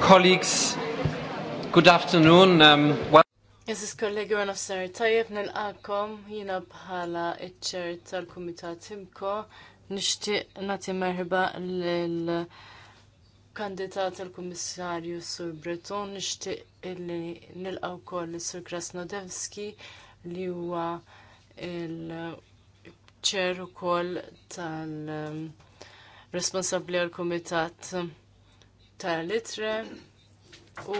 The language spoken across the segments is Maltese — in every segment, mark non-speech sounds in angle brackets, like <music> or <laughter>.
colleagues, good afternoon. Um, well is kollegi għan afsar, tajjeb nil-għakom jina bħala iċċer tal-Kumitat Imko, nishtiq nati merħba l-kandidat tal-Kummissarju Sur Breton, nishtiq illi nil-għaw koll Sur Krasnodevski li huwa il-ċer u koll tal-responsabli um, għal-Kumitat ta' litre u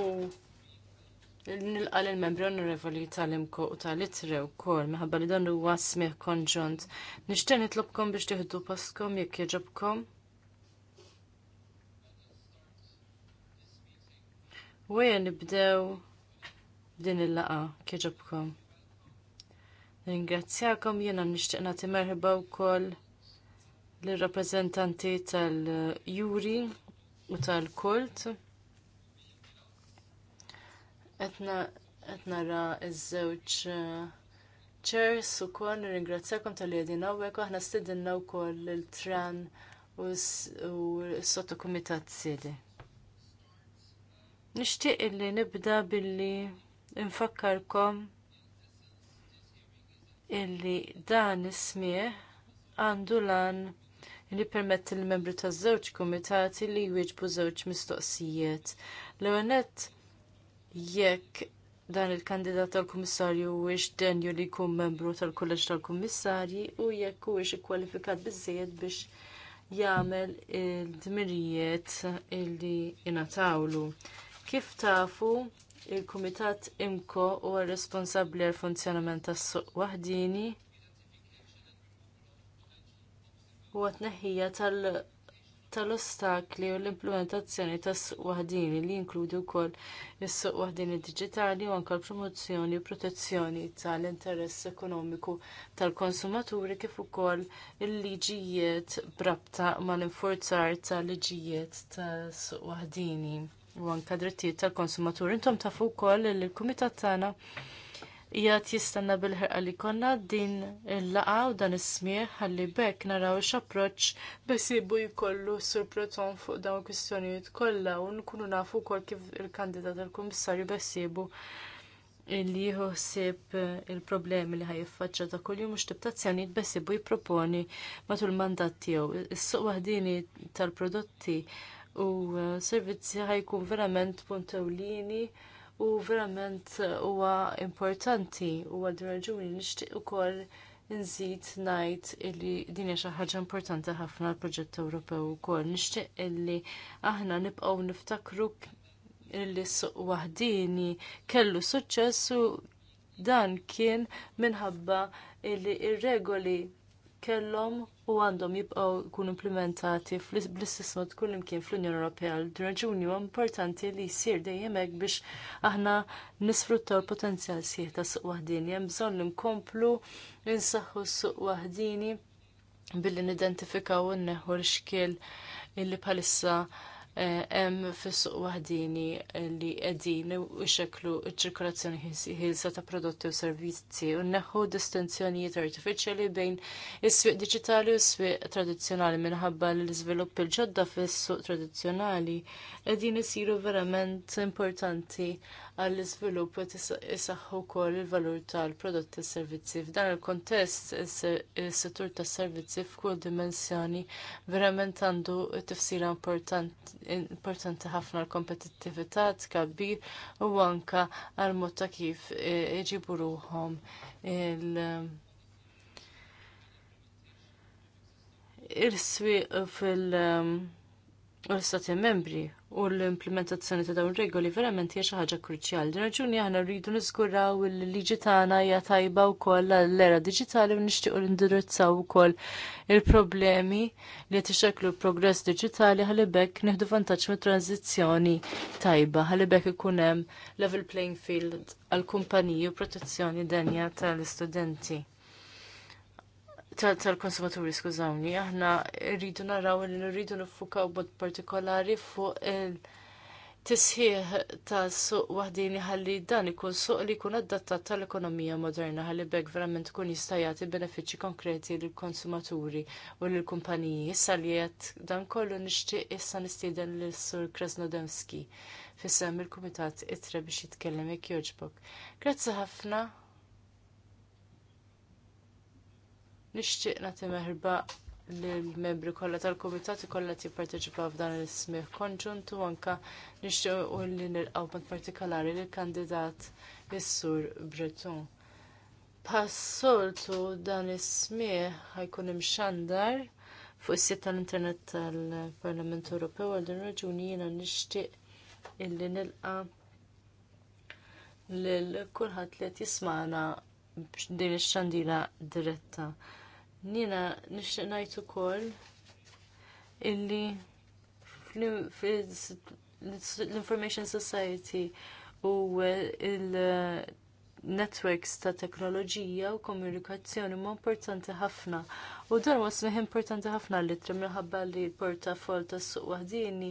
nilqa l-membri onorevoli tal-imko u tal-itre u kol meħabba li dan huwa smih konġont. Nixtieq nitlobkom biex tieħdu paskom jekk jogħġobkom. U nibdew din il-laqa kieġobkom. Ringrazzjakom jena nishtiq nagħti merħba wkoll lir rappreżentanti tal-Juri u tal-kult. Qed nara iż-żewġ ċers uh, u koll nirringrazzjakom tal-li għedin għawek, aħna stidilna wkoll koll il-tran u s-sottokumitat s-sidi. Nishtiq illi nibda billi infakkarkom illi dan ismieħ għandu lan li permetti il membri ta' żewġ kumitati li jwieġbu żewġ mistoqsijiet. L-għonet jekk dan il-kandidat tal-kummissarju wiex denju li jkun membru tal kolleġ tal-kummissarji u jekk huwiex ikkwalifikat biżżejjed biex jagħmel il-dmirijiet illi ingħatawlu. Kif tafu il-Kumitat Imko huwa responsabbli għall funzjonament tas-suq waħdini huwa t-neħħija tal-ostakli u l-implementazzjoni tas suq waħdini li jinkludi wkoll is-suq waħdini diġitali u anke l-promozzjoni u protezzjoni tal-interess ekonomiku tal-konsumaturi kif ukoll il-liġijiet brabta mal-infurzar tal-liġijiet tas-suq waħdini u anke drittijiet tal-konsumaturi. Intom tafu wkoll li l-kumitat tagħna jgħat jistanna bil-ħerqa li konna din il-laqa u dan ismieħ għalli bekk naraw x-approċ besibu jkollu surproton fuq dawn kwistjonijiet kollha u nkunu nafu kol kif il-kandidat il-kummissarju besibu li jħossib il-problemi li ħajiffaċċa ta' kuljum mhux tibtazzjonijiet besibu jipproponi matul mandat tiegħu. Is-suq waħdini tal-prodotti u servizzi ħajkun verament punt ewlieni u verament huwa importanti u għad raġuni nixtieq ukoll nżid ngħid illi din hija xi ħaġa importanti ħafna l-proġett Ewropew ukoll. Nixtieq illi aħna nibqgħu niftakru illi suq waħdini kellu suċċess u dan kien minħabba illi ir-regoli kellhom u għandhom jibqgħu jkunu implementati bl-istess mod kull imkien fl-Unjoni Ewropea. L-raġuni huwa importanti li jsir dejjem hekk biex aħna nisfruttaw l-potenzjal sieħ ta' suq waħdini. Hemm bżonn nkomplu insaħħu suq waħdini billi nidentifikaw u nneħħu l-xkiel illi bħalissa hemm eh, fis-suq waħdini li qegħdin ixekklu ċ-ċirkolazzjoni ħilsa ta' prodotti u servizzi u nneħħu distinzjonijiet artifiċjali bejn is-swieq diġitali u s-swieq tradizzjonali minħabba l-iżvilupp il-ġodda fis-suq tradizzjonali qegħdin isiru verament importanti għall-iżvilupp u isaħħu wkoll il-valur tal-prodotti tas servizzi. F'dan il-kontest is-settur tas servizzi f'kull dimensjoni verament għandu tifsira importanti ħafna għall kompetittività tkabbir u anke għal mod ta' kif iġibu e, ruhom il- il-swieq fil- u l-istati membri u l-implementazzjoni ta' dawn regoli verament hija xi ħaġa kruċjali. Din raġuni aħna rridu niżguraw il-liġi tagħna hija tajba wkoll l era diġitali u nixtiequ nindirizzaw ukoll il-problemi li qed ixekklu progress diġitali ħalli bekk neħdu vantaġġ mit tranzizzjoni tajba ħalli bekk ikun hemm level playing field għall kumpaniji u protezzjoni denja tal-istudenti tal-konsumaturi, skużawni, aħna rridu naraw li rridu nifukaw bod partikolari fuq il-tisħiħ ta' suq wahdini ħalli dan ikun suq li kun adattat tal-ekonomija moderna ħalli bekk verament kun jista' jagħti benefiċċji konkreti lill konsumaturi u lill kumpaniji Issa li qed dan kollu nixtieq issa nistieden lil Sur Krasnodemski fis il-Kumitat ittre biex jitkellem ik jogħġbok. Grazzi ħafna. Nixtieq nagħti meħba lill membri kollha tal-kumitati kollha jipparteċipaw f'dan is-smieħ konġunt u anke nixtiequ li nilqgħu partikolari lill kandidat is-sur Breton. Passoltu dan is-smieħ ħajkun imxandar fuq is-sit tal-Internet tal-Parlament Ewropew għal din raġuni jiena nixtieq illi nilqa lil kulħadd li qed jisma'na din ix-xandira diretta. Nina nixtieq ngħid ukoll illi l-Information Society u il-networks uh, ta' teknoloġija u komunikazzjoni huma importanti ħafna. U dan wasmiħ importanti ħafna li minħabba li l-portafol tas suq waħdini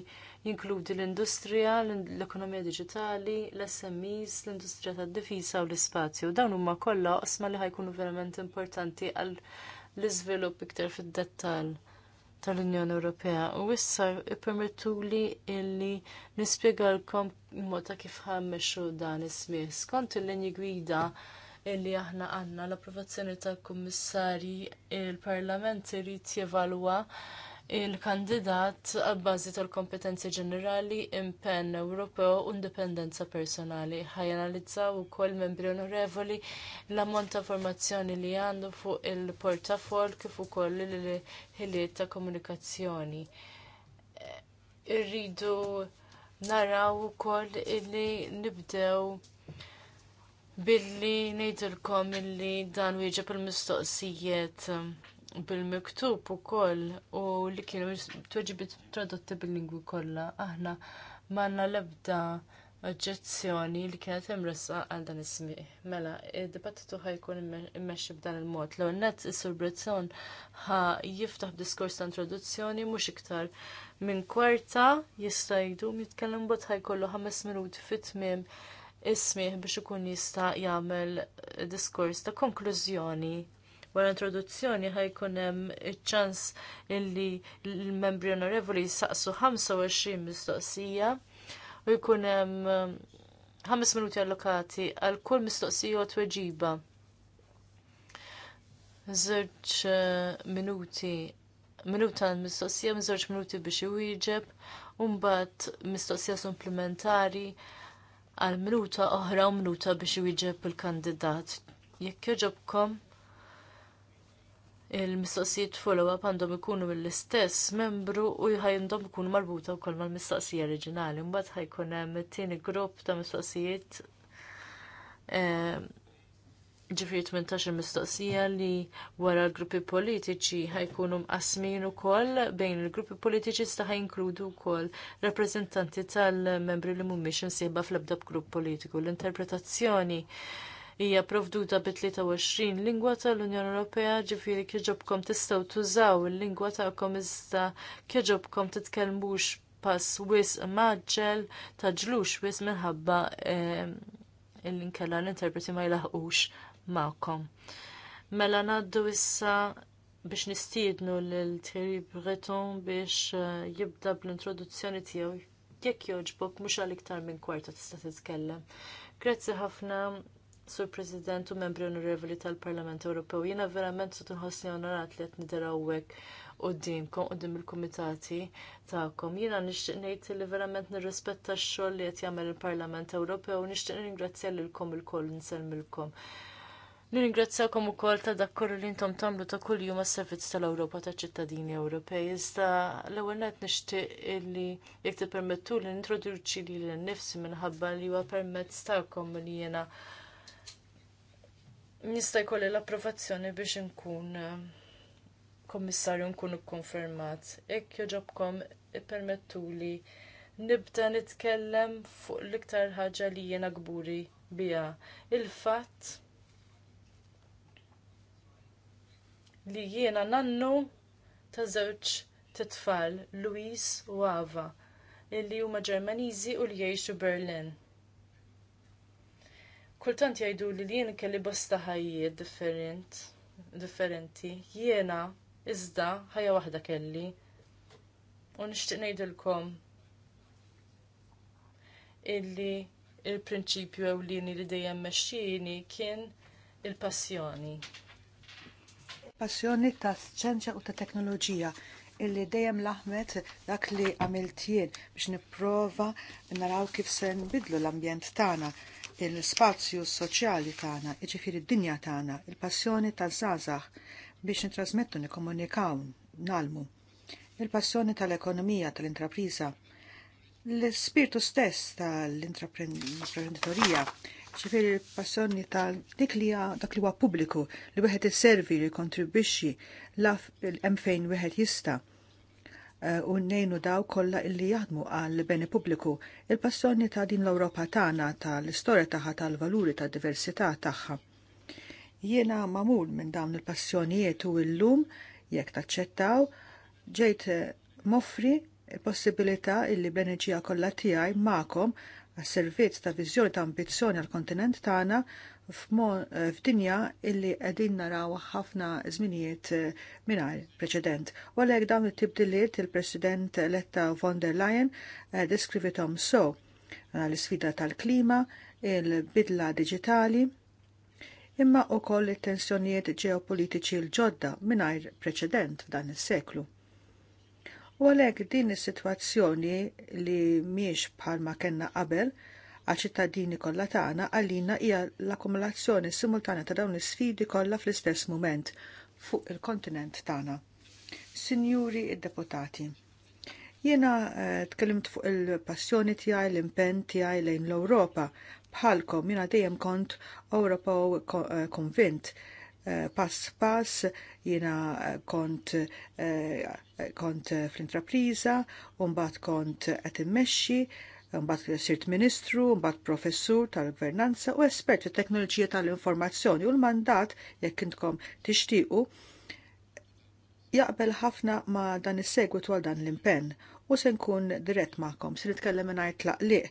jinkludi l-industrija, l-ekonomija diġitali, l-SMEs, l-industrija tad-difisa u l-ispazju. Dawn huma kollha qosma li ħajkunu verament importanti għal l-iżvilupp iktar fid-dettall tal-Unjoni Ewropea u issa ippermettu li illi nispjegalkom mota kif ħammexu dan ismih. Skont il-linji gwida illi aħna għandna l-approvazzjoni tal-kummissarji il-Parlament irid jevalwa il-kandidat għabbażi tal-kompetenzi ġenerali impenn Ewropew u indipendenza personali. Ħajanalizzaw ukoll membri onorevoli l-ammont ta' formazzjoni li għandu fuq il-portafol kif ukoll il-ħiliet ta' komunikazzjoni. Irridu naraw ukoll illi nibdew billi ngħidilkom illi dan wieġeb il-mistoqsijiet bil-miktub ukoll u li kienu tweġibit tradotti bil-lingwi kollha. Aħna manna l-ebda oġġezzjoni li kienet imressa għal dan is-smieħ. Mela, id-dibattitu ħajkun immexxi b'dan il-mod. l net is-Sur ħa jiftaħ diskors ta' introduzzjoni mhux iktar minn kwarta jista' jdum jitkellem bot ħajkollu ħames minuti fit-tmiem ismih biex ikun jista' jagħmel diskors ta' konklużjoni wara introduzzjoni ħajkun hemm iċ-ċans illi l-membri onorevoli jsaqsu 25 mistoqsija u jkun hemm 5 um, minuti allokati għal kull mistoqsija u tweġiba. Żewġ uh, minuti minuta mistoqsija, żewġ minuti biex iwieġeb, u mbagħad mistoqsija supplementari għal minuta oħra u minuta biex iwieġeb il-kandidat. Jekk jogħġobkom, il-mistoqsijiet follow-up għandhom ikunu mill-istess membru u jħajndhom ikunu marbuta wkoll mal-mistoqsija oriġinali. Mbagħad ħajkun hemm it-tieni grupp ta' mistoqsijiet eh, ġifri 18 mistoqsija li wara l-gruppi politiċi ħajkunu mqasmin ukoll bejn il-gruppi politiċi sta jinkludu wkoll rappreżentanti tal-membri li mhumiex insieba fl-ebda grupp politiku. L-interpretazzjoni hija provduta bi 23 lingwa tal-Unjoni Ewropea ġifieri kieġobkom tistgħu tużaw il-lingwa tagħkom iżda kieġobkom titkellmux pass wis maġġel taġlux wis minħabba l-inkella l-interpreti ma jilaħqux magħkom. Mela ngħaddu issa biex nistiednu lil Thierry Breton biex eh, jibda bl-introduzzjoni tiegħu jekk joġbok mhux għal iktar minn kwarta tista' titkellem. Grazzi ħafna Sur President u membri onorevoli tal-Parlament Ewropew. Jiena verament sot nħossni onorat li qed nidarawwek qudiemkom qudiem il-kumitati tagħkom. Jiena nixtieq ngħid li verament nirrispetta x-xogħol li qed jagħmel il-Parlament Ewropew u nixtieq ningrazzja lilkom ilkoll nsellmilkom. u ukoll ta' dak li intom tagħmlu ta' kuljum għas-servizz tal-Ewropa ta' ċittadini Ewropej. Iżda l-ewwel nett nixtieq li jekk tippermettu li nintroduċi lili nnifsi minħabba li huwa permezz tagħkom li jiena nista' jkolli l-approvazzjoni biex nkun eh, kommissarju nkun ikkonfermat. Ekk joġobkom ipermettuli nibda nitkellem fuq l-iktar ħaġa li jiena gburi biha. Il-fatt li jiena nannu ta' żewġ titfal, Luis u Ava, illi huma Ġermaniżi u li jgħixu Berlin kultant jgħidu li jien kelli bosta ħajjiet different, differenti. Jiena iżda ħajja waħda kelli. U nixtieq ngħidilkom illi il-prinċipju ewlieni li dejjem mexxini kien il-passjoni. Passjoni ta' sċenċa u ta' teknoloġija illi dejjem laħmet dak li għamilt jien biex nipprova naraw kif se nbidlu l-ambjent tagħna l-spazju soċjali tagħna, jiġifieri id dinja tagħna, il-passjoni taż-żgħażagħ biex nitrasmettu nikkomunikaw, nalmu. Il-passjoni tal-ekonomija tal-intrapriża, l ispirtu stess tal-intraprenditorija, ċifiri l-passjoni tal dik li dak li huwa pubbliku li wieħed isservi li kontribwixxi laf hemm fejn wieħed jista' Eh, u nejnu daw kollha illi jaħdmu għal beni pubbliku. Il-passjoni ta' din l-Ewropa tagħna tal-istorja tagħha tal-valuri tad-diversità tagħha. Jiena mamul minn dawn il-passjonijiet u llum jekk taċċettaw ġejt eh, moffri il-possibilità illi l-beneġija kollha tiegħi magħkom għas-servizz ta' viżjoni ta' ambizzjoni għal-kontinent tagħna f'dinja illi qegħdin naraw ħafna żminijiet eh, mingħajr preċedent. U għalhekk dawn it-tibdiliet il-President Letta von der Leyen eh, deskrivitom so eh, l-sfida tal-klima, il-bidla diġitali, imma u koll it-tensjonijiet ġeopolitiċi l-ġodda mingħajr preċedent f'dan is-seklu. U għalhekk din is-sitwazzjoni li bħal bħalma kellna qabel għal-ċittadini kollha tagħna għalina hija l-akkumulazzjoni simultana ta' dawn is-sfidi kollha fl-istess mument fuq il-kontinent tagħna. Sinjuri id-deputati, Jiena eh, tkellimt fuq il-passjoni tiegħi, l-impenn tiegħi lejn l-Ewropa. Bħalkom jiena dejjem kont Ewropew eh, konvint. Eh, pass pass jiena kont uh, kont eh, fl-intrapriża, u mbagħad kont qed immexxi, mbagħad sirt ministru, mbagħad professur tal-gvernanza u espert fit teknoloġija tal-informazzjoni u l-mandat jekk intkom tixtiequ jaqbel ħafna ma' dan is-segwitu għal dan l-impenn u se nkun dirett magħkom se nitkellem mingħajr laqliq.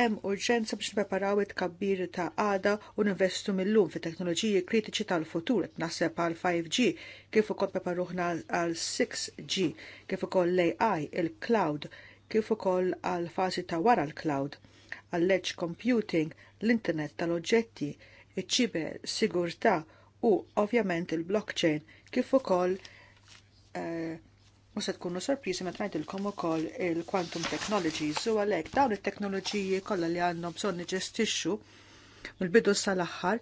Hemm urġenza biex nipreparaw it-kabbir ta' għada u ninvestu millum fi teknoloġiji kritiċi tal-futur qed għal 5G kif ukoll preparuħna għal 6G kif ukoll l-AI il-cloud kif ukoll għal fażi ta' wara l-cloud għall-edge computing, l-internet tal-oġġetti, iċ-ċiber sigurtà u ovvjament il-blockchain kif ukoll eh, U se tkunu sorpriżi meta ngħidilkom ukoll il-quantum technologies u għalhekk dawn it-teknoloġiji kollha li għandna bżonn niġestixxu mill-bidu sal-aħħar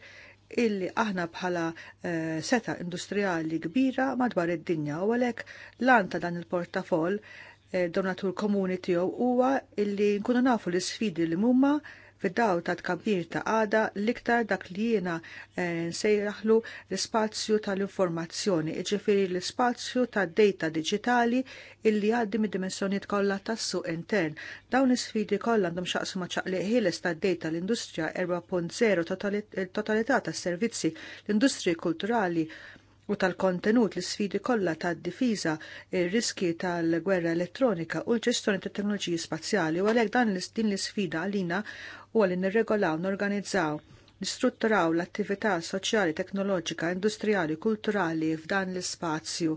illi aħna bħala eh, seta industrijali kbira madwar id-dinja u għalhekk lan ta' dan il-portafol eh, donatur komuni tiegħu huwa illi nkunu nafu l-isfidi li huma fid-daw ta' tkabbir ta' għada liktar dak li jiena eh, nsejraħlu l-spazju tal-informazzjoni, iġifiri l-spazju ta' data digitali illi għaddi mid-dimensjoniet kollha tas-suq intern. Dawn is-sfidi kollha għandhom xaqsu ma' ħieles ta' data l-industrija 4.0 totalità tas-servizzi, l-industri kulturali u tal-kontenut l sfidi kollha tad-difiża, ir-riski tal-gwerra elettronika u l-ġestjoni tat teknoloġiji spazjali u għalhekk dan din l-isfida għalina u għalin nirregolaw, norganizzaw, nistrutturaw l-attività soċjali, teknoloġika, industrijali, kulturali f'dan l-ispazju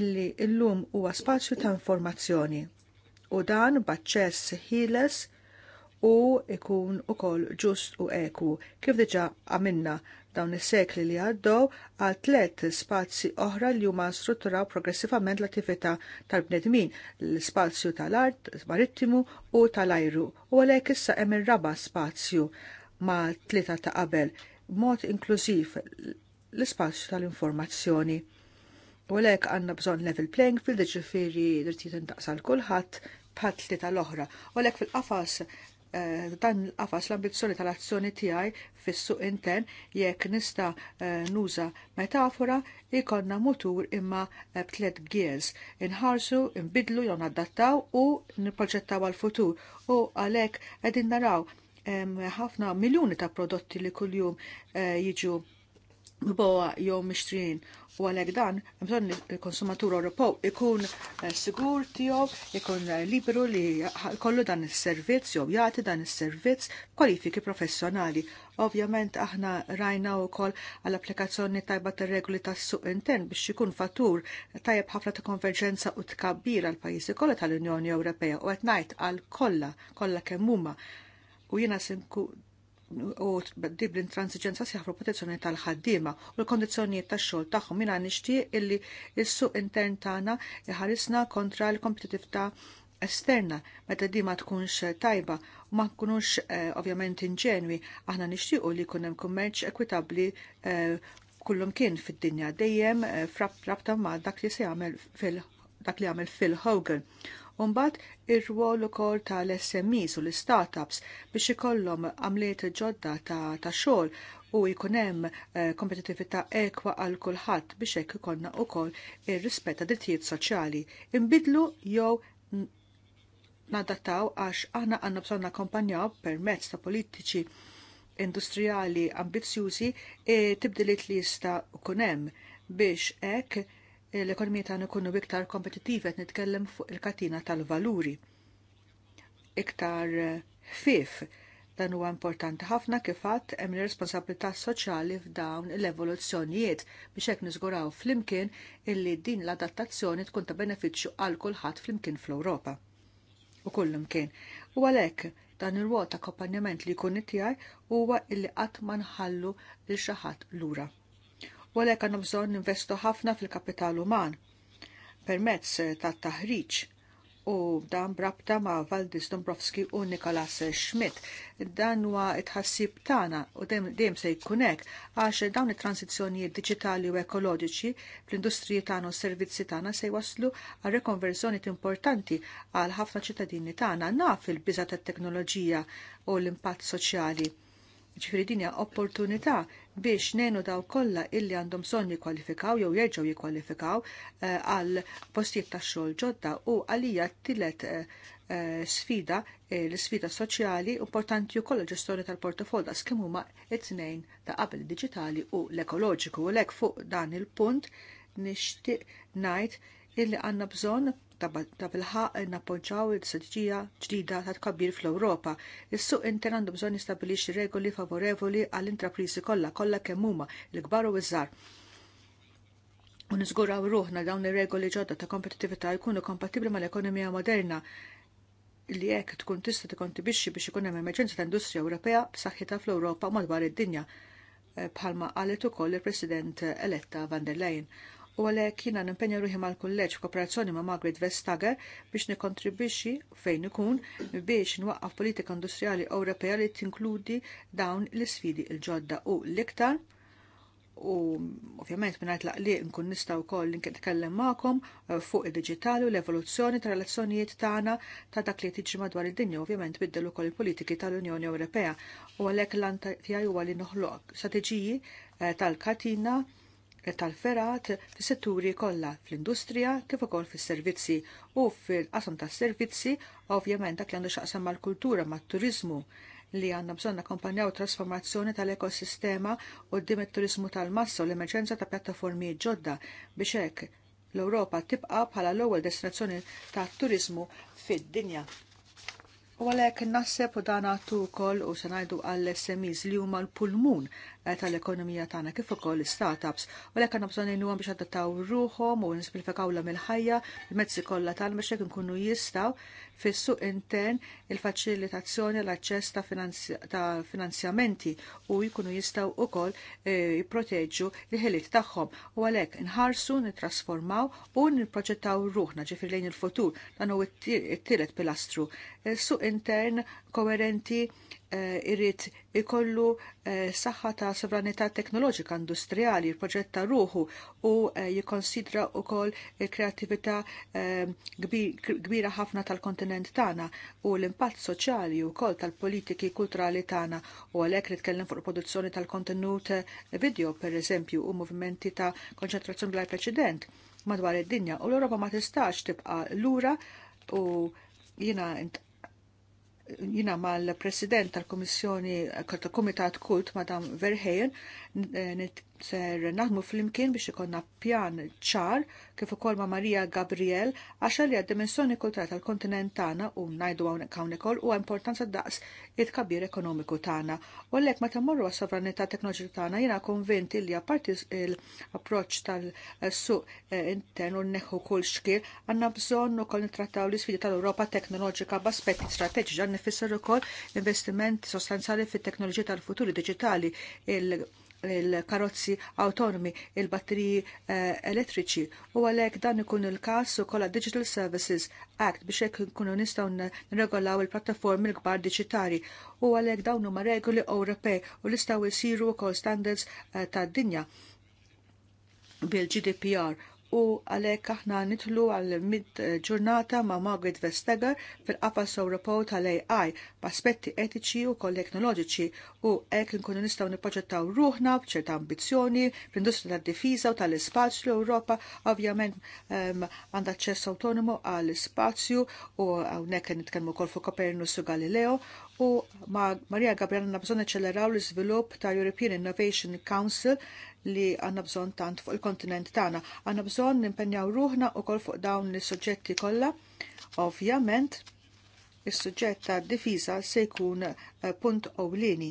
illi illum huwa spazju ta' informazzjoni u dan b'aċċess ħieles u ikun ukoll ġust u eku. Kif diġà għamilna dawn is-sekli li għaddew għal tlet spazji oħra li huma strutturaw progressivament l-attività tal-bnedmin, l-spazju tal-art, marittimu u tal-ajru, u għalhekk issa hemm raba spazju ma' tlita ta' qabel, b'mod inklużiv l-ispazju tal-informazzjoni. U għalhekk għandna bżonn level playing field, ġifieri drittijiet intaqsal kulħadd bħal tlieta l-oħra. U għalhekk fil-qafas Eh, dan l-qafas l-ambizzjoni tal-azzjoni tiegħi fis-suq intern jekk nista' eh, nuża metafora ikonna mutur imma eh, b'tliet gears inħarsu, inbidlu jew nadattaw u nipproġettaw għal-futur u għalhekk qegħdin naraw ħafna miljuni ta' prodotti li kuljum jiġu boa jew mixtrin u għalhekk dan bżonn il-konsumatur Ewropew ikun eh, sigur tiegħu, ikun eh, liberu li kollu dan is-servizz jew jagħti dan is-servizz kwalifiki professjonali. Ovvjament aħna rajna wkoll għall applikazzjoni tajba tar-regoli tas-suq intern biex ikun fatur tajjeb ħafna ta' konverġenza u tkabbir għal pajjiżi kollha tal-Unjoni Ewropea u qed ngħid għal kollha kollha kemm huma u jiena sinku u dib l-intransiġenza siħafru protezzjoni tal-ħaddiema u l-kondizjonijiet tax-xogħol tagħhom minna nixtieq illi s-suq intern tagħna iħarisna kontra l-kompetitività esterna meta ma tkunx tajba u ma nkunux eh, ovvjament inġenwi aħna nixtiequ li jkun hemm kummerċ ekwitabbli eh, kullum kien fid-dinja dejjem eh, frab rabta ma dak li se jagħmel fil dak li Hogan. Umbat ir-rwol ukoll tal-SMEs u l-startups biex ikollhom għamliet ġodda ta', ta xogħol u jkun hemm eh, kompetitività ekwa għal kulħadd biex hekk ikollna wkoll ir-rispett ta' drittijiet soċjali. Inbidlu jew nadattaw għax aħna għandna bżonn akkompanjaw permezz ta' politiċi industrijali ambizzjużi e eh, tibdiliet li jista' jkun hemm biex hekk l-ekonomija tagħna ikunu iktar kompetittivi qed nitkellem fuq il-katina tal-valuri. Iktar ħfief dan huwa importanti ħafna kif għadd hemm responsabilità soċjali f'dawn l-evoluzzjonijiet biex hekk niżguraw flimkien illi din l-adattazzjoni tkun ta' benefiċċju għal kulħadd flimkien fl-Ewropa. U kullimkien. U għalhekk dan ir wot ta' akkompanjament li jkun tiegħi huwa illi qatt ma nħallu lil xi ħadd lura u għalhekk għandhom bżonn investu ħafna fil-kapital uman permezz ta' taħriġ u dan brabta ma' Valdis Dombrovski u Nikolas Schmidt. Dan huwa tħassib tagħna u dejjem se jkun hekk għax dawn it transizjonijiet diġitali u ekoloġiċi fl-industriji tagħna u s-servizzi tagħna se jwaslu għal rekonverżjonijiet importanti għal ħafna ċittadini tagħna naf il-biża tat-teknoloġija u l-impatt soċjali ġifiri dinja opportunità biex nenu daw kolla illi għandhom sonni jikwalifikaw jew jerġgħu jikwalifikaw eh, għal postijiet ta' xogħol ġodda u għalija tillet eh, eh, sfida l-sfida soċjali importanti wkoll il-ġestjoni tal portofolda skim skemm huma it-tnejn ta' qabel digitali u l-ekoloġiku u lek fuq dan il-punt nixtieq ngħid illi għandna bżonn ta' bilħaq nappoġġaw il-strategija ġdida ta' tkabbir fl-Ewropa. Is-suq intern għandu bżonn jistabilix regoli favorevoli għall intrapriżi kollha kollha kemm huma l-kbar u iż-żgħar. U niżguraw ruħna dawn ir-regoli ġodda ta' kompetittività jkunu kompatibbli mal-ekonomija moderna li jekk tkun tista' tikkontribixxi biex ikun hemm emerġenza ta' industrija Ewropea b'saħħitha fl-Ewropa madwar id-dinja eh, bħalma qalet ukoll il-President eletta van der Leyen u għalhekk jiena nimpenja ruħi mal-kulleġġ kooperazzjoni ma' Margaret Vestager biex nikkontribwixxi fejn ikun biex nwaqqaf politika industrijali Ewropea li tinkludi dawn l-isfidi il-ġodda u l-iktar u ovvjament minnajt laqli nkun nistaw koll li nitkellem magħkom eh, fuq il-diġitali u l-evoluzzjoni ta' relazzjonijiet tagħna ta' dak li tiġi madwar id-dinja ovvjament biddel ukoll il-politiki tal-Unjoni Ewropea u għalhekk l-an tiegħi huwa li noħloq strateġiji eh, tal-katina tal-ferat fis-setturi kollha fl-industrija kif ukoll fis-servizzi u fil-qasam tas-servizzi ovvjament dak li għandu x'aqsam mal-kultura mat-turiżmu li għandna bżonn akkompanjaw trasformazzjoni tal-ekosistema u d it-turizmu tal-massa u l-emerġenza ta' pjattaformi ġodda biex hekk l-Ewropa tibqa' bħala l-ewwel destinazzjoni tat-turiżmu fid-dinja. U għalhekk naħseb u dan għattu wkoll u se ngħidu għall-SMEs li huma l-pulmun Eh, tal-ekonomija tagħna kif ukoll startups u lek għandna bżonn ngħinuhom biex adattaw ruhom u nisimplifikawlhom il-ħajja il-mezzi kollha tagħna biex nkunu inkunu jistgħu fis-suq intern il-faċilitazzjoni l-aċċess ta', ta finanzjamenti u jkunu jistgħu wkoll eh, jipproteġġu l-ħiliet tagħhom u għalhekk inħarsu, nitrasformaw u nipproġettaw ruħna ġifir lejn il-futur dan hu t-tielet pilastru. Is-suq eh, intern koerenti Eh, irrit ikollu eh, saħħa ta' sovranità teknoloġika industrijali, il-proġett ta' ruħu u eh, jikonsidra u il kreativita kbira ħafna tal-kontinent tana u l-impatt soċjali u koll tal-politiki kulturali tana u għalek li tkellem fuq produzzjoni tal-kontenut video, per eżempju, u movimenti ta' konċentrazzjoni bla preċedent madwar id-dinja u l-Europa ma tistax tibqa' lura u jina jina mal-president tal-Komissjoni tal-Komitat Kult, Madam Verheyen, ser naħdmu fl-imkien biex ikonna pjan ċar kif ukoll ma' Marija Gabriel għax li dimensjoni kulturali tal-kontinent tagħna u ngħidu hawnhekk hawn ukoll huwa importanza daqs it-kabbir ekonomiku tagħna. U għalhekk meta mmorru għas-sovranità teknoloġika tagħna jiena konvinti li apparti l-approċċ tal-suq eh, intern u neħu kull xkiel għandna bżonn ukoll nittrattaw l-isfidi tal-Ewropa teknoloġika b'aspetti strateġiċi għan nifisser ukoll investimenti sostanzjali fit-teknoloġija tal-futuri diġitali il il-karozzi autonomi, il-batteriji eh, elettriċi u għalhekk dan ikun il-każ ukoll Digital Services Act biex hekk nkunu nistgħu nregolaw il-plattaformi il kbar digitali. u għalhekk dawn huma regoli Ewropej u listaw istgħu jsiru wkoll standards eh, tad-dinja bil-GDPR u għalhekk aħna nitlu għal mid ġurnata ma' Margaret Vestager fil-qafas report tal-AI b'aspetti etiċi u koll teknoloġiċi u hekk inkunu nistgħu nipproġettaw ruħna b'ċerta ambizzjoni fl-industrija tad-difiża u tal-ispazju l-Ewropa ovvjament ehm, għandha ċess autonomo għal spazju u hawnhekk nitkellmu wkoll fuq Copernicus u Galileo u Maria Gabriella bżonn eċċeleraw l-iżvilupp tal European Innovation Council li għanna bżon tant fuq il-kontinent tagħna. Għanna bżon nimpenjaw ruħna u kol fuq dawn is-suġġetti kollha. Ovvjament, is-suġġett ta' difiża se jkun eh, punt ewlieni.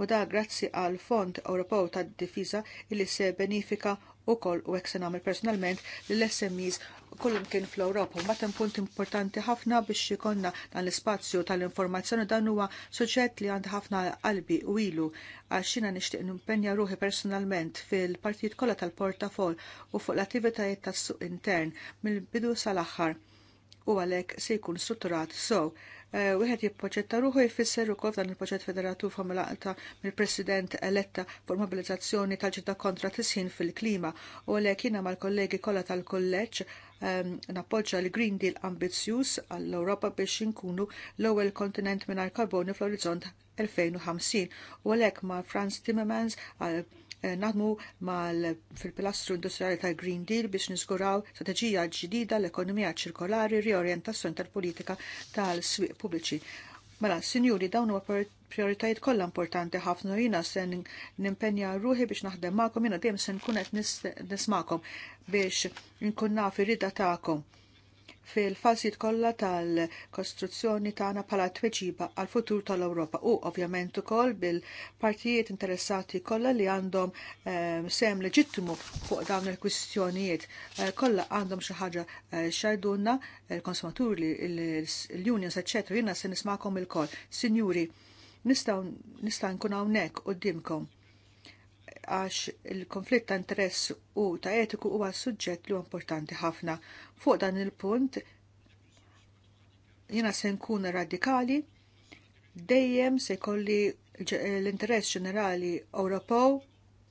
U da grazzi għal Fond Ewropew tad Difiża li se benifika u koll u eksen għamil personalment l-SMEs kullum kien fl-Europa. Matem punt importanti ħafna biex jikonna dan l-spazju tal-informazzjoni dan huwa suġġett li għand ħafna qalbi u ilu għaxina xina nixtieq nimpenja ruħi personalment fil-partijiet kollha tal-portafol u fuq l-attivitajiet tas-suq intern mill-bidu sal-aħħar u għalhekk se jkun strutturat So, eh, Wieħed jippoċetta ruħu jfisser ukoll dan il-proġett federatu formula alta mill-President eletta for mobilizzazzjoni tal-ġidda kontra tisħin fil-klima u għalhekk jiena mal-kollegi kollha tal-kolleġġ ehm, nappoġġa l-Green Deal ambizjuż għall-Ewropa biex inkunu l-ewwel kontinent mingħajr karbonju fl-orizzont 2050 u għalhekk ma' Franz Timmermans għal Eh, naħdmu mal fil-pilastru industriali tal-Green Deal biex nisguraw strateġija ġdida l-ekonomija ċirkolari riorientazzjoni tal-politika tal-swieq pubbliċi. Mela, sinjuri, dawn huwa prioritajiet kollha importanti ħafna jina se nimpenja ruħi biex naħdem magħkom jiena dejjem se nkun qed nismagħkom biex nkun naf ir-rida tagħkom fil-falsit kollha tal-kostruzzjoni tagħna bħala tweġiba għal futur tal-Ewropa u ovvjament ukoll bil-partijiet interessati kollha li għandhom eh, sem leġittimu fuq dawn il-kwistjonijiet eh, kollha għandhom xi ħaġa xajduna, eh, xajdunna il-konsumaturi, l-unions, eċċetera. Jiena se nismakom il-koll. Sinjuri, nistgħu nista' nkun hawnhekk qudiemkom għax il-konflitt ta' interess u ta' etiku huwa suġġett li importanti ħafna. Fuq dan il-punt jiena se nkun radikali dejjem se kolli l-interess ġenerali Ewropew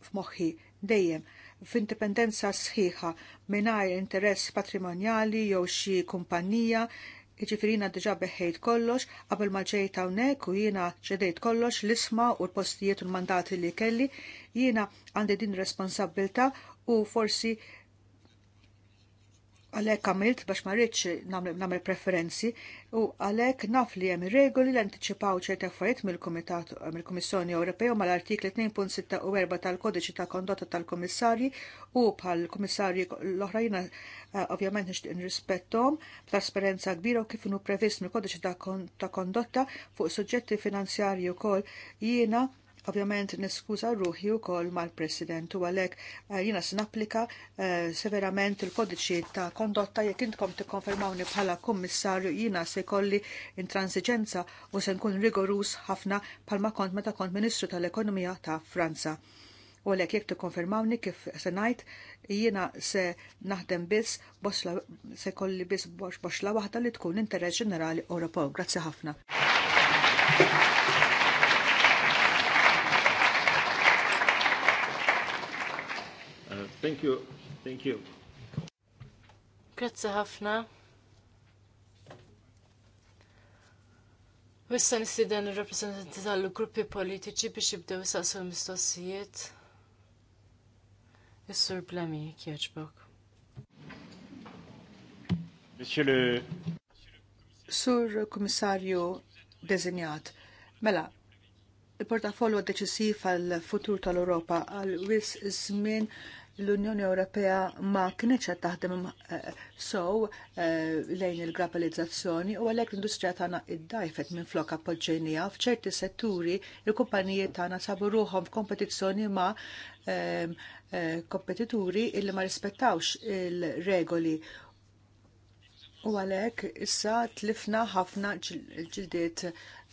f'moħħi dejjem f'indipendenza sħiħa mingħajr interess patrimonjali jew xi kumpanija Iġifirina diġa beħħejt kollox, qabel ma ġejt hawnhekk u jiena ġedejt kollox l-isma u l-postijiet u l-mandati li kelli, jiena għandi din responsabilta u forsi għalek għamilt biex ma rridx namel preferenzi u għalek naf li hemm regoli li antiċipaw ċerti affarijiet mill-Kumitat mill-Kummissjoni Ewropew mal-artikli 2.6 u 4 tal-Kodiċi ta' Kondotta tal-Kummissarji u bħal kummissarji l-oħrajn eh, ovvjament nixtieq nirrispettom trasparenza kbira u kif inhu previst mill-Kodiċi ta' Kondotta fuq suġġetti finanzjarji wkoll jiena Ovvjament niskuża ruħi wkoll mal-President u għalhekk eh, jiena se napplika eh, severament il-kodiċi ta' kondotta jekk intkom tikkonfermawni bħala kummissarju jiena se kolli intransiġenza u se nkun rigorus ħafna palma kont meta kont Ministru tal-Ekonomija ta' Franza. U għalhekk jekk tikkonfermawni kif se ngħid, jiena se naħdem biss bosla se kolli biss boxla waħda li tkun interess ġenerali Europol. Grazzi ħafna. Thank you. Thank you. Grazie ħafna. Wissa nistiden il-rappresentanti tal-gruppi politiċi biex jibdew jisaqsu l-mistoqsijiet. Is-sur Blami kieġbok. Sur Komissarju deżinjat, mela, il-portafollu għad deċisif għal-futur tal-Europa għal wis zmin l-Unjoni Ewropea ma kienx qed taħdem eh, sow eh, lejn il-globalizzazzjoni u għalhekk l-industrija tagħna iddajfet minn flok appoġġejnija f'ċerti setturi il-kumpaniji tagħna sabu ruhom f'kompetizzjoni ma' eh, kompetituri illi ma rispettawx il-regoli U għalek, issa tlifna ħafna ġildiet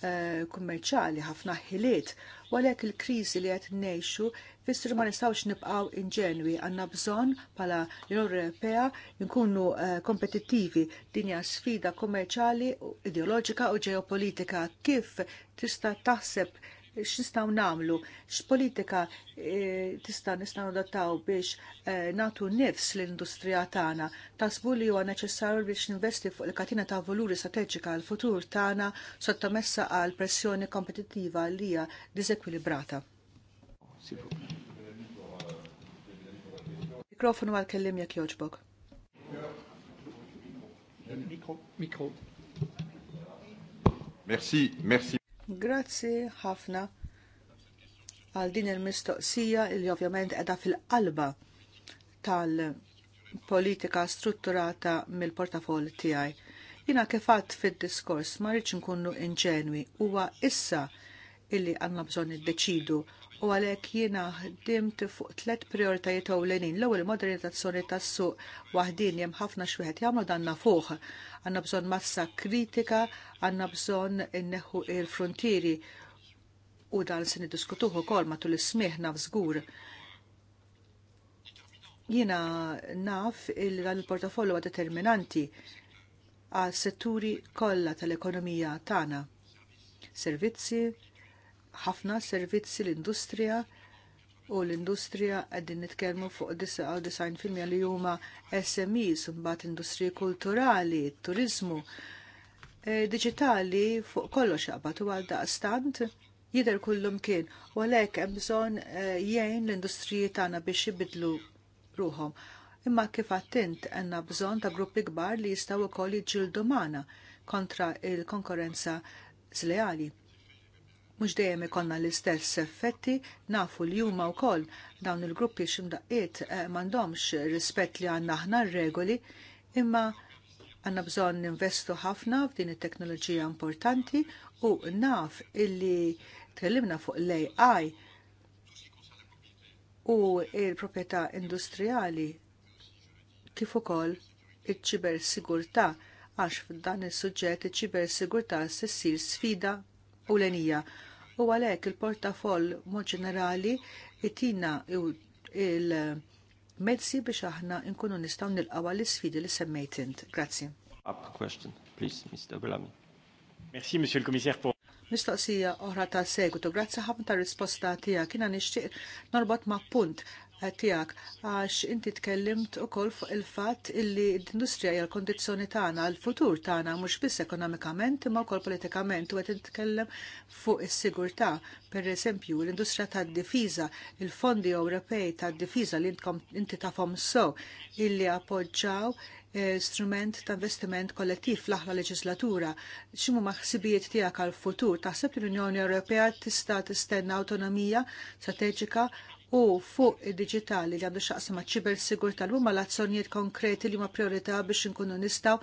Eh, kummerċali ħafna ħiliet, għalhekk il-kriżi li qed ngħixu fissir ma nistgħux nibqgħu inġenwi għandna bżonn bħala l-Unjoni Ewropea nkunu eh, kompetittivi dinja sfida kummerċali, ideoloġika u ġeopolitika kif tista' taħseb x'nistgħu nagħmlu, x'politika eh, tista' nistgħu nadattaw biex eh, natu nifs l-industrija tagħna. Tasbu li huwa neċessarju biex ninvesti fuq il-katina ta' voluri strateġika għal futur tagħna sottomessa għal pressjoni kompetittiva li hija diżekwilibrata. Mikrofonu għal-kellim jek joġbok. Mikro. Mikro. Merci, merci. Grazzi ħafna għal din il-mistoqsija li ovvjament edha fil-qalba tal-politika strutturata mill-portafol tiegħi. Jina kifat fid-diskors ma rridx nkunu inġenwi huwa issa illi għandna bżonn iddeċidu u għalhekk jiena ħdimt fuq tliet prioritajiet ewlenin. L-ewwel modernizzazzjoni tas-suq jem ħafna xwieħed jagħmlu danna fuħ. Għandna bżonn massa kritika, għandna bżonn inneħu il-frontieri u dan se niddiskutuh ukoll matul is smih naf żgur. Jiena naf il dan il-portafollu huwa determinanti għal setturi kollha tal-ekonomija tagħna. Servizzi, ħafna servizzi l-industrija u l-industrija qegħdin nitkellmu fuq 99% li huma SMEs mbagħad industriji kulturali, turizmu, e, diġitali fuq kollox għabat u għalda stand jidher kullum kien u għalhekk hemm bżonn e, jgħin l-industriji tagħna biex jibidlu ruhom. Imma kif għattint għanna bżonn ta' gruppi kbar li jistgħu wkoll jiġġieldu magħna kontra il konkurenza sleali mhux dejjem ikollna l-istess effetti, nafu li huma wkoll dawn il-gruppi x'imdaqqiet eh, m'għandhomx rispett li għandna aħna regoli, imma għandna bżonn ninvestu ħafna f'din it-teknoloġija importanti u naf illi tkellimna fuq l-AI u il-proprjetà industrijali kif ukoll iċ-ċibersigurtà għax f'dan is-suġġett iċ-ċibersigurtà ssir sfida u l-enija. U għalek il-portafoll mod ġenerali itina il medzi biex aħna nkunu nistgħu nilqgħu l sfidi li semmejtint. int. Grazzi. Up question, please, Mr. Bellamy. Merci, Monsieur le Commissaire, pour Mistoqsija oħra ta' segwitu, grazzi ħafna ta' risposta tija, Kiena nishtiq norbot ma' punt tiegħek għax inti tkellimt ukoll fuq il-fatt illi l-industrija hija l-kondizzjoni tagħna, l-futur tagħna mhux biss ekonomikament imma wkoll politikament u qed nitkellem fuq is-sigurtà. Pereżempju, l-industrija tad-difiża, il-fondi Ewropej tad-difiża li inti tafhom so illi appoġġaw eh, strument ta' investiment kollettiv fl-aħla leġislatura. ċimu maħsibijiet tiegħek għal futur taħseb li l-Unjoni Ewropea tista' tistenna awtonomija strateġika u fuq id-digitali li għandu xaqsa ma' ċiber sigur tal l-azzjonijiet konkreti li ma' priorità biex nkunu nistaw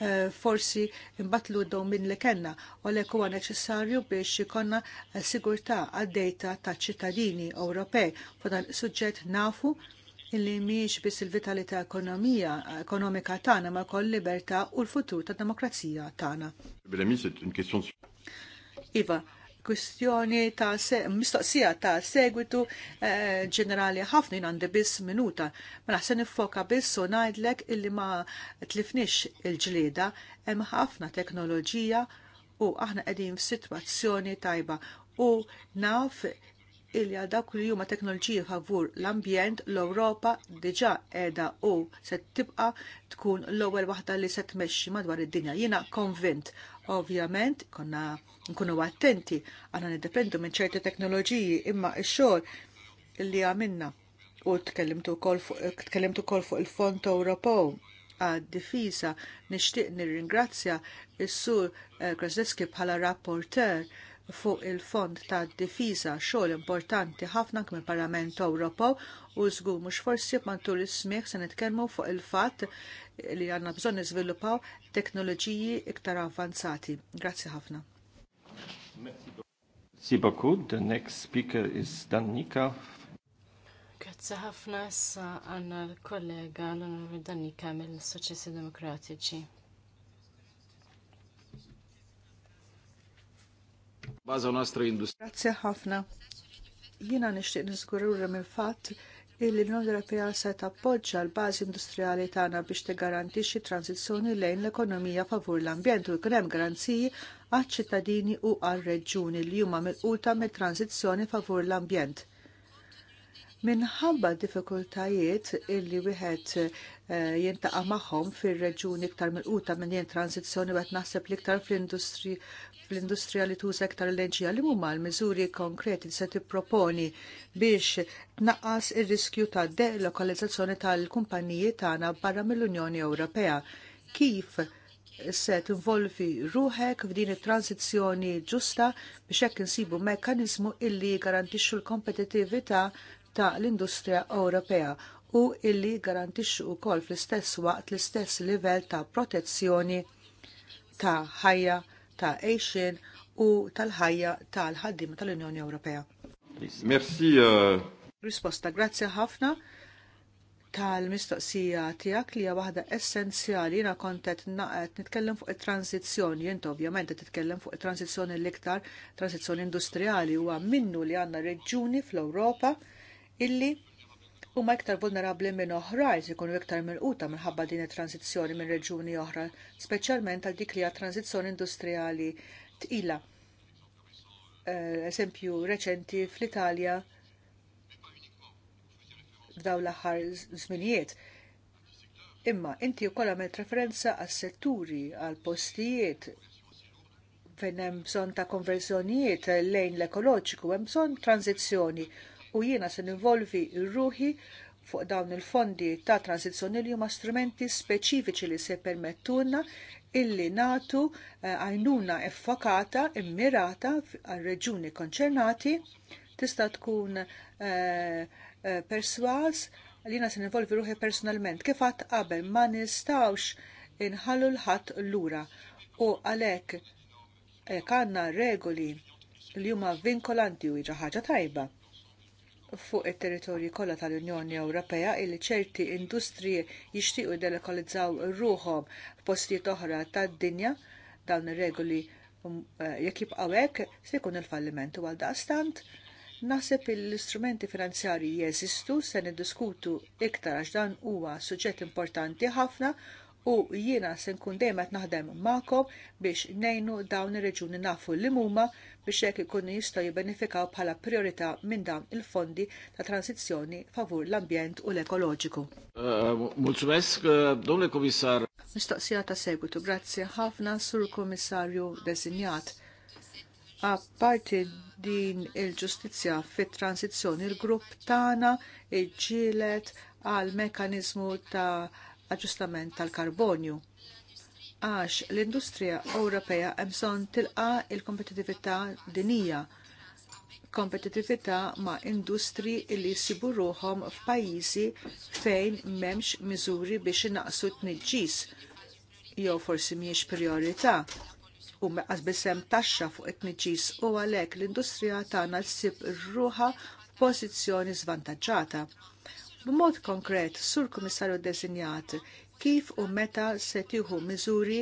eh, forsi imbatlu d minn li kena u l huwa neċessarju biex jikonna eh, sigurtà għad-dejta ta' ċittadini Ewropej. Fuq dan suġġett nafu illi miex biss il-vitalità ekonomija, ekonomika tagħna ma' koll libertà u l-futur tad demokrazija tagħna. Iva, kwistjoni ta' se mistoqsija ta' segwitu eh, ġenerali ħafna jina għandi biss minuta. Ma mela, naħseb nifoka biss u ngħidlek illi ma tlifnix il-ġlieda hemm ħafna teknoloġija u aħna qegħdin f'sitwazzjoni tajba u naf illi għal dak li huma teknoloġiji favur l-ambjent l-Ewropa diġà qiegħda u se tibqa' tkun l-ewwel waħda li se tmexxi madwar id-dinja. Jiena konvint Ovvjament, konna nkunu attenti, għana nidependu minn ċerti teknoloġiji imma x-xogħol li għamilna u tkellimtu kol fuq il-Fond Ewropew għad-difiża nixtieq nirringrazzja is-sur eh, Krasdeski bħala rapporter fuq il-fond ta' difiża xogħol importanti ħafna kemm il-Parlament Ewropew u żgur mhux forsi matul is-smieħ se nitkellmu fuq il-fatt li għandna bżonn niżviluppaw teknoloġiji iktar avanzati. Grazzi ħafna. Sibakud, the next speaker is Danika. Grazzi ħafna issa għanna l-kollega l-onorevoli Danika mill-Soċjesti Demokratiċi. Baza nostra industria. Grazie ħafna. Jiena nixtieq niżgurur minn fatt illi l-Unjoni Ewropea se tappoġġa l-bażi industrijali tagħna biex tigarantixxi transizzjoni lejn l-ekonomija favur l-ambjent u jkun hemm garanziji għaċ-ċittadini u għar-reġjuni li huma milquta mit-transizzjoni favur l-ambjent minħabba diffikultajiet illi wieħed eh, jintaqa' magħhom fir-reġuni iktar milquta minn jien tranzizzjoni wieħed naħseb l-iktar fl-industri fl-industrija li tuża iktar l-enerġija li huma l-miżuri konkreti li se tipproponi biex tnaqqas ir-riskju ta' delokalizzazzjoni tal-kumpaniji tagħna barra mill-Unjoni Ewropea. Kif se tinvolvi ruħek f'din it-transizzjoni ġusta biex hekk insibu mekkaniżmu illi garantixxu l-kompetittività ta' l-industrija Ewropea u illi garantixxu wkoll fl-istess waqt l-istess livell ta' protezzjoni ta' ħajja ta' għejxin u tal-ħajja tal-ħaddim tal-Unjoni Ewropea. Merci. Uh, Risposta grazzi ħafna tal-mistoqsija tiegħek li hija waħda essenzjali jiena kont naqet nitkellem fuq it transizjoni jint ovvjament qed titkellem fuq it transizjoni l-iktar transizzjoni industrijali huwa minnu li għandna reġuni fl-Ewropa illi huma iktar vulnerabbli minn oħrajn se jkunu iktar milquta minħabba din it-tranzizzjoni minn reġuni oħra, speċjalment għal dik li hija tranzizzjoni industrijali tqila. Eh, eżempju reċenti fl-Italja f'dawn l-aħħar żminijiet. Imma inti wkoll għamilt referenza għas setturi għal postijiet fejn hemm bżonn ta' konverzjonijiet lejn l-ekoloġiku, hemm bżonn tranzizzjoni u jiena se nivolvi ruħi fuq dawn il-fondi ta' transizzjoni li huma strumenti speċifiċi li se permettuna illi natu eh, għajnuna uh, effokata, immirata għal reġuni konċernati, tista' tkun uh, eh, uh, eh, perswas li jiena se nivolvi ruħi personalment. Kif għat qabel ma nistawx inħallu l l lura u għalhekk għandna regoli li huma vinkolanti u ħaġa tajba fuq it territorji kollha tal-Unjoni Ewropea illi ċerti industriji jixtiequ delokalizzaw ruhom f'postijiet oħra tad-dinja dawn ir-regoli mm, eh, jekk jibqgħu hekk se jkun il-falliment u għaldaqstant naħseb l-istrumenti finanzjarji jeżistu se niddiskutu iktar għax dan huwa suġġett importanti ħafna u jiena se nkun dejjem qed naħdem magħkom biex ngħinu dawn ir-reġuni nafu li huma biex hekk ikunu jistgħu jibbenefikaw bħala priorità minn dawn il-fondi ta' transizzjoni favur l-ambjent u l-ekoloġiku. Eh, mulțumesc, domnule komissar. Mistoqsija ta' segwitu, grazzi ħafna sur komissarju designjat. Apparti din il-ġustizzja fit transizzjoni il-grupp tagħna iġilet għal mekanizmu ta' aġġustament tal-karbonju għax l-industrija Ewropea hemm bżonn tilqa il-kompetitività dinija kompetitività ma' industri li jsibu ruhom f'pajjiżi fejn m'hemmx miżuri biex inaqsu t-tniġġis jew forsi mhijiex priorità u meqqas hemm taxxa fuq it tniġġis u għalhekk l-industrija tagħna ssib ruħa f'pożizzjoni żvantaġġata. B'mod konkret, sur Kummissarju designjat, kif u meta se tieħu miżuri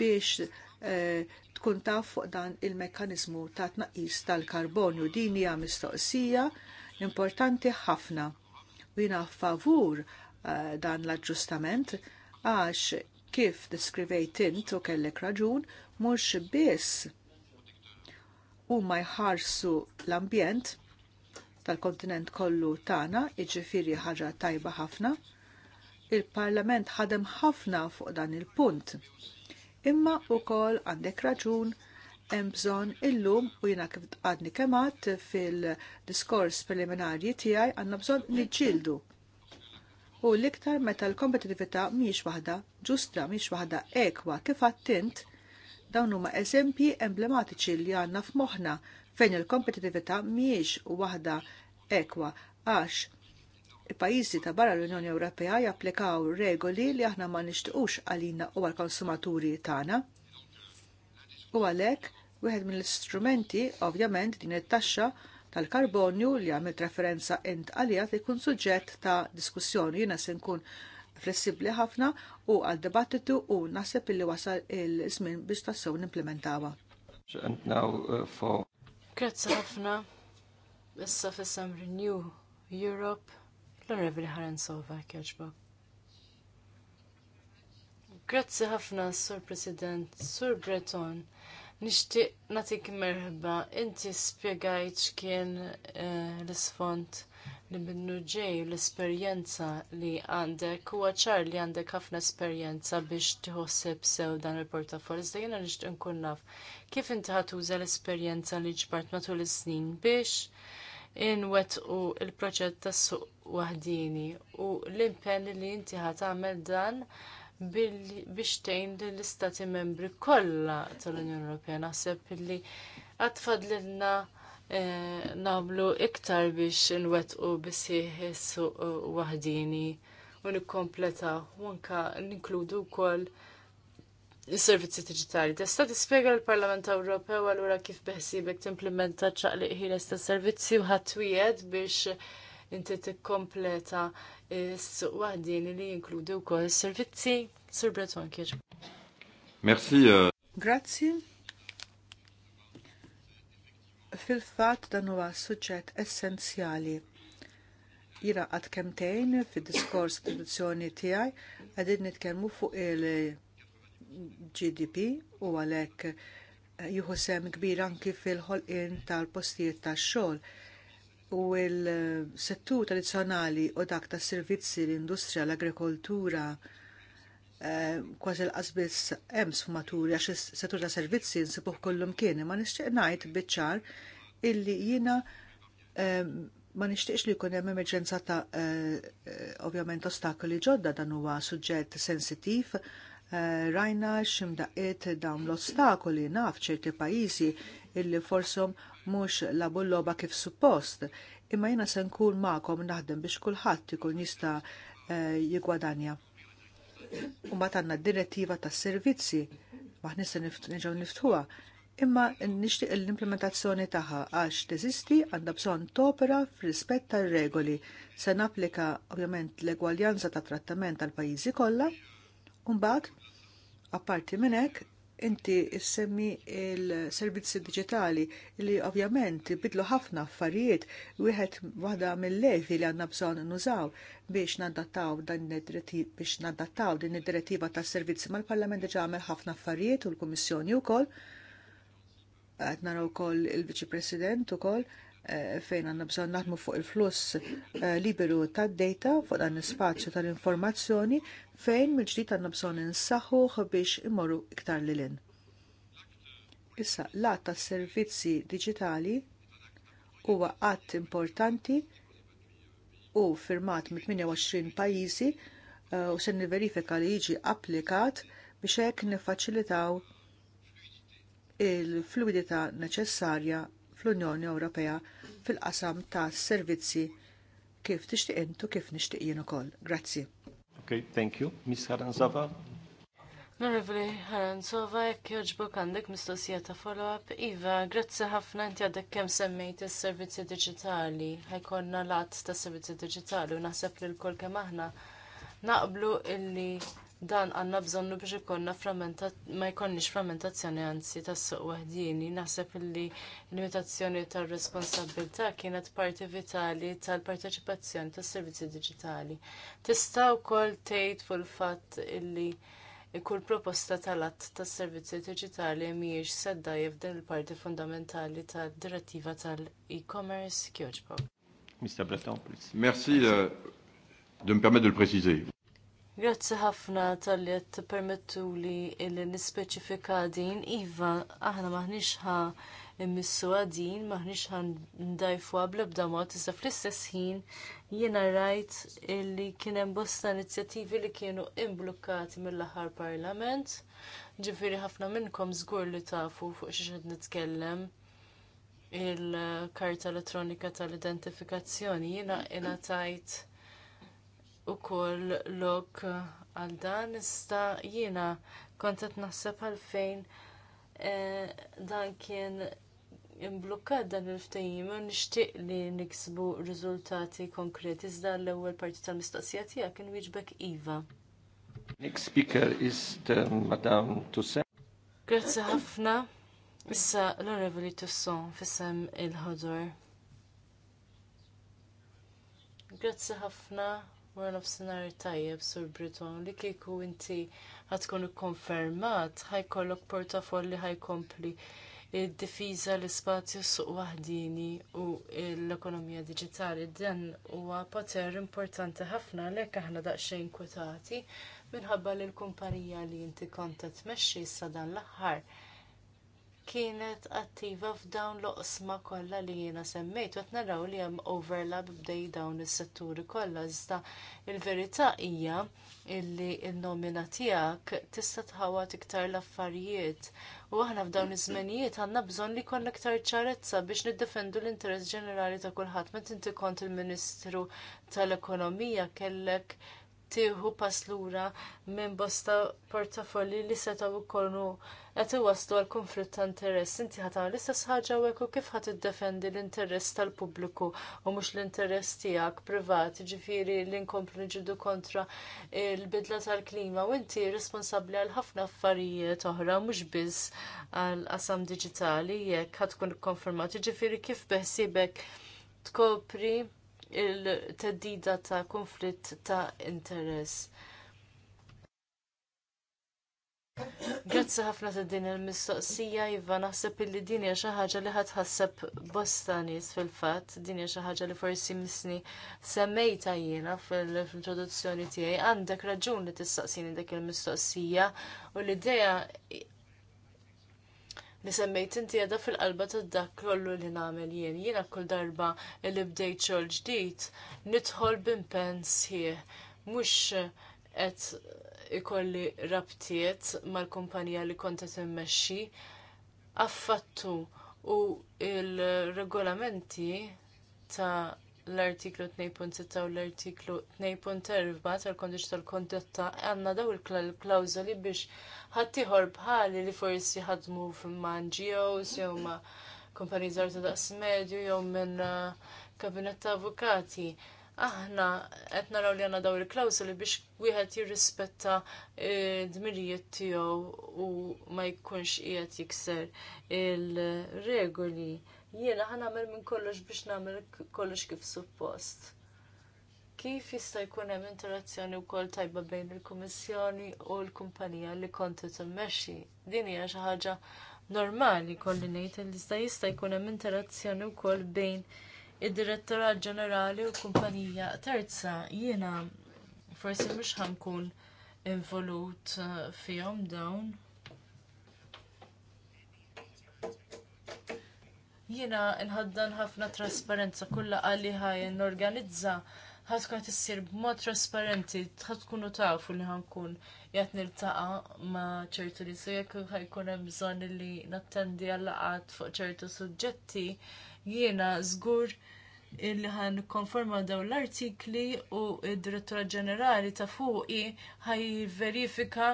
biex eh, tkun taf fuq dan il mekkaniżmu ta' tnaqqis tal-karbonju. Din hija mistoqsija importanti ħafna. U jiena favur eh, dan l-aġġustament għax kif deskrivejt int u kellek raġun mhux biss huma jħarsu l-ambjent tal-kontinent kollu tagħna, jiġifieri ħaġa tajba ħafna, il-Parlament ħadem ħafna fuq dan il-punt. Imma wkoll għandek raġun hemm bżonn illum u jiena kif għadni kemat fil-diskors preliminarji tiegħi għandna bżonn niġġieldu. U l-iktar meta l-kompetitività miex waħda ġusta, miex waħda ekwa kif għattint dawn huma eżempji emblematiċi li għandna f'moħħna fejn il-kompetitività mhijiex waħda ekwa għax il-pajjiżi ta' barra l-Unjoni Ewropea japplikaw regoli li aħna ma nishtiqux għalina u għal-konsumaturi tagħna. U għalhekk wieħed mill-istrumenti ovvjament din it-taxxa tal-karbonju li għamil referenza int għalija li jkun suġġett ta' diskussjoni jiena se nkun flessibbli ħafna u għal dibattitu u naħseb illi wasal il-żmien biex tassew nimplementawha. Uh, Grazzi ħafna. Issa fissam Renew Europe L-Onorevoli Sova kħeġbok. Grazzi ħafna, Sur President, Sur Breton. Nixtieq natik merħba, inti spjegajt x'kien eh, l sfont li minnu ġej l esperjenza li għandek huwa ċar li għandek ħafna esperjenza biex tħosseb sew dan il-portafol. Iżda jiena nixtieq nkun naf kif inti ħatuża l esperjenza li ġbart matul is-snin biex inwet u il proċett tas-suq waħdini u l-impenn li inti ħatamel dan biex tgħin lill-istati membri kollha tal-Unjoni Ewropea naħseb illi għatfadlilna eh, nagħmlu iktar biex inwettqu bisih is-suq waħdini u nikkompletaw u nkludu ninkludu wkoll il-servizzi digitali. Tista' tispjega l-Parlament Ewropew allura kif beħsibek timplementa ċaqliq ħiles ta' servizzi u ħatwijed biex inti tikkompleta s-suq waħdin li jinkludi wkoll is-servizzi Sir Breton kieġ. Merci. Euh. Grazzi. Fil-fatt dan huwa suġġett essenzjali jira għad kemtejn fil-diskors produzzjoni tiegħi għadin nitkellmu fuq il gdp u għalhekk eh, jieħu sem kbir anki fil-ħolqien tal-postijiet tax-xogħol u l-settur tradizzjonali u dak tas servizzi l-industrija, l-agrikoltura, eh, kważi l-qasbis hemm maturi, għax is-settur ta' servizzi nsibuh kollum kien, ma nixtieq ngħid biċ-ċar illi jiena eh, ma nixtieqx li jkun hemm emerġenza ta' ovvjament ostakoli ġodda dan huwa suġġett sensittiv Eh, rajna ximdaqiet dawn l-ostakoli naf ċerti pajjiżi illi forsom mhux labu l-loba kif suppost. Imma jiena se nkun magħkom naħdem biex kulħadd ikun jista' eh, jigwadanja. U ma tanna direttiva tas servizzi maħni se nġaw niftuha, imma nixtieq l-implementazzjoni tagħha għax teżisti għandha bżonn topera f'rispett tar-regoli se napplika ovvjament l-egwaljanza ta' trattament tal-pajjiżi kollha Umbagħad, apparti minn hekk, inti issemmi il-servizzi digitali li ovvjament bidlu ħafna affarijiet wieħed waħda mill lefi li għandna bżonn nużaw biex nadattaw dan biex nadattaw din id-direttiva tas-servizzi mal-Parlament diġà għamel ħafna affarijiet u l-Kummissjoni wkoll qed naraw ukoll il-Viċi President ukoll Eh, fejn għandna bżonn naħdmu fuq il-fluss eh, liberu tad-data fuq dan l-ispazju tal-informazzjoni fejn mill-ġdid għandna bżonn insaħħu biex imorru iktar l in. Issa, l-att tas servizzi diġitali huwa att importanti u firmat mit-28 pajjiżi eh, u se verifika li jiġi applikat biex hekk niffaċilitaw il-fluidità neċessarja fl-Unjoni Ewropea fil-qasam ta' servizzi kif tixtieq intu kif nixtieq jien ukoll. Grazzi. Okay, thank you. Miss Haranzova. Onorevoli Haranzova, jekk joġbok għandek mistoqsija ta' follow-up. Iva, grazzi ħafna inti għadek kemm semmejt is-servizzi diġitali. Ħajkonna lat ta' servizzi diġitali u naħseb li l-kol kemm aħna naqblu illi dan għandna bżonnu biex ikonna ma jkollniex frammentazzjoni anzi tas-suq waħdini. Naħseb li limitazzjoni tar-responsabilità kienet parti vitali tal-parteċipazzjoni tas-servizzi diġitali. Tista' wkoll tgħid fil-fatt illi kull proposta tal-att tas servizzi diġitali mhijiex sedda jibden il-parti fundamentali tad direttiva tal-e-commerce kjoġbo. Mr. Breton, please. Merci euh, de me permettre de le préciser. Grazzi ħafna tal-li għed permettu li nispeċifika din, Iva, aħna maħnix ħa immissu għadin, maħnix ħa ndajfu għabla b'damot, iżda fl-istess ħin jena rajt illi kienem bosta inizjattivi li kienu imblukkati mill-aħħar parlament, ġifiri ħafna minnkom zgur li tafu fuq xiex nitkellem il-karta elettronika tal-identifikazzjoni, jena jena tajt ukoll lok għal dan iżda jiena kont qed naħseb għalfejn e, dan kien imblukkat dan il-ftehim u nixtieq li niksbu riżultati konkreti iżda l-ewwel parti tal-mistoqsija tiegħek kien wieġbek iva. Next speaker is Madame Toussaint. Grazzi ħafna. Issa l-Onorevoli Toussaint fissem il-ħodor. Grazzi ħafna, Wara nofsinhar tajjeb sur Briton li kieku inti ħatkun ikkonfermat ħajkollok portafolli ħajkompli id-difiża l-ispazju suq wahdini u l-ekonomija diġitali dan huwa pater importanti ħafna għalhekk aħna daqsxejn kwitati minħabba li l-kumpanija li inti kontat tmexxi sa'dan l-aħħar kienet attiva f'dawn l-oqsma kollha li jiena semmejt u qed naraw li hemm overlap bdej dawn is-setturi kollha iżda il-verità hija li n-nomina tiegħek tista' tħawat iktar l-affarijiet u aħna f'dawn iż-żmenijiet għandna bżonn li jkollna iktar ċarezza biex niddefendu l-interess ġenerali ta' kulħadd meta inti kont il-Ministru tal-Ekonomija kellek tieħu pass lura minn bosta portafolli li setgħu jkunu qed iwasslu għal konflitt ta' interess. Inti ħadd l-istess ħaġa hekk u kif ħadd iddefendi l-interess tal-pubbliku u mhux l-interess tiegħek privat, jiġifieri li nkomplu niġidu kontra l-bidla tal-klima u inti responsabbli għal ħafna affarijiet oħra mhux biss għal qasam diġitali jekk ħadd tkun ikkonfermat. Ġifieri kif beħsibek tkopri il-teddida ta' konflitt ta' interess. Grazzi ħafna ta' din il-mistoqsija, Iva, naħseb illi din hija xi ħaġa li ħatħasseb bosta nies fil-fatt, din hija xi ħaġa li forsi misni semmejta jiena fil-introduzzjoni tiegħi. Għandek raġun li tistaqsini dik il-mistoqsija u l-idea li semmejt inti għada fil-qalba ta' dak kollu li nagħmel jien. Jiena kull darba li bdejt xogħol ġdid nidħol b'impens sħiħ. Mhux qed ikolli rabtiet mal-kumpanija li kont qed immexxi. Affattu u il-regolamenti ta' l-artiklu 2.6 u l-artiklu 2.4 tal-kondiċ tal-kondotta għandna daw il-klawżoli biex ħaddieħor bħali li forsi ħadmu f'ma' NGOs jew ma' kumpanija żgħar ta' daqs medju jew minn uh, kabinet ta' avukati. Aħna qed naraw li għandna daw il-klawżoli biex wieħed jirrispetta d-dmirijiet uh, tiegħu u ma jkunx qiegħed jikser il-regoli jiena għamil minn kollox biex nagħmel kollox kif suppost. Kif jista' jkun hemm interazzjoni wkoll tajba bejn il-Kummissjoni u l-kumpanija li konti timmexxi? Din hija xi ħaġa normali kolli ngħid iżda jista' jkun hemm interazzjoni wkoll bejn id-Direttorat Ġenerali u kumpanija terza jiena forsi mhux ħankun involut eh, fihom dawn. Jiena nħaddan ħafna trasparenza kulla għalli n organizza ħatkun qed b'mod trasparenti, ħad tafu li ħankun nil niltaqa' ma' ċertu li se jekk ħajkun hemm bżonn li nattendi għallaqat fuq ċertu suġġetti, jiena żgur illi ħan konforma daw l-artikli u id-direttura ġenerali ta' fuqi ħaj verifika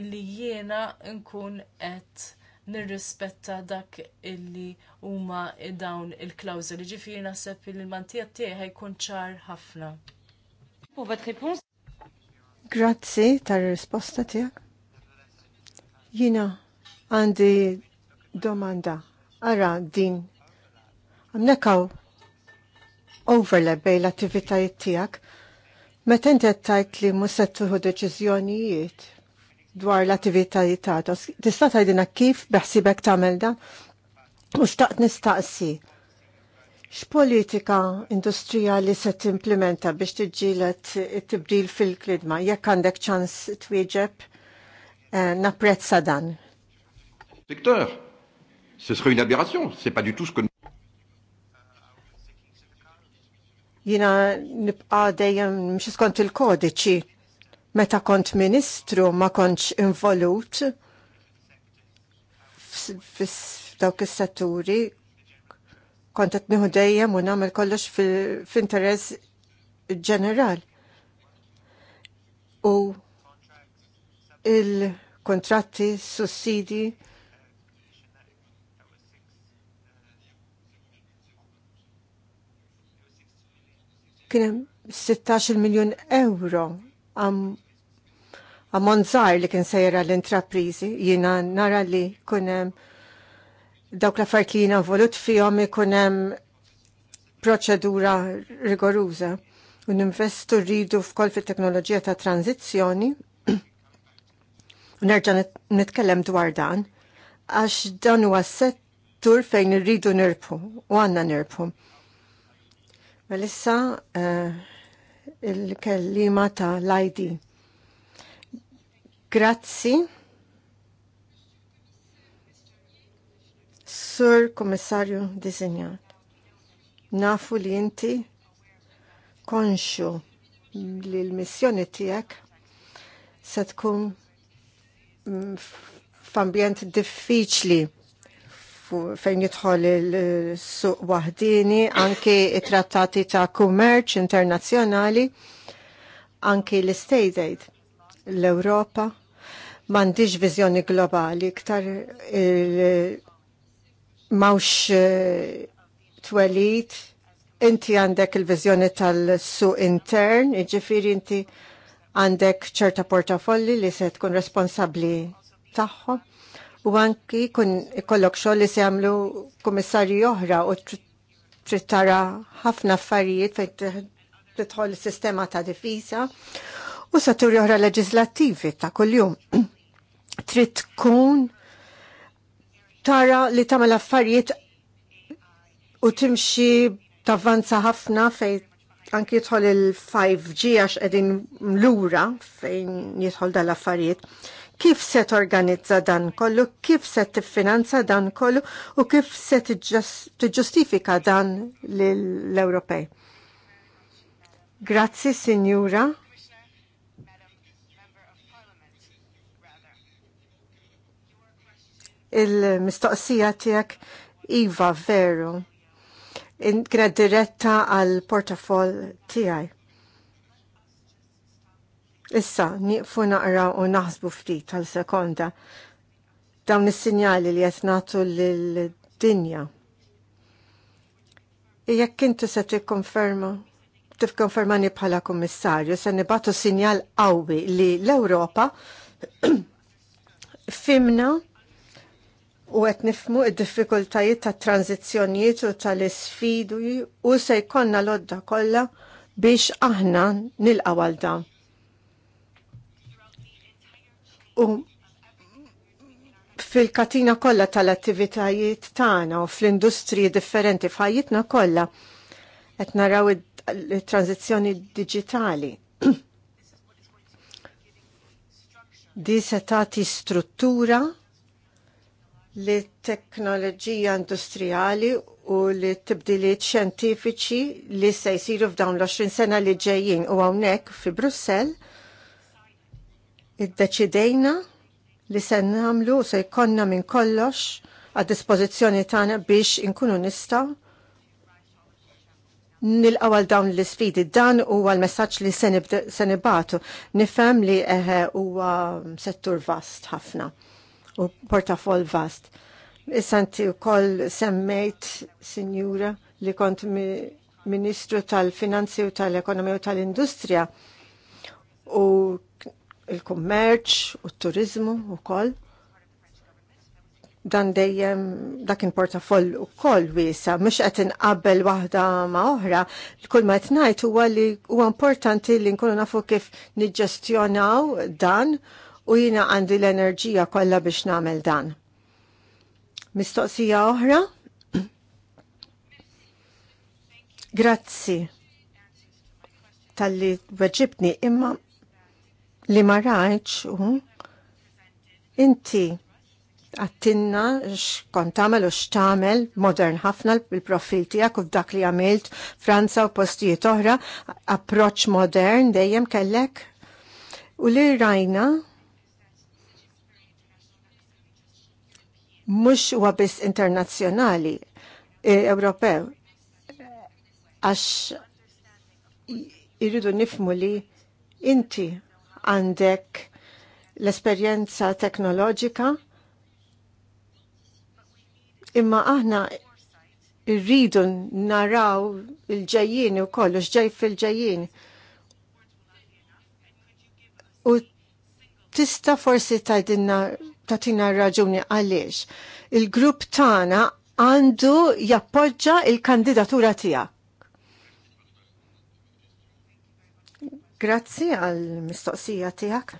illi jiena nkun qed nirrispetta dak illi huma dawn il-klawżoli. Ġifieri naħseb li l-mantija tiegħi ħajkun ċar ħafna. Grazzi tar-risposta tiegħek. Jina għandi domanda. Ara din. hawn overlap bej l-attivitajiet tiegħek. Meta inti tajt li mhux se tieħu deċiżjonijiet dwar l-attivitajiet tagħha. Tista' tgħidilna kif beħsibek tagħmel dan? U xtaqt nistaqsi. X'politika industrijali se timplementa biex tiġġielet it-tibdil fil-klidma jekk għandek ċans twieġeb eh, napprezza dan. Victor, ce serait une aberration, c'est pas du tout ce que jina nibqa dejjem mxiskont skont il-kodiċi meta kont ministru ma kontx involut f'dawk is-setturi kont qed nieħu dejjem u nagħmel kollox f'interess ġeneral. U il-kontratti, sussidi, kienem 16 miljon euro għam ammonżar li kien sejra l-intraprizi, jina nara li kunem dawk la fart li jina volut fijom hemm proċedura rigoruza. Un investu rridu f'kol fit teknoloġija ta' tranzizjoni. <clears throat> Nerġa nitkellem dwar dan, għax dan huwa settur fejn irridu nirpu, u għanna nirpu. Melissa, uh, il-kellima ta' id Grazzi. Sur Komissarju Dizinjan, nafu li inti konxu li l-missjoni tijek se tkun mm, f'ambjent diffiċli fejn jidħol il-suq wahdini, anki trattati ta' kummerċ internazzjonali, anki l-state aid, l-Europa mandiġ vizjoni globali, iktar mawx eh, twelit, inti għandek il-vizjoni tal-su intern, iġifiri inti għandek ċerta portafolli li se tkun responsabli taħħom, u anki kun ikollok xoll li se għamlu komissarji oħra u trittara ħafna affarijiet fejn titħol sistema ta' difisa u saturi oħra leġislattivi ta' kuljum. <clears throat> trid tkun tara li tagħmel affarijiet u timxi tavvanza ħafna fejn anki jidħol il-5G għax qegħdin lura fejn jidħol dal-affarijiet. Kif se torganizza dan kollu, kif se tiffinanza dan kollu u kif se tiġġustifika dan l-Ewropej. Grazzi, Sinjura. il-mistoqsija tiegħek iva veru. Kienet diretta għal portafol tiegħi. Issa, nieqfu naqra u naħsbu ftit tal sekonda dawn is-sinjali li qed nagħtu lill-dinja. Jekk intu se tikkonferma tifkonfermani bħala kummissarju se nibatu sinjal qawwi li l-Ewropa <clears throat> fimna u qed nifmu id-diffikultajiet tat tranzizjonijiet u tal-isfidu u se jkollna lodda kollha biex aħna nilqaw għal dan. U fil-katina kollha tal-attivitajiet tagħna u fl-industriji differenti f'ħajjitna kollha qed naraw it-tranzizzjoni diġitali. Di se tagħti struttura li teknoloġija industrijali u li tibdiliet xjentifiċi li se jsiru f'dawn l-20 sena li ġejjin u hawnhekk fi Brussell iddeċidejna li se nagħmlu se jkollna minn kollox għad dispożizzjoni tagħna biex inkunu nistgħu nilqaw għal dawn l-sfidi. Dan huwa l-messaġġ li se nibatu. Nifhem li eħe huwa settur vast ħafna u portafol vast. Issanti u koll semmejt, sinjura, li kont ministru tal-finanzi u tal-ekonomija u tal-industrija u il-kummerċ u t-turizmu u koll. Dan dejjem dakin portafoll u koll wisa, mux qed inqabbel waħda ma oħra, kull ma ngħid huwa li huwa importanti li nkunu nafu kif niġġestjonaw dan u jina għandi l-enerġija kollha biex nagħmel dan. Mistoqsija oħra? <clears throat> Grazzi tal-li weġibni imma li ma rajtx u inti għattinna x'kont tagħmel u x'tagħmel modern ħafna l-profil tiegħek u f'dak li għamilt Franza u postijiet oħra, approċċ modern dejjem kellek u li rajna mhux huwa biss internazzjonali e, Ewropew għax irridu nifmu li inti għandek l-esperjenza teknoloġika imma aħna irridu naraw il-ġajjien u kollu x'ġej fil ġejjin U tista forsi tajdinna tatina raġuni għaliex. Il-grupp tana għandu jappoġġa il-kandidatura tijak. Grazzi għal-mistoqsija tijak.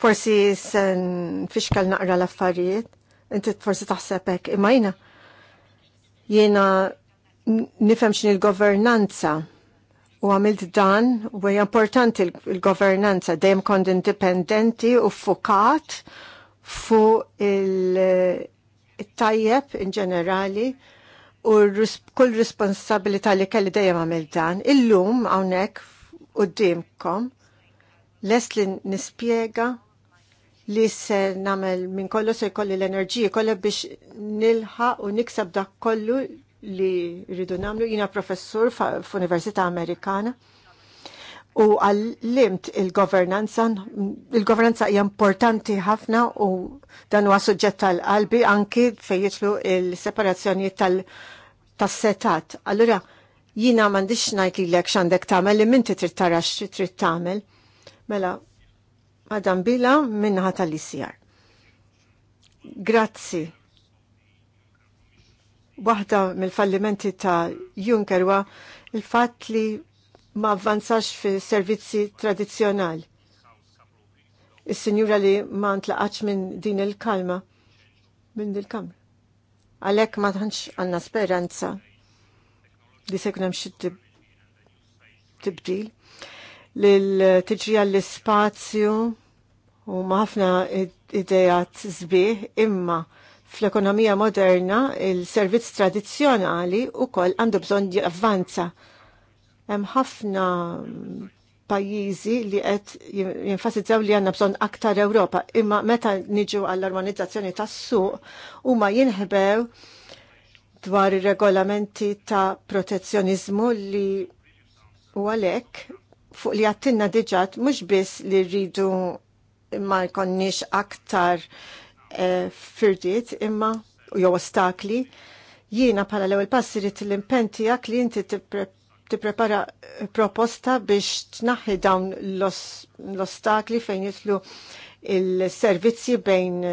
Forsi sen fiskal naqra l-affarijiet, inti forsi taħsebek imajna. jiena. nifem xin il-governanza U għamilt dan u għaj importanti il-governanza dejjem kont indipendenti u fukat fu il-tajjeb in ġenerali u kull responsabilità li kelli dejjem għamil dan. Illum hawnhekk u dimkom les li nispjega li se namel minn kollu se jkolli l-enerġija kollha biex nilħa u niksab dak kollu li rridu namlu. Jina professur f'Università Amerikana u għallimt il-governanza. Il-governanza hija importanti ħafna u dan huwa suġġett tal-qalbi anki fejn jitlu il-separazzjoni tas setat Allura jina m'għandix ngħid lilek x'għandek tagħmel li minti trid tara xi trid tagħmel. Mela, Madam Bila minnaħa tal-ICR. Grazzi waħda mill-fallimenti ta' Juncker wa il-fatt li ma avvanzax fi servizzi tradizjonali. Is-sinjura li ma ntlaqax minn din il-kalma, minn din il-kamra. Għalek ma tħanx għanna speranza li se kunem xi tibdil lil tiġrija għall-spazju u ma ħafna dejat zbieħ imma Fl-ekonomija moderna, il-servizz tradizzjonali wkoll għandu bżonn avvanza. Hemm ħafna pajjiżi li qed jinfasizzaw li għandna bżonn aktar Ewropa, imma meta niġu għall-armonizzazzjoni tas-suq huma jinħbew dwar regolamenti ta' protezzjonizmu li u għalek fuq li għattinna diġat mux biss li rridu ma jkonniex aktar E, firdiet imma jew ostakli jiena pala l-ewwel passi irid l-impentijak li inti tipprepara proposta biex tnaħħi dawn l-ostakli fejn jitlu il-servizzi bejn e,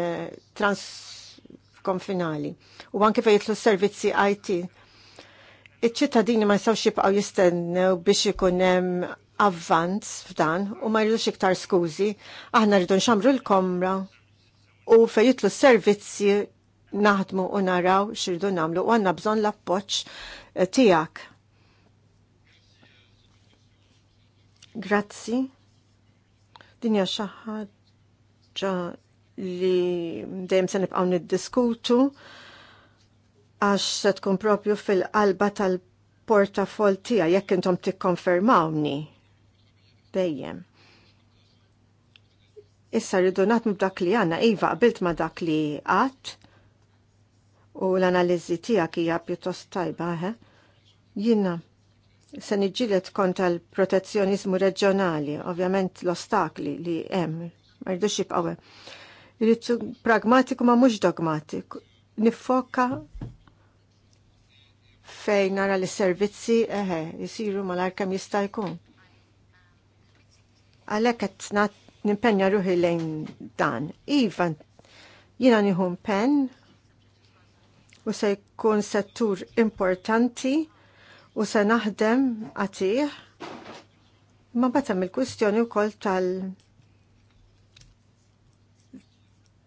transkonfinali u anke fejn jitlu servizzi IT. Iċ-ċittadini ma jistgħux jibqgħu jistennew biex ikun hemm avvanz f'dan u ma jridux iktar skużi, aħna rridu nxamru l-komra u fejitlu jitlu servizzi naħdmu u naraw xirdu namlu u għanna bżon l-appoċ eh, tijak. Grazzi. Dinja xaħġa li dejjem se nibqgħu niddiskutu għax se tkun propju fil-qalba tal-portafol tiegħi jekk intom tikkonfermawni dejjem. Issa rridu naħdmu b'dak li għanna, iva qabilt ma dak li għat u l analiżi tijak hija pjuttost tajba, he? Eh? Jina, se niġġilet kontra l-protezzjonizmu reġjonali, ovvjament l-ostakli li hemm, ma rridux jibqgħu hemm. Irrid pragmatiku ma mhux dogmatiku. Nifoka fejn nara li servizzi eħe jisiru mal-arkam jista' jkun. Għalhekk qed nimpenja ruħi lejn dan. Iva, jina nħum pen u se jkun settur importanti u se naħdem għatih. Ma batam il-kwistjoni u kol tal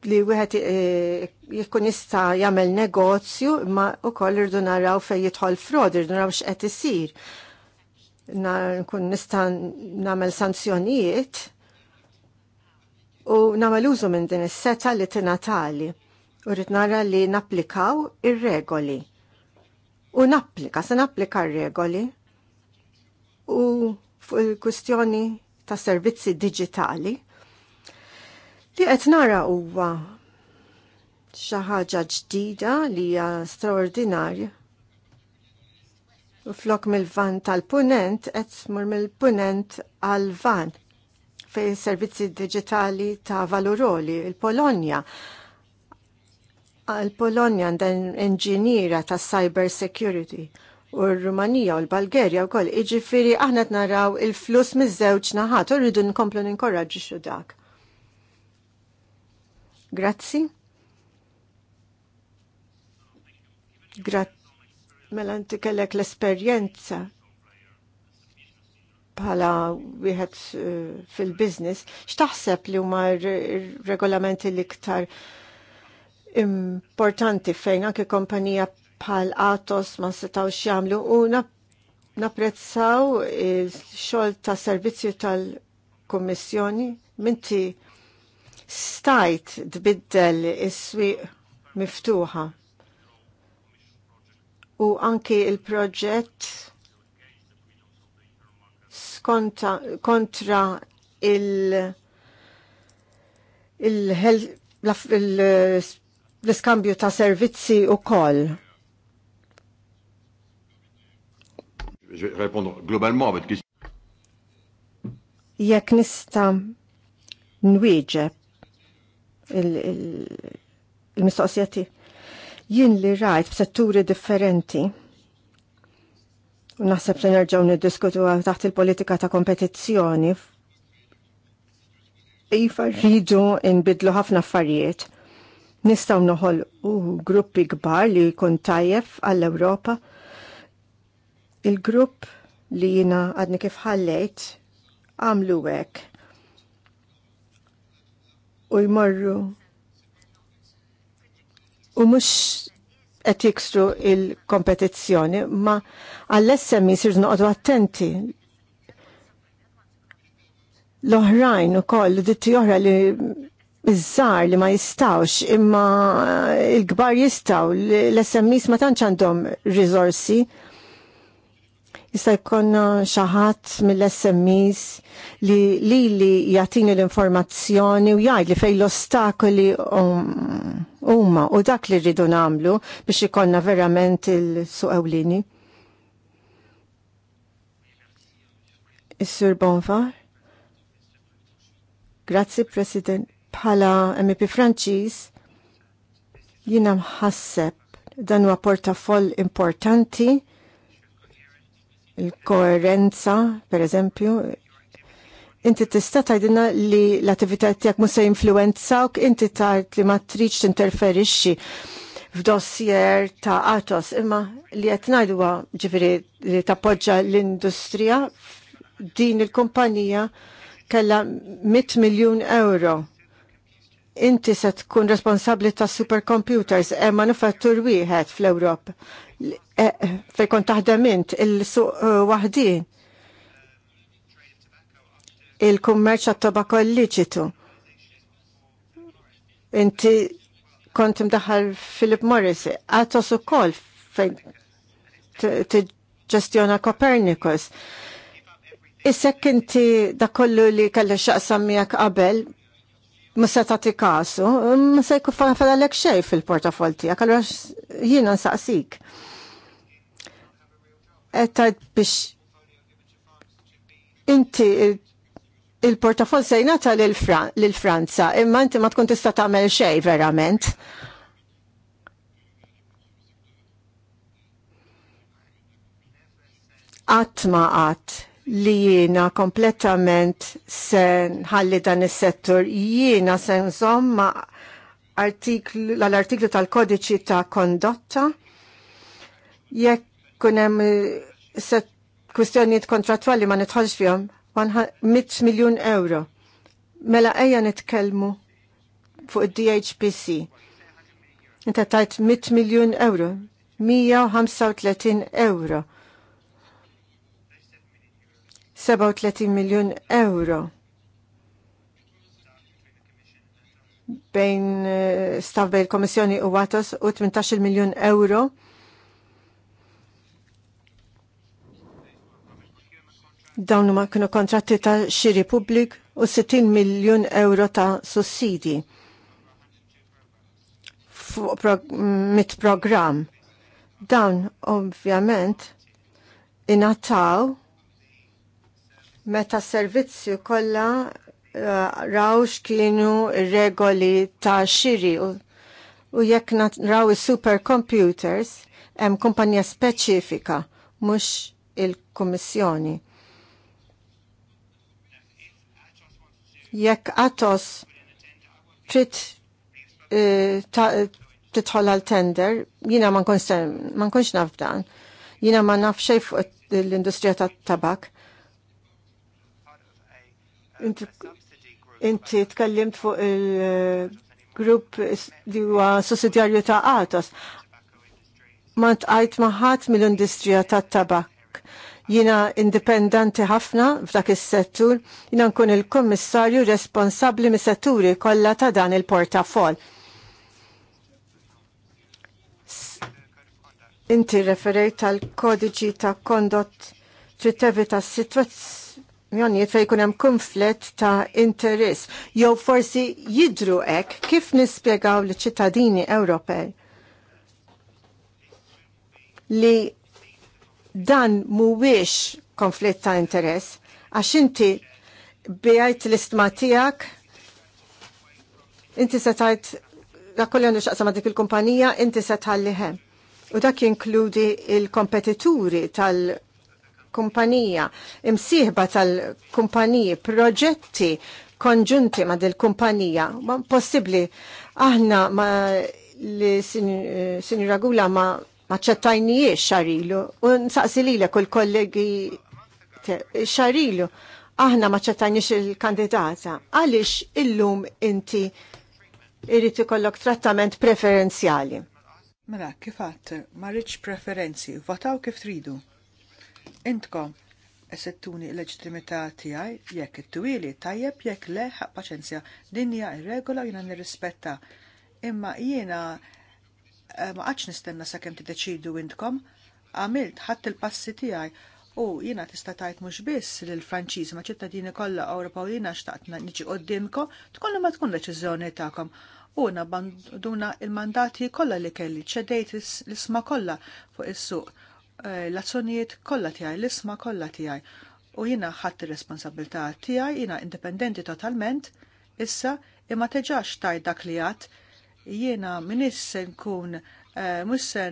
li wieħed e, jkun jista' jagħmel negozju imma wkoll irdu naraw fejn jidħol frod, irdu naraw x'qed isir. Nkun nista' nagħmel sanzjonijiet u namel użu minn din is-seta li tinatali u rrid nara li napplikaw ir-regoli. U napplika, se napplika r-regoli u fuq il-kustjoni ta' servizzi digitali li qed nara huwa xi ħaġa ġdida li hija straordinarja U flok mill-van tal-punent, et mur mill-punent għal-van fi servizzi digitali ta' valuroli, il-Polonja. Il-Polonja għandha inġiniera ta' cyber security u r-Rumanija u l balgerja u koll iġifiri aħna naraw il-flus miż-żewġ naħat u rridu nkomplu ninkorraġi xu dak. Grazzi. Grazzi mela ntikellek l-esperjenza bħala wieħed eh, fil-biznis, x'taħseb li huma regolamenti l-iktar importanti fejn anke kompanija bħal Atos ma setgħux jagħmlu u napprezzaw il-xogħol ta' servizzju tal-Kummissjoni minti stajt tbiddel is-swieq miftuħa. U anki il-proġett konta, kontra il- l-iskambju ta' servizzi u koll. Jek nista nwieġeb il-mistoqsijati. Il, il Jien li rajt b'setturi differenti naħseb li nerġgħu niddiskutu taħt il-politika ta' kompetizzjoni. Iva rridu inbidlu ħafna affarijiet. Nistgħu noħol u gruppi kbar li jkun tajjeb għall-Ewropa. Il-grupp li jina għadni kif ħallejt għamlu hekk. U jmorru u mhux qed jiksru il-kompetizzjoni, ma għall-SMI sir noqogħdu attenti. L-oħrajn ukoll ditti oħra li bizzar li ma jistawx imma il-kbar jistaw l-SMIs ma tantx għandhom risorsi Issa xi ħadd mill-SMEs li li li l-informazzjoni u jgħid li fejn l-ostakoli umma u dak li rridu nagħmlu biex ikonna verament il-suqawlini. Is-Sur Bonfar? Grazzi, President. Bħala MP Franċiż, Jiena mħasseb dan huwa portafoll importanti il-koerenza, per eżempju, inti tista' tgħidilna li l-attività tiegħek mhux se jinfluwenzawk, inti tard li ma tridx tinterferixxi f'dossier ta' Atos, imma li qed ngħidwa ġifieri li tappoġġa l-industrija din il-kumpanija kellha 100 miljun euro. Inti se tkun responsabbli ta' supercomputers hemm manufattur wieħed fl-Ewropa. Eh, eh, fej kont taħdem int il-suq eh, waħdin il-kummerċ għat-tobako liċitu. Inti kont imdaħħal Philip Morris, għatos u kol fejn t-ġestjona Copernicus. Issek inti da kollu li kalli xaqsam miegħek qabel, musa tagħti kasu, musa jkun fadalek xej fil-portafol tiegħek, allura jiena nsaqsik għettajt biex inti il-portafol sejnata l-Franza, imma inti ma tkun tista tagħmel xej verament. ma għat li jiena kompletament se nħalli dan is-settur jiena se nżomma l-artiklu tal-kodiċi ta' kondotta jekk kunem eh, set kustjoniet kontratwali ma nitħolx fjom 100 miljon euro. Mela eja nitkelmu fuq DHPC. Inta tajt 100 miljon euro. 135 euro. 37 miljon euro. Bejn eh, staff bejn komissjoni u għatos u 18 miljon euro Dawn huma kienu kontratti ta' xiri publik u 60 miljun euro ta' sussidi mit program. Dawn ovvjament inataw meta servizzju kollha eh, raw x'kienu regoli ta' xiri u, jekk raw supercomputers hemm kumpanija speċifika mhux il-Kummissjoni. Jekk Atos trid eh, titħol għal tender, jina ma nkunx naf dan. Jina ma naf fuq l-industrija tat-tabak. Inti tkellimt fuq il-grupp li huwa sussidjarju ta' Atos. Ma tqajt maħat mill-industrija tat-tabak Jina indipendenti ħafna f'dak is-settur, jina nkun il-kommissarju responsabli mis-setturi kollha ta' dan il-portafol. Inti referejt tal kodiċi ta' kondott trid tevita s-sitwazzjoni fej kunem konflitt ta' interess. Jew forsi jidru ek kif nispiegaw li ċittadini Ewropej li dan mhuwiex konflitt ta' interess għax inti bijajt l-istma tijak, inti setajt da kolli għandu xaqsa ma dik il-kumpanija, inti setħalliħe. U dak jinkludi il-kompetituri tal-kumpanija, imsiħba tal-kumpaniji, proġetti konġunti ma dil-kumpanija. Ma possibli, aħna ma li eh, sinjura sin Gula ma maċċettajnijiex xarilu. U nsaqsi lilek u l-kollegi xarilu. Aħna maċċettajniex il-kandidata. Għalix illum inti irrit ikollok trattament preferenzjali? Mela, kifat, ma rridx preferenzi, votaw kif tridu. Intkom, esettuni l-leġitimità tiegħi jekk it-twili tajjeb jekk leħ paċenzja. Din hija r-regola jiena nirrispetta. Imma jiena Eh, ma qatx nistenna sakemm tiddeċidu intkom, għamilt ħadd il-passi tiegħi u jiena tista' tajt mhux biss lill Franċiż ma' ċittadini kollha Ewropa u niġi qudiemkom tkun ma tkun deċiżjoni tagħkom u nabanduna il-mandati kollha li kelli ċedejt l-isma kollha fuq is-suq eh, l-azzjonijiet kollha tiegħi, l-isma kollha tiegħi. U jiena ħadd ir-responsabilità tiegħi, jiena indipendenti totalment, issa imma teġax tajt dak li għat jiena minis se nkun Mussen eh, mhux se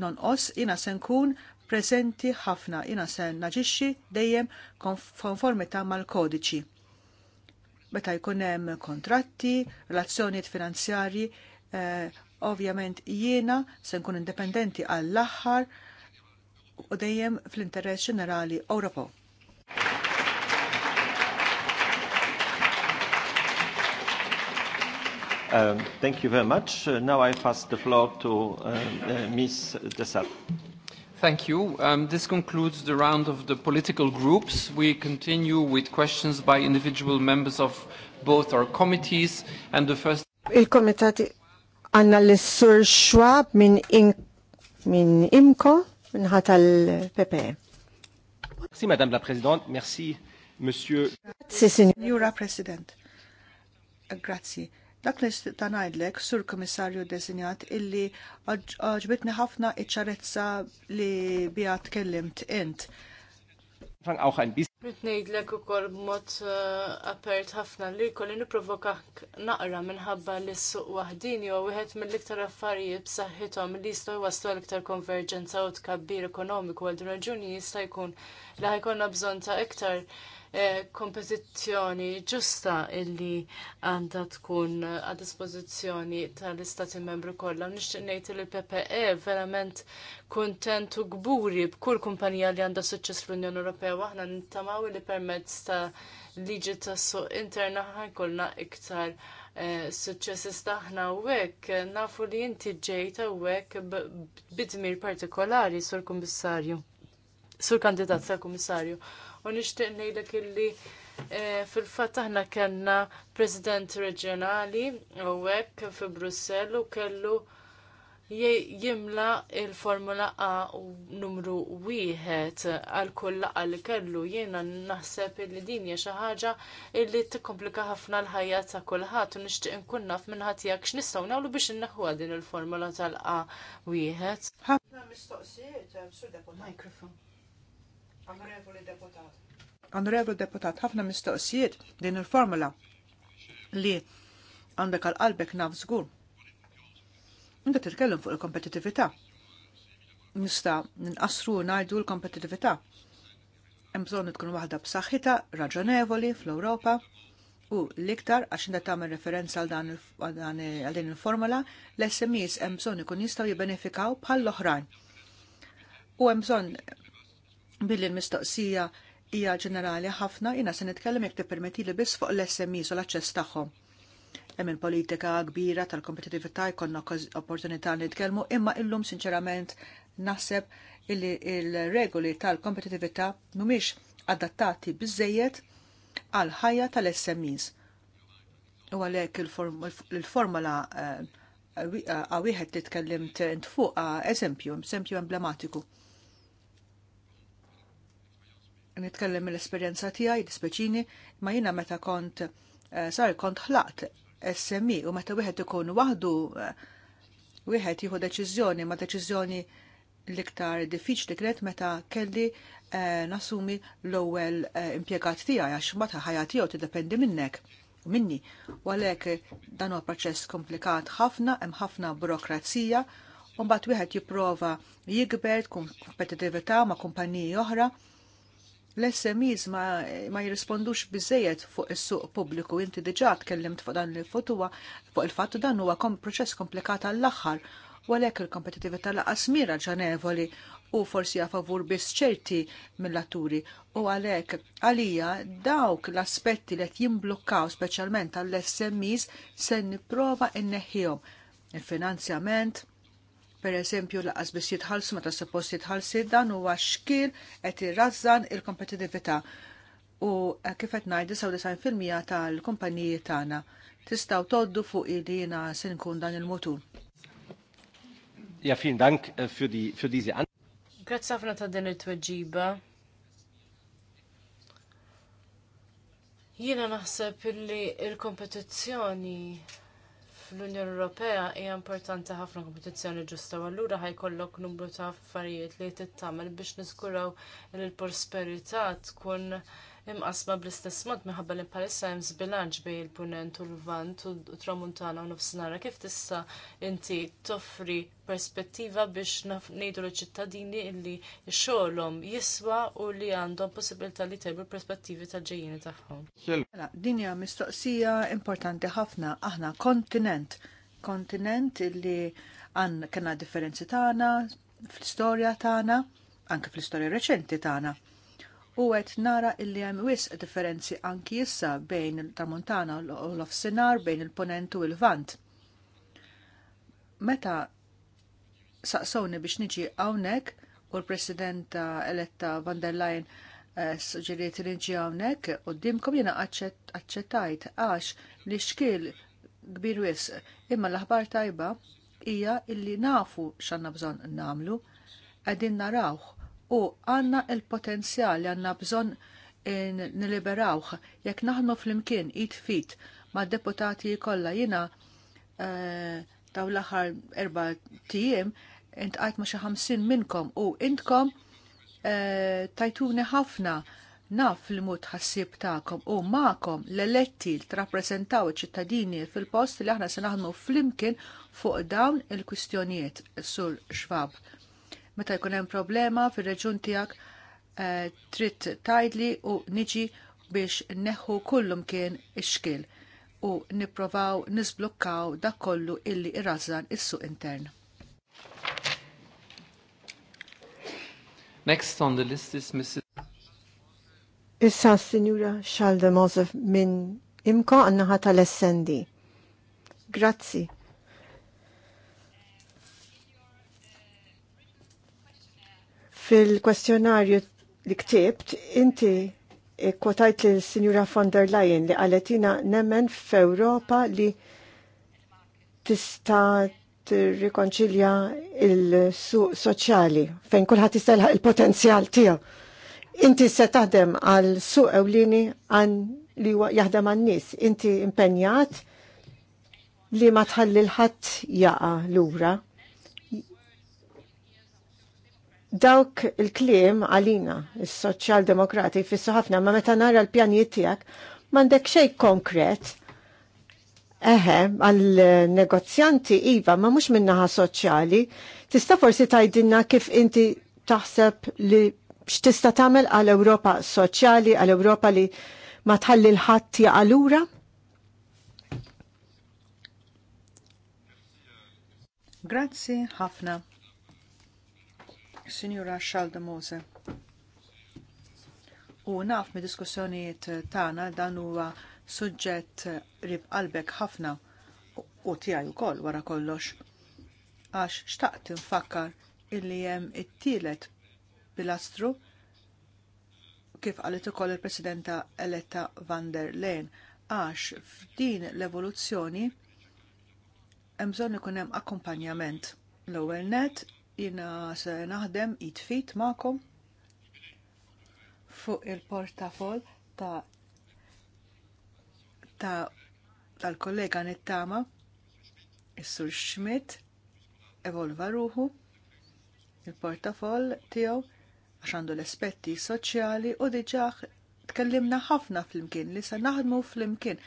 nonqos, jiena se nkun prezenti ħafna, jiena se naġixxi dejjem konformità mal-kodiċi. Meta jkun hemm kontratti, relazzjonijiet finanzjarji, eh, ovvjament jiena se nkun indipendenti għall-aħħar u dejjem fl-interess ġenerali Ewropew. Um, thank you very much. Uh, now I pass the floor to uh, uh, Ms. Dessart. Thank you. Um, this concludes the round of the political groups. We continue with questions by individual members of both our committees and the first... Il-komitati għanna l-sur Schwab minn in, min IMCO minn ħatal-PPE. Merci, Madame la Présidente. Merci, Monsieur... Grazie, Signora President. Grazie Dak li ta' ngħidlek, sur komissarju desinjat, illi ġbitni ħafna iċ-ċarezza li biha tkellimt int. Rid ngħidlek ukoll b'mod eh, apert ħafna li kolli nipprovokak naqra minħabba li s-suq waħdin jew wieħed mill-iktar affarijiet b'saħħithom li jistgħu jwaslu l-iktar konverġenza u tkabbir ekonomiku għal din raġuni jista' jkun li ħajkonna bżonn ta' iktar E, kompetizzjoni ġusta illi għandha tkun a dispożizzjoni tal-istati membri kollha. Nixtieq ngħid li PPE verament kuntent u gburi b'kull kumpanija li għandha suċċess fl-Unjoni Ewropea waħna nittamaw li permezz ta' liġi tas-suq interna ħajkolna iktar e, suċċess istaħna u hekk nafu li inti ġejt hawnhekk bidmir partikolari sur kummissarju. Sur kandidat tal kummissarju u nixtieq ngħidlek illi eh, fil-fatt aħna kellna President Reġjonali hawnhekk fi Brussell u kellu jimla il-formula A numru wieħed għal kull laqgħa li kellu jiena naħseb illi din hija xi ħaġa illi tikkomplika ħafna l-ħajja ta' kulħadd u nixtieq inkun naf minn ħadd jekk x'nistgħu nagħmlu biex inneħħuha din il-formula tal-A wieħed. Ħafna mistoqsijiet, Mikrofon. Onorevoli deputat. Onorevoli deputat, ħafna mistoqsijiet din il-formula li għandek għal-qalbek naf Nda t-tkellem fuq il-kompetitività. Nista' ninqasru ngħidu l-kompetitività. Hemm bżonn tkun waħda b'saħħitha, raġonevoli fl-Ewropa, U l-iktar, għax inda tagħmel referenza għal din il-formula, l-SMEs hemm bżonn ikun jistgħu jibbenefikaw bħal l-oħrajn. U hemm bżonn billi l-mistoqsija hija ġenerali ħafna jina se nitkellem jekk tippermetti li bis fuq l-SMEs u l-aċċess tagħhom. Hemm il-politika kbira tal-kompetitività jkollna opportunità nitkellmu imma illum sinċerament naħseb illi il-regoli tal-kompetitività mhumiex adattati biżejjed għal ħajja tal-SMEs. U għalhekk il-formola eh, eh, għawieħed li tkellimt int fuq eh, eżempju, eżempju emblematiku nitkellem l esperjenza tiegħi dispeċini, ma jiena meta kont eh, sar kont ħlaqt SMI e u meta wieħed ikun waħdu eh, wieħed jieħu deċiżjoni ma deċiżjoni l-iktar diffiċli kienet meta kelli eh, nasumi l-ewwel impjegat tiegħi għax meta ħajja tiegħu tiddependi minnek minni. U għalhekk dan huwa proċess komplikat ħafna, hemm ħafna burokrazija, u mbagħad wieħed jipprova jikber kompetitività ma' kumpaniji oħra l-SMEs ma, ma jirrispondux bizzejet fuq is-suq pubbliku. Inti diġà tkellimt fuq dan il-futuwa, fuq il-fatt dan huwa kom proċess komplikat għall-aħħar, u għalhekk il-kompetitività laqas mira ġanevoli u forsi a favur biss ċerti mill-atturi u għalhekk għalija dawk l-aspetti li qed jimblukkaw speċjalment għall-SMEs se nipprova inneħħihom il-finanzjament, per eżempju laqas biex jitħallsu meta suppost jitħallsi dan huwa għaxkir qed irrażżan il-kompetitività u kif qed ngħid 99% tal-kumpaniji tagħna tistgħu toddu fuq ilina se nkun dan il-mutur. Ja, Dank äh, für die għan. Grazzi ħafna ta' din it-tweġiba. Jiena naħseb illi il-kompetizzjoni fl-Unjoni Ewropea hija importanti ħafna kompetizzjoni ġusta u allura ħajkollok numru ta' affarijiet li tittamel biex niskuraw li l-prosperità tkun imqasma bl-istess mod minħabba li bħalissa hemm żbilanċ bejn il-punent u l-vant u tramuntana u nofsinhara kif tista' inti toffri perspettiva biex ngħidu l-ċittadini li xogħolhom jiswa u li għandhom possibilità li tajbu l-perspettivi tal-ġejjini tagħhom. Mela, din hija mistoqsija importanti ħafna aħna kontinent kontinent li għan kena differenzi tagħna fl-istorja tagħna, anke fl-istorja reċenti tagħna u għet nara illi hemm wisq differenzi anki issa bejn il-Tramuntana u l-Ofsinar bejn il-Ponent u l-Vant. Meta saqsowni biex niġi hawnhekk u l-Presidenta eletta van der Leyen eh, suġġeriet li għawnek hawnhekk dimkom jiena aċċettajt għax li xkil kbir wisq imma l-aħbar tajba hija illi nafu x'għandna bżonn nagħmlu qegħdin narawħ u għanna il-potenzjal li għanna bżon n-liberawħ, jekk naħnu fl-imkien id fit ma' deputati kolla jina eh, daw l-aħħar erba tijiem għajt ma' xi ħamsin minnkom u intkom eh, tajtuni ħafna naf l-mut ħassib ta'kom u ma'kom l-eletti l trappresentaw ċittadini fil-post li aħna se naħdmu flimkien fuq dawn il-kwistjonijiet sur xwab meta jkun hemm problema fir-reġun tiegħek eh, trid tajdli u niġi biex neħu kullum kien ix-xkil u nipprovaw nisblukkaw dak kollu illi irrażan is-suq intern. Next on the list is Mrs. Issa Signora Xalda Mosef minn imko ħata tal-essendi. Grazzi. Fil-kwestjonarju li ktibt, inti kwotajt li l-Sinjura von der Leyen li għaletina nemmen f'Europa li tista rikonċilja il-suq soċjali fejn kulħadd jista' il-potenzjal tiegħu. Inti se taħdem għal suq ewlieni għan li jaħdem għan nies. Inti impenjat li ma tħalli l-ħadd jaqa' lura dawk il-kliem għalina, il-soċjal-demokrati, fissu ħafna, ma meta nara l-pjanijiet tijak, mandek xej konkret, eħe, għal-negozjanti iva, ma mux minnaħa soċjali, tista forsi tajdinna kif inti taħseb li x'tista tagħmel għal Ewropa soċjali, għal Ewropa li ma tħalli l-ħadd jaqalura? Grazzi ħafna. Signora Shalda Mose. U naf me diskussjonijiet tagħna dan huwa suġġett rib qalbek ħafna u tiegħi wkoll wara kollox. Għax xtaqt infakkar illi hemm it-tielet pilastru kif qalet ukoll il-Presidenta eletta van der Leyen għax f'din l-evoluzzjoni hemm bżonn ikun hemm akkumpanjament l-ewwel net jina se naħdem jitfit ma'kom fuq il-portafol ta' ta' tal-kollega nittama is-sur Schmidt evolva ruħu il-portafol tiegħu għax għandu l-aspetti soċjali u diġà tkellimna ħafna flimkien li se naħdmu flimkien.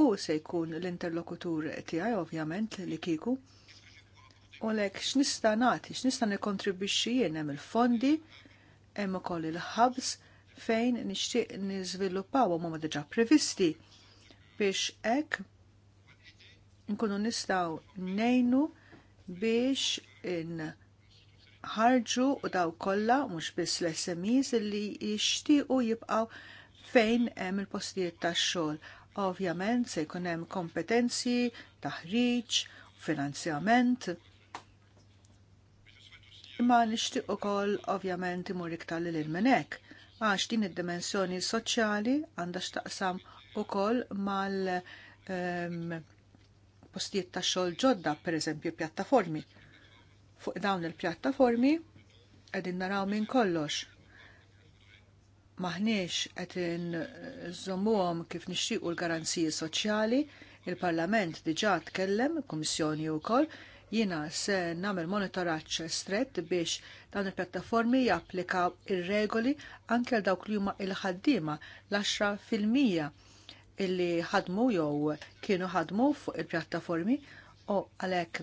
U se jkun l-interlokutur tiegħi ovvjament li kieku U lek x'nista' nagħti, x'nista' nikkontribwixxi jien hemm il-fondi, hemm ukoll il-ħabs fejn nixtieq niżviluppaw huma diġà previsti biex hekk nkunu nistgħu ngħinu biex in ħarġu u daw kollha mhux biss l-SMEs li jixtiequ jibqgħu fejn hemm il-postijiet tax-xogħol. Ovvjament se jkun hemm kompetenzi, taħriġ, finanzjament imma nixtieq ukoll ovvjament imur iktar lil minnek għax din id-dimensjoni soċjali għandha x'taqsam ukoll mal ehm, postijiet ta' xogħol ġodda, pereżempju pjattaformi. Fuq dawn il-pjattaformi qegħdin naraw minn kollox. Maħniex qed inżommuhom kif nixtiequ l-garanziji soċjali, il-Parlament diġà tkellem, il-Kummissjoni wkoll, Jiena se nagħmel monitoraċ strett biex dawn il-pjattaformi japplikaw ir-regoli anke għal dawk li huma il-ħaddiema l-10 fil-mija illi ħadmu jew kienu ħadmu fuq il-pjattaformi u għalhekk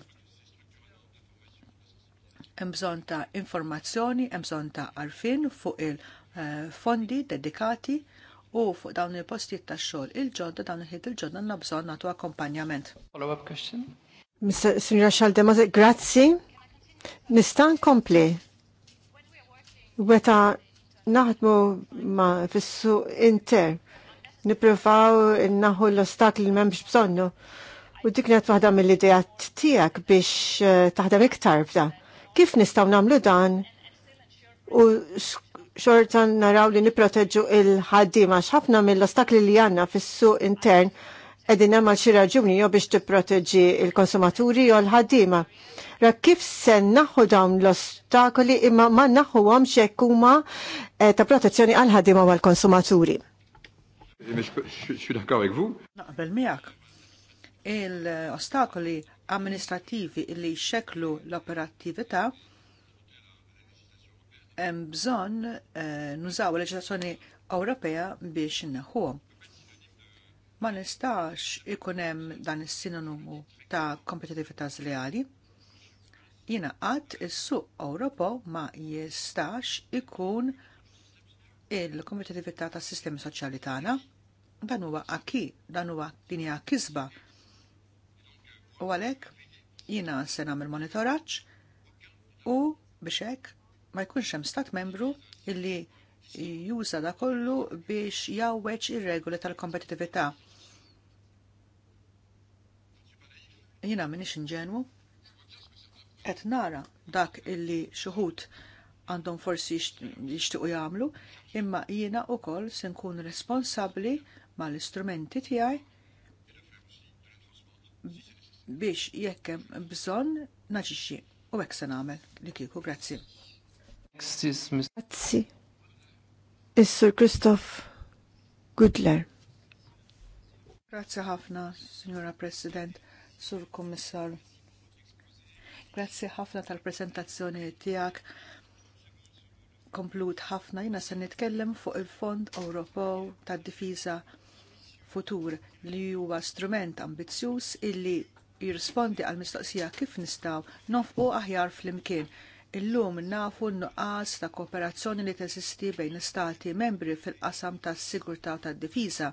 hemm bżonn ta' informazzjoni, hemm bżonn ta' arfin fuq il-fondi dedikati u fuq dawn il-postijiet tax-xogħol il-ġodda dawn il-ħid il-ġodda għandna bżonn nagħtu akkompanjament. Follow-up question? Signora Xaldema, grazzi. Nistan kompli. Weta naħdmu ma fissu inter. Niprofaw naħu l-ostakli li biex bżonnu. U dik net waħda mill-idejat tijak biex eh, taħdem iktar b'da. Kif nistaw namlu dan? U xortan naraw li niproteġu il-ħaddima xafna mill-ostakli li għanna fissu intern edin għamal xi raġuni jew biex tipproteġi il-konsumaturi jew l-ħaddiema. Ra kif se naħu dawn l-ostakoli imma ma naħu għam huma eh, ta' protezzjoni għal-ħaddiema għal-konsumaturi. Naqbel miegħek. Il-ostakoli amministrativi li xeklu l-operattività hemm bżonn eh, nużaw l-leġislazzjoni Ewropea biex naħuhom ma nistax ikun hemm dan is-sinonimu ta' kompetitività zleali. Jiena qatt is-suq Ewropo ma jistax ikun il-kompetitività tas sistemi soċjali tagħna. Dan huwa aki, dan huwa dinja kisba. U għalhekk jiena se nagħmel monitoraġġ u biex hekk ma jkunx hemm stat membru illi juża da kollu biex jawweġ ir-regoli tal-kompetitività jina minix inġenwu, et nara dak illi xuħut għandhom forsi jishtiqu jagħmlu, imma jiena wkoll se nkun responsabbli mal-istrumenti tiegħi biex jekkem bżon bżonn naġixxi u hekk se nagħmel li kieku grazzi. Grazzi. Is-Sur Kristof Gudler. Grazzi ħafna, Signora President Sur Kommissar. Grazzi ħafna tal-presentazzjoni tiegħek. Komplut ħafna jiena se nitkellem fuq il-Fond Ewropew tad-Difiża Futur li huwa strument ambizzjuż illi jirrispondi għal mistoqsija kif nistgħu nofqu aħjar flimkien. Illum nafu n-nuqqas ta' kooperazzjoni li teżisti bejn Stati membri fil-qasam tas sigurtà tad difiża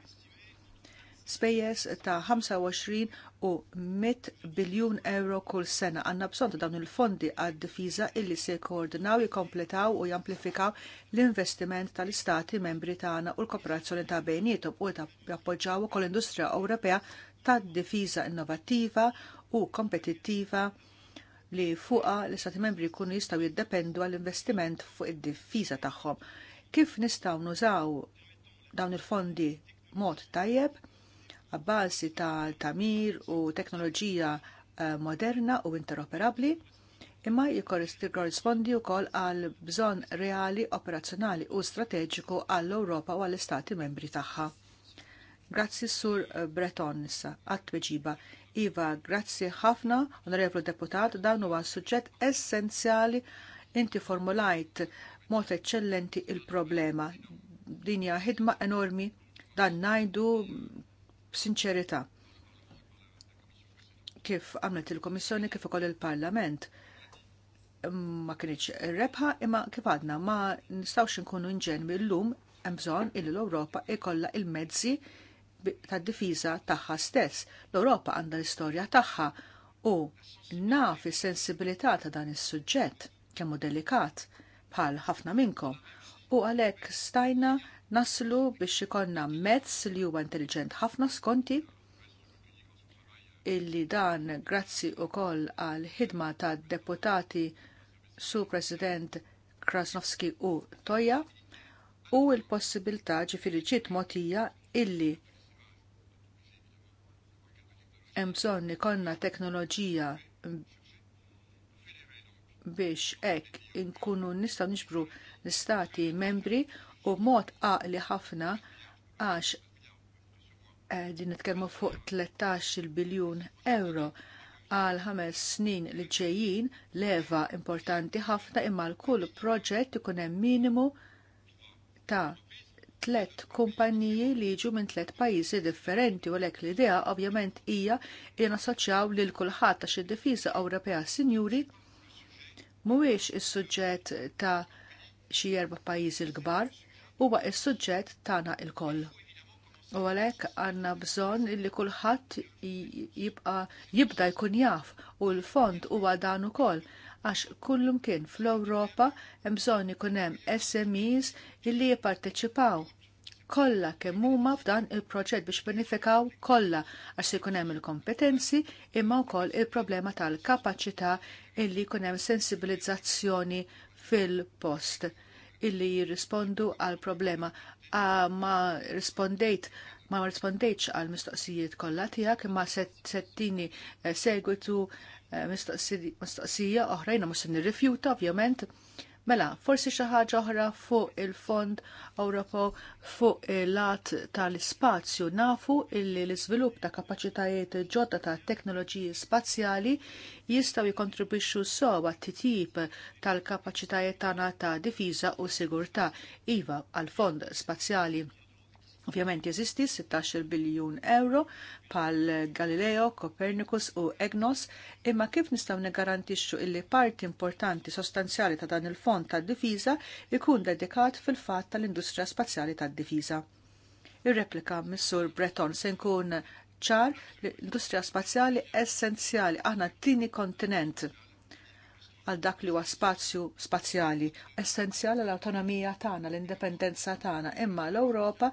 Spejjeż ta' 25 u 100 biljun euro kull sena. Għanna bżon ta' dawn il-fondi għad-difiża illi se koordinaw, jikkompletaw u jamplifikaw l-investiment tal-istati membri tagħna u l-kooperazzjoni ta' bejnietom u jappoġġaw kol industrija Ewropea tad-difiża innovattiva u kompetittiva li fuqa l-istati membri jkunu jistgħu jiddependu għall-investiment fuq id-difiża tagħhom. Kif nistgħu nużaw dawn il-fondi mod tajjeb għabbażi tal-tamir u teknoloġija eh, moderna u interoperabli imma jikorrispondi wkoll għal bżonn reali, operazzjonali u strateġiku għall-Ewropa u għall-Istati membri tagħha. Grazzi Sur Breton nissa, għat-tweġiba. Iva, grazzi ħafna, onorevlu deputat, dan huwa suġġett essenzjali inti formulajt mod eċċellenti il-problema. Dinja ħidma enormi dan najdu b'sinċerità. Kif għamlet il-Komissjoni kif ukoll il-Parlament ma kienx rebħa imma kif għadna ma nistgħux inkunu inġenwi llum hemm bżonn illi l-Ewropa ikollha il-mezzi tad-difiża tagħha stess. L-Ewropa għandha l-istorja tagħha u naf is-sensibilità ta' dan is-suġġett kemm delikat bħal ħafna minnkom u għalhekk stajna naslu biex ikonna mezz li huwa intelligent ħafna skonti illi dan grazzi u koll għal ħidma ta' deputati su President Krasnowski u Toja u il-possibilità ġifiri ġiet motija illi emżon ikonna teknoloġija biex ek inkunu nistaw nixbru l-istati membri u mod għaqli ħafna għax din nitkellmu fuq 13 biljun euro għal ħames snin li ġejjin leva importanti ħafna imma l-kull proġett ikun hemm minimu ta' tlet kumpaniji li jiġu minn tlet pajjiżi differenti u lek l-idea ovvjament hija li nassoċjaw lil kulħadd ta' xi difiża Ewropea Sinjuri mhuwiex is-suġġett ta' xi erba' pajjiżi l-kbar huwa s-suġġett tagħna lkoll. U għalhekk għandna bżonn li kulħadd jibqa jibda jkun jaf u l-fond huwa dan ukoll għax kullum fl-Ewropa hemm bżonn ikun hemm SMEs illi jipparteċipaw kollha kemm huma f'dan il-proġett biex benifikaw kollha għax ikun hemm il-kompetenzi imma wkoll il-problema tal-kapaċità illi jkun hemm sensibilizzazzjoni fil-post illi jirrispondu għal problema. A, ma rispondejt ma rispondejtx għal mistoqsijiet kollha tiegħek imma settini eh, segwitu eh, mistoqsija oħrajna mhux se nirrifjuta ovvjament Mela, forsi xi ħaġa oħra fuq il-Fond Ewropew fuq il-lat tal-ispazju nafu illi l-iżvilupp ta' kapaċitajiet ġodda ta' teknoloġiji spazjali jistgħu jikontribwixxu sowa titjib tal-kapaċitajiet tagħna ta' difiża u sigurtà iva għal-Fond Spazjali Ovvjament jeżisti 16 biljun euro pal Galileo, Copernicus u Egnos, imma kif nistgħu negarantixxu illi parti importanti sostanzjali ta' dan il-fond tad-difiża ikun dedikat fil-fatt tal-industrija spazjali tad-difiża. Ir-replika Missur sur Breton se nkun ċar l-industrija spazjali essenzjali aħna tini kontinent għal dak li huwa spazju spazjali, essenzjali l-autonomija tagħna, l-indipendenza tagħna, imma l-Ewropa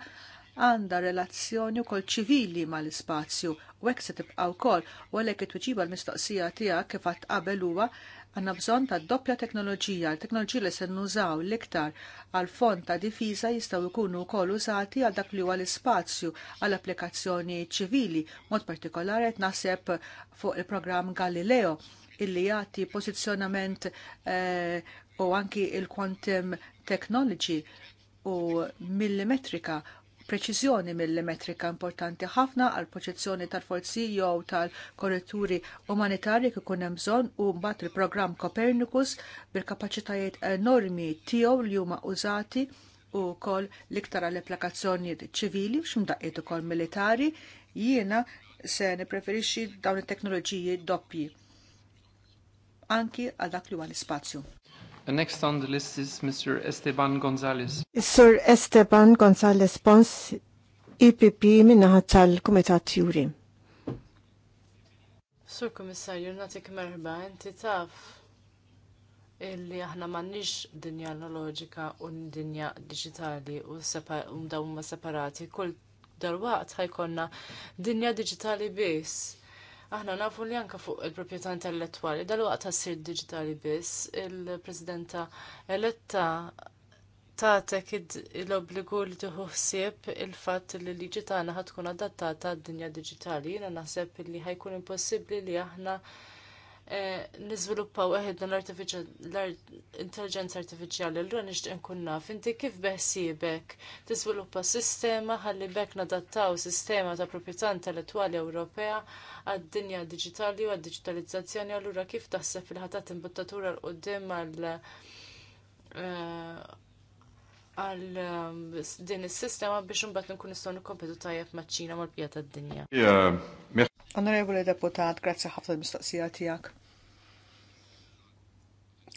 għandha relazzjoni wkoll ċivili mal-ispazju u hekk se tibqa' wkoll u għalhekk it-tweġiba l-mistoqsija tiegħek kif qatt uwa huwa għandna bżonn ta' doppja teknoloġija, l-teknoloġija li se nużaw l-iktar għal fond ta' difiża jistgħu jkunu wkoll użati għal dak li huwa l-ispazju għal applikazzjoni ċivili, mod partikolari qed naħseb fuq il-programm Galileo illi jagħti pożizzjonament eh, u anki il-quantum technology u millimetrika preċiżjoni millimetrika importanti ħafna għal proċezzjoni tal-forzi jew tal-korretturi umanitarji kif ikun hemm bżonn u mbagħad il-programm Copernicus bil-kapaċitajiet enormi tiegħu li huma użati u kol liktar għall applikazzjonijiet ċivili u x'imdaqqiet ukoll militari jiena se nippreferixxi dawn it-teknoloġiji doppji anki għal dak li huwa l-ispazju. And next on the list is Mr. Esteban Gonzalez. Sir Esteban Gonzalez Pons, IPP e minnaħat tal-Kumitat Juri. Sur Komissarju, natik merħba, inti taf illi aħna mannix dinja analogika u dinja digitali u dawma separati. Kull darwaqt ħajkonna dinja digitali biss Aħna nafu li anka fuq il-proprjetà intellettwali dal-waqt ta' sir digitali biss, il-Presidenta eletta tatek l-obbligu li tieħu ħsieb il-fatt li l-liġi tagħna ħad tkun adattata għad-dinja diġitali. Jiena naħseb li ħajkun impossibbli li aħna Eh, niżviluppaw eħedna l-intelligenza artificiali l nixtieq nkun naf inti kif beħsiebek tiżviluppa sistema ħalli bek nadattaw sistema ta' proprjetà intellettwali Ewropea għad-dinja digitali u għad-diġitalizzazzjoni allura kif taħseb il-ħatat imbuttatura l-qudiem għal eh, għal eh, din is-sistema biex imbagħad nkun nistgħu nikkompetu tajjeb maċ-Ċina mal-pjata tad-dinja. Onorevoli Deputat, grazzi ħafna l-mistoqsija tiegħek.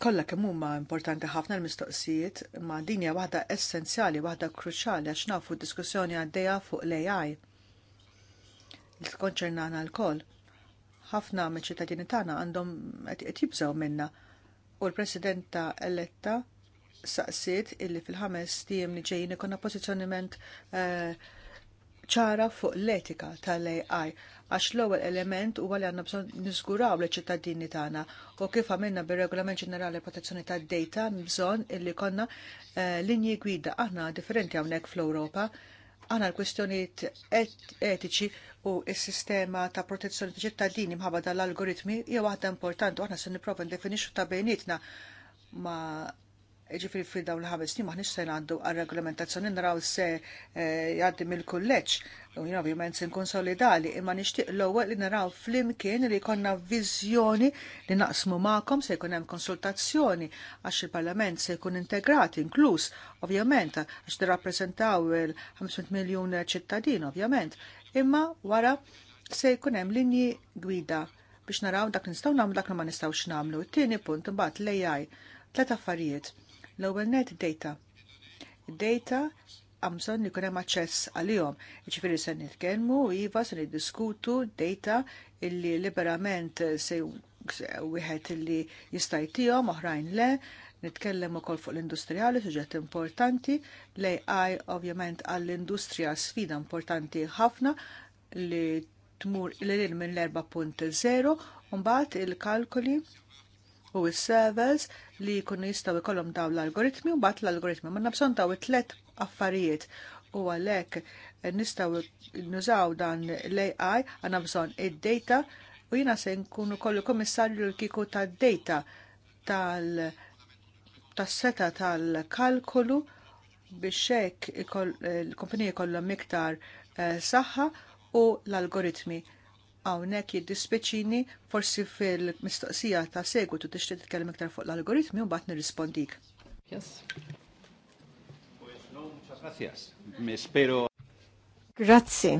Kollha kemm huma importanti ħafna l-mistoqsijiet, ma din hija waħda essenzjali, waħda kruċjali għax nafu diskussjoni għaddejja fuq l-AI li tkonċernana l-koll. Ħafna me ċittadini tagħna għandhom qed jibżgħu minna u l-Presidenta eletta saqsiet illi fil-ħames tiem li ġejjin ikonna pożizzjoniment uh, ċara fuq l-etika tal-AI għax l-ewwel element huwa li għandna bżonn niżguraw l ċittadini tagħna u kif għamilna bir-Regolament Ġenerali Protezzjoni tad data bżonn illi konna eh, linji gwida aħna differenti hawnhekk fl-Ewropa għana l-kwistjoniet etiċi u s-sistema ta' protezzjoni ta' ċittadini mħabba dal-algoritmi hija waħda importanti u aħna se nipprova ndefinixu ta' bejnietna ma ġifiri fil dawn l ħabes snin maħniex se għandu għal reglamentazzjoni naraw se eh, jgħaddi mill-kulleġġ u jien ovvjament se nkun solidali imma nixtieq l-ewwel li naraw flimkien li jkollna viżjoni li naqsmu magħkom se jkun hemm konsultazzjoni għax il-Parlament se jkun integrat inkluż ovvjament għax tirrappreżentaw il-500 miljun ċittadin ovvjament imma wara se jkun hemm linji gwida biex naraw dak nistgħu nagħmlu dak li ma nistgħux nagħmlu. Tieni punt imbagħad l-AI tlet affarijiet L-ewwel net data. Data għamson li kunem aċċess għal-jom. Ġifiri se nitkelmu, iva se niddiskutu data illi liberament se wieħed illi jistajtijom, oħrajn le, nitkellem ukoll fuq l-industrijali, suġġett importanti, l għaj ovvjament għall-industrija sfida importanti ħafna li tmur l-lil minn l-4.0, mbagħad il-kalkoli u s-servers li jkunu jistgħu jkollhom dawn l-algoritmi u bat l-algoritmi. Ma nabżon daw it-tlet affarijiet u għalhekk nistgħu nużaw dan l-AI għandna bżonn id-data u jiena se nkunu kollu komissarju l-kiku tad-data tal- tas-seta tal-kalkolu biex hekk il-kumpanija kollhom iktar eh, saħħa u l-algoritmi għawnek jiddispeċini forsi fil-mistoqsija ta' segwitu t titkellem iktar fuq l-algoritmi u bat nirrispondik. Yes. Gracias. Me spero. Grazzi.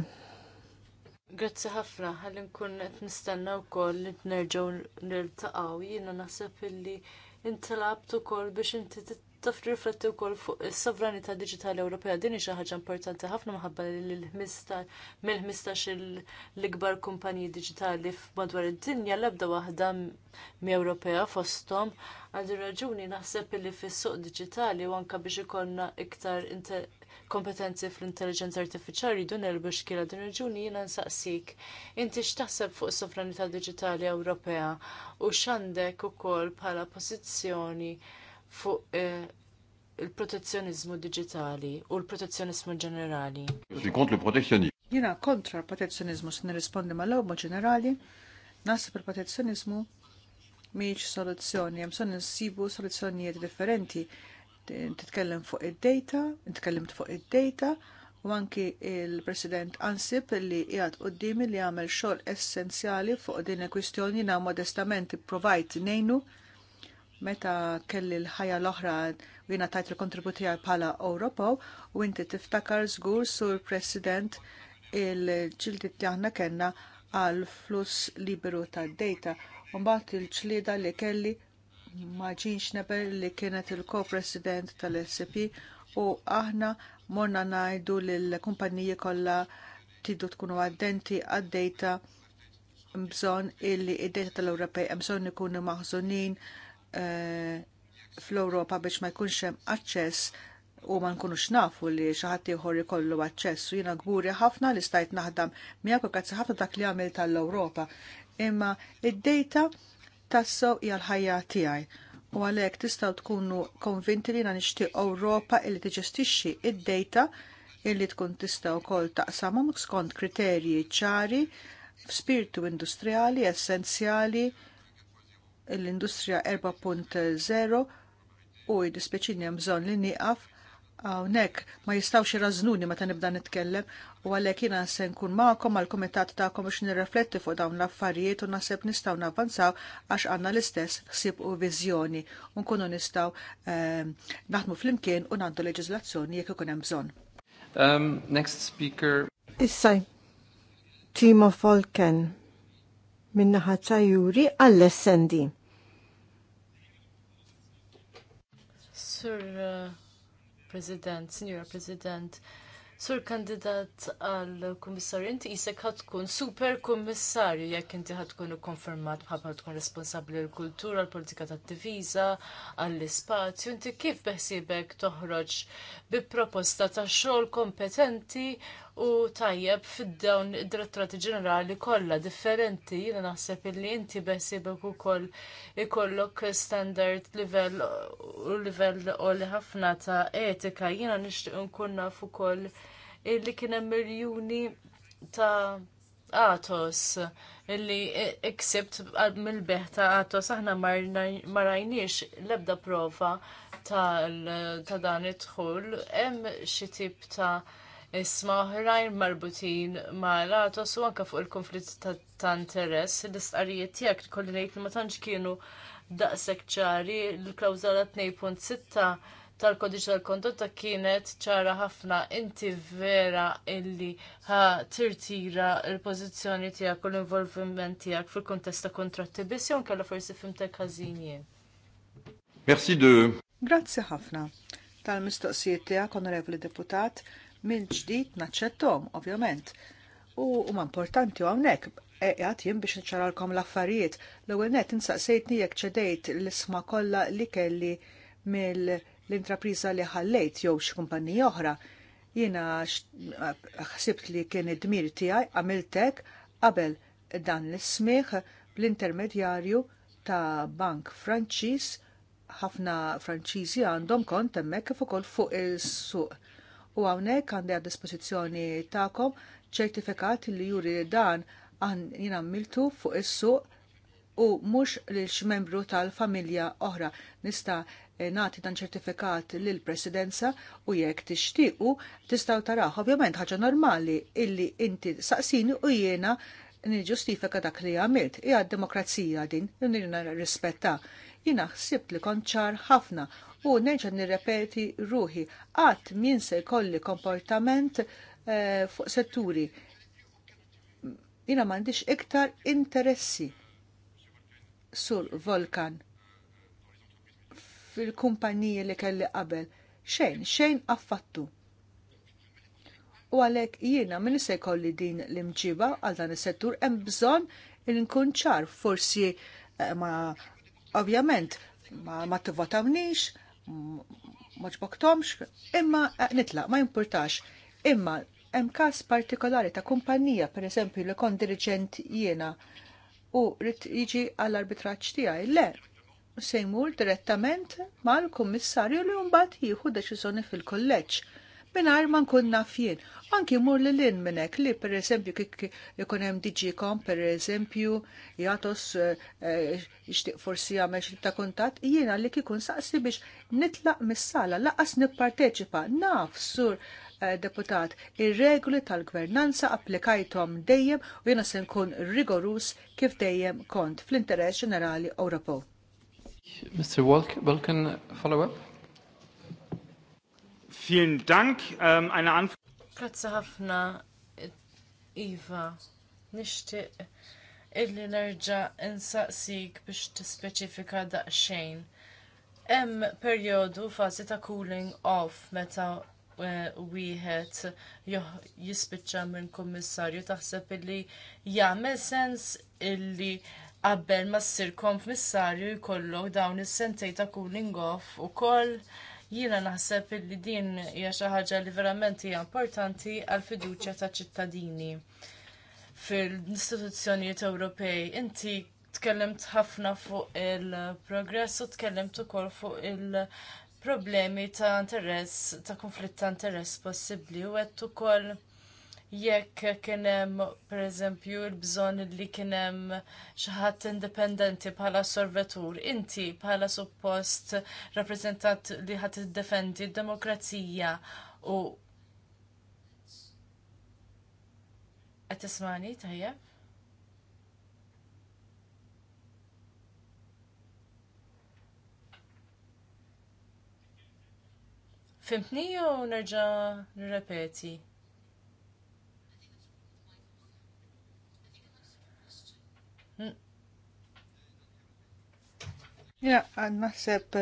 Grazzi ħafna, ħalli nkun qed nistenna wkoll li nerġgħu niltaqgħu jiena naħseb illi intilabt ukoll biex inti taf rifletti wkoll fuq is-sovranità diġitali Ewropea din hi xi ħaġa importanti ħafna minħabba mill-15 l-ikbar kumpaniji diġitali madwar id-dinja l-ebda waħda Ewropea fosthom għal raġuni naħseb li fis-suq diġitali u anke biex ikollna iktar kompetenzi fl-intelligenza artifiċjali dun elbu xkila din raġuni jiena nsaqsik. Inti x'taħseb fuq sovranità diġitali Ewropea u x'għandek ukoll bħala pożizzjoni fuq eh, il-protezzjonizmu digitali u l-protezzjonizmu ġenerali. Xi kont protezzjonizmu Jina kontra l-protezzjonizmu se nirrispondi mal-ewma ġenerali, nasib il-protezzjonizmu miex soluzzjoni, hemm son insibu soluzzjonijiet differenti. Titkellem fuq id-data, nitkellimt fuq id-data, u anki il-President Ansip li jgħat qoddimi li għamel xogħol essenzjali fuq din il-kwistjoni na modestament provajt nejnu meta kelli l-ħajja l-oħra u jena tajt il-kontributi għal pala Ewropew u inti tiftakar żgur sur President il-ġildit li kena kellna għal fluss liberu tad dejta mbagħad il-ċlieda li kelli ma' ġinx nebel li kienet il-ko-president tal-SCP u aħna morna ngħidu lill kumpaniji kollha tiddu tkunu għaddenti għad-dejta bżonn illi id-dejta tal-Ewropej bżonn ikunu maħżunin Eh, fl-Ewropa biex ma jkunx hemm aċċess u ma nkunux nafu li xi ħadd ieħor ikollu aċċess u jiena gburi ħafna li stajt naħdem miegħek u kazz ħafna dak li għamil tal-Ewropa. Imma id-dejta tassew hija l-ħajja tiegħi u għalhekk tistgħu tkunu konvinti li nixtieq Ewropa illi tiġestixxi id-dejta illi tkun tista' wkoll taqsamhom skont kriterji ċari f'spiritu industrijali essenzjali l-industrija 4.0 u id-dispeċini bżonn li nieqaf Għawnek, ma jistawx ma meta nibda nitkellem u għalek jina se nkun ma'kom għal komitat ta'kom biex nirrefletti fuq dawn l-affarijiet u nasib nistaw navvanzaw għax għanna l-istess ħsib u viżjoni u nkunu nistaw naħmu ehm, naħdmu fl-imkien u għandu leġizlazzjoni jekk ikun hemm bżonn. Um, next speaker. Issa Timo Folken minna ta' Juri għall-SND. Sur uh, President, Signora President, Sur kandidat għal kummissarju, inti jisek tkun super kummissarju jekk inti tkun konfermat bħal tkun responsabli l-kultura, l-politika tat divisa għall-ispazju, inti kif beħsibek toħroġ bi proposta ta' xogħol kompetenti u tajjeb fid-dawn id-direttorati ġenerali kollha differenti jiena naħseb illi inti besibek ukoll ikollok standard livell u livell qoli ħafna ta' etika jiena nixtieq nkun naf ukoll illi kien hemm miljuni ta' Atos illi iksebt mill-beħ ta' Atos aħna ma rajniex l-ebda prova ta' dan id-dħul hemm xi tip ta' isma oħrajn marbutin ma' l-atos u anke fuq il-konflitt ta' interess l-istqarijiet tiegħek kolli ngħid li ma tantx kienu daqshekk ċari l-klawżola 2.6 tal-kodiċ tal-kondotta kienet ċara ħafna inti vera illi ħa tirtira l-pożizzjoni tiegħek u l-involviment tiegħek fil-kuntest ta' kontratti biss jew kellha forsi fimtek kazinje. jien. Merci de. Grazzi ħafna tal-mistoqsijiet tiegħek, onorevoli deputat minn ġdid naċċettom, ovvjament. U huma importanti hawnhekk e, e, għat jien biex nċaralkom l-affarijiet. L-ewwel net insaqsejtni jekk ċedejt l-isma kollha li kelli mill-intrapriża li ħallejt jew xi kumpanija oħra. Jiena ħsibt li kien id-dmir tiegħi għamiltek qabel dan l-ismieħ bl-intermedjarju ta' Bank Franċiż ħafna Franċiżi għandhom kont hemmhekk kif ukoll fuq is-suq u hawnhekk għandi għad dispożizzjoni tagħkom ċertifikat li juri dan għan jina fuq is-suq u mhux l x'membru tal-familja oħra. Nista' eh, nagħti dan ċertifikat l presidenza u jekk tixtiequ tistgħu taraħ. Ovvjament ħaġa normali illi inti saqsini u jiena ġustifika dak li għamilt. Ija d-demokrazija din, nirna rispetta. Jina ħsibt li kont ċar ħafna u nerġa' nirrepeti ruħi qatt min se kolli komportament eh, fuq setturi jina m'għandix iktar interessi sur Volkan fil-kumpaniji li kelli qabel xejn, xejn affattu. U għalhekk jiena minn se kolli din l-imġiba għal dan is-settur hemm bżonn nkun ċar forsi eh, ma ovvjament ma, ma t-votawnix, moġboktomx, imma eh, nitlaq, ma jimpurtax, imma hemm każ partikolari ta' kumpanija, per eżempju, li kon dirigent jiena u rrit jiġi għall-arbitraċ tiegħi. Le, se jmur direttament mal-kummissarju li mbagħad jieħu deċiżjoni fil-kolleġġ mingħajr ma nkun naf jien. Anki mur li l-in minnek li per esempio kik ikun hemm diġikom per esempio jatos eh, eh, ixtiq forsi għamel ta' kuntatt jiena li kikun saqsi biex nitlaq mis-sala laqas nipparteċipa naf sur eh, deputat, ir-regoli tal-gvernanza applikajthom dejjem u jiena se nkun rigorus kif dejjem kont fl-interess ġenerali Ewropew. Mr. Wilkin, follow-up? Vielen Dank. Ähm, eine Antwort. ħafna, Iva. Nishtiq illi nerġa insaqsik biex tispeċifika daqsxejn. Hemm perjodu fażi ta' cooling off meta e, wieħed jispiċċa minn kummissarju taħseb illi jagħmel sens illi qabel ma ssir kommissarju jkollok dawn is-sentej ta' cooling off ukoll. koll Jiena naħseb li din hija xi ħaġa li verament hija importanti għal fiduċja taċ ċittadini fil-istituzzjonijiet Ewropej. Inti tkellimt ħafna fuq il-progress u tkellimt ukoll fuq il-problemi ta' interess, ta' konflitt ta' interess possibbli u għedt ukoll jekk kien hemm pereżempju l-bżonn li kien hemm xi ħadd indipendenti bħala sorvetur, inti bħala suppost rappreżentant li ħadd iddefendi d-demokrazija u qed tismani tajjeb? Fimtni jew nerġa' nirrepeti? Ja, naħseb,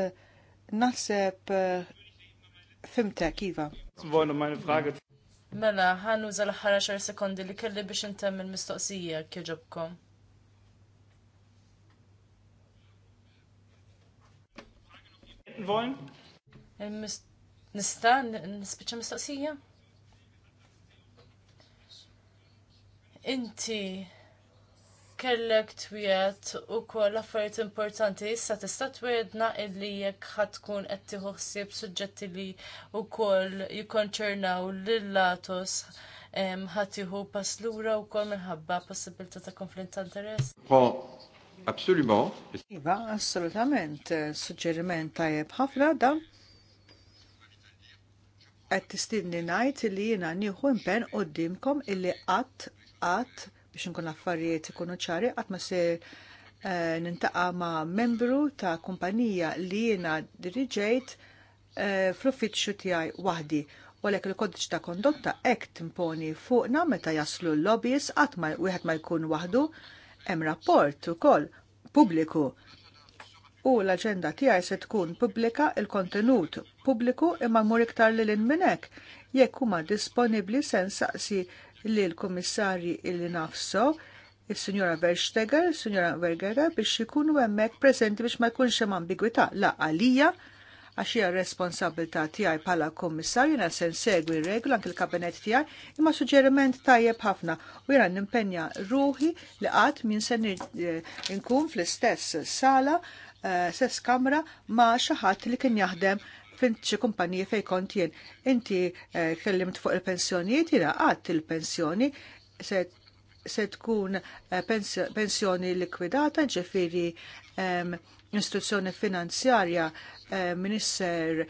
naħseb kiva. Eh, Zbogħna, fimtek, Iva. Mela, ħanuża l-ħara xar sekondi li kelli biex intemm il-mistoqsija kieġobkom. Wollen? Eh, nista, nispiċa mistoqsija? Inti kellek twiet u koll affarijiet importanti issa tista' twedna illi jekk ħad tkun qed tieħu ħsieb suġġetti li wkoll jikkonċernaw lil-latos ħadd tieħu pass lura wkoll minħabba possibilità ta' konflitt ta' interess. Absolument. Iva, assolutament, eh, suġġeriment tajjeb ħafna da Qed tistidni ngħid li jiena nieħu impenn qudiemkom illi qatt qatt biex nkun affarijiet ikunu ċari, qatt ma se eh, nintaqa ma' membru ta' kumpanija li jiena diriġejt eh, fl-uffiċċju tiegħi waħdi u il-kodiċ ta' kondotta hekk timponi fuqna meta jaslu l-lobbies qatt ma wieħed ma jkun waħdu hemm rapport ukoll pubbliku u l-aġenda tiegħi se tkun pubblika il-kontenut pubbliku imma mmur iktar lil minnek jekk huma disponibbli sen saqsi li l-Kummissarji illi nafso il signora Verstegger, il signora Vergera biex ikunu hemmhekk prezenti biex ma jkunx hemm ambigwità la għalija għax hija responsabilità tiegħi bħala kummissarju jiena se nsegwi r-regla anke l-kabinet tiegħi imma suġġeriment tajjeb ħafna u jiena nimpenja ruħi li qatt min se eh, nkun fl-istess sala eh, sess kamra ma xi ħadd li kien jaħdem finċi xi fej fejn kont jien. Inti eh, tkellimt fuq il-pensjonijiet, jiena qatt il-pensjoni se tkun eh, pensjoni likwidata, ġifiri istituzzjoni finanzjarja eh, minister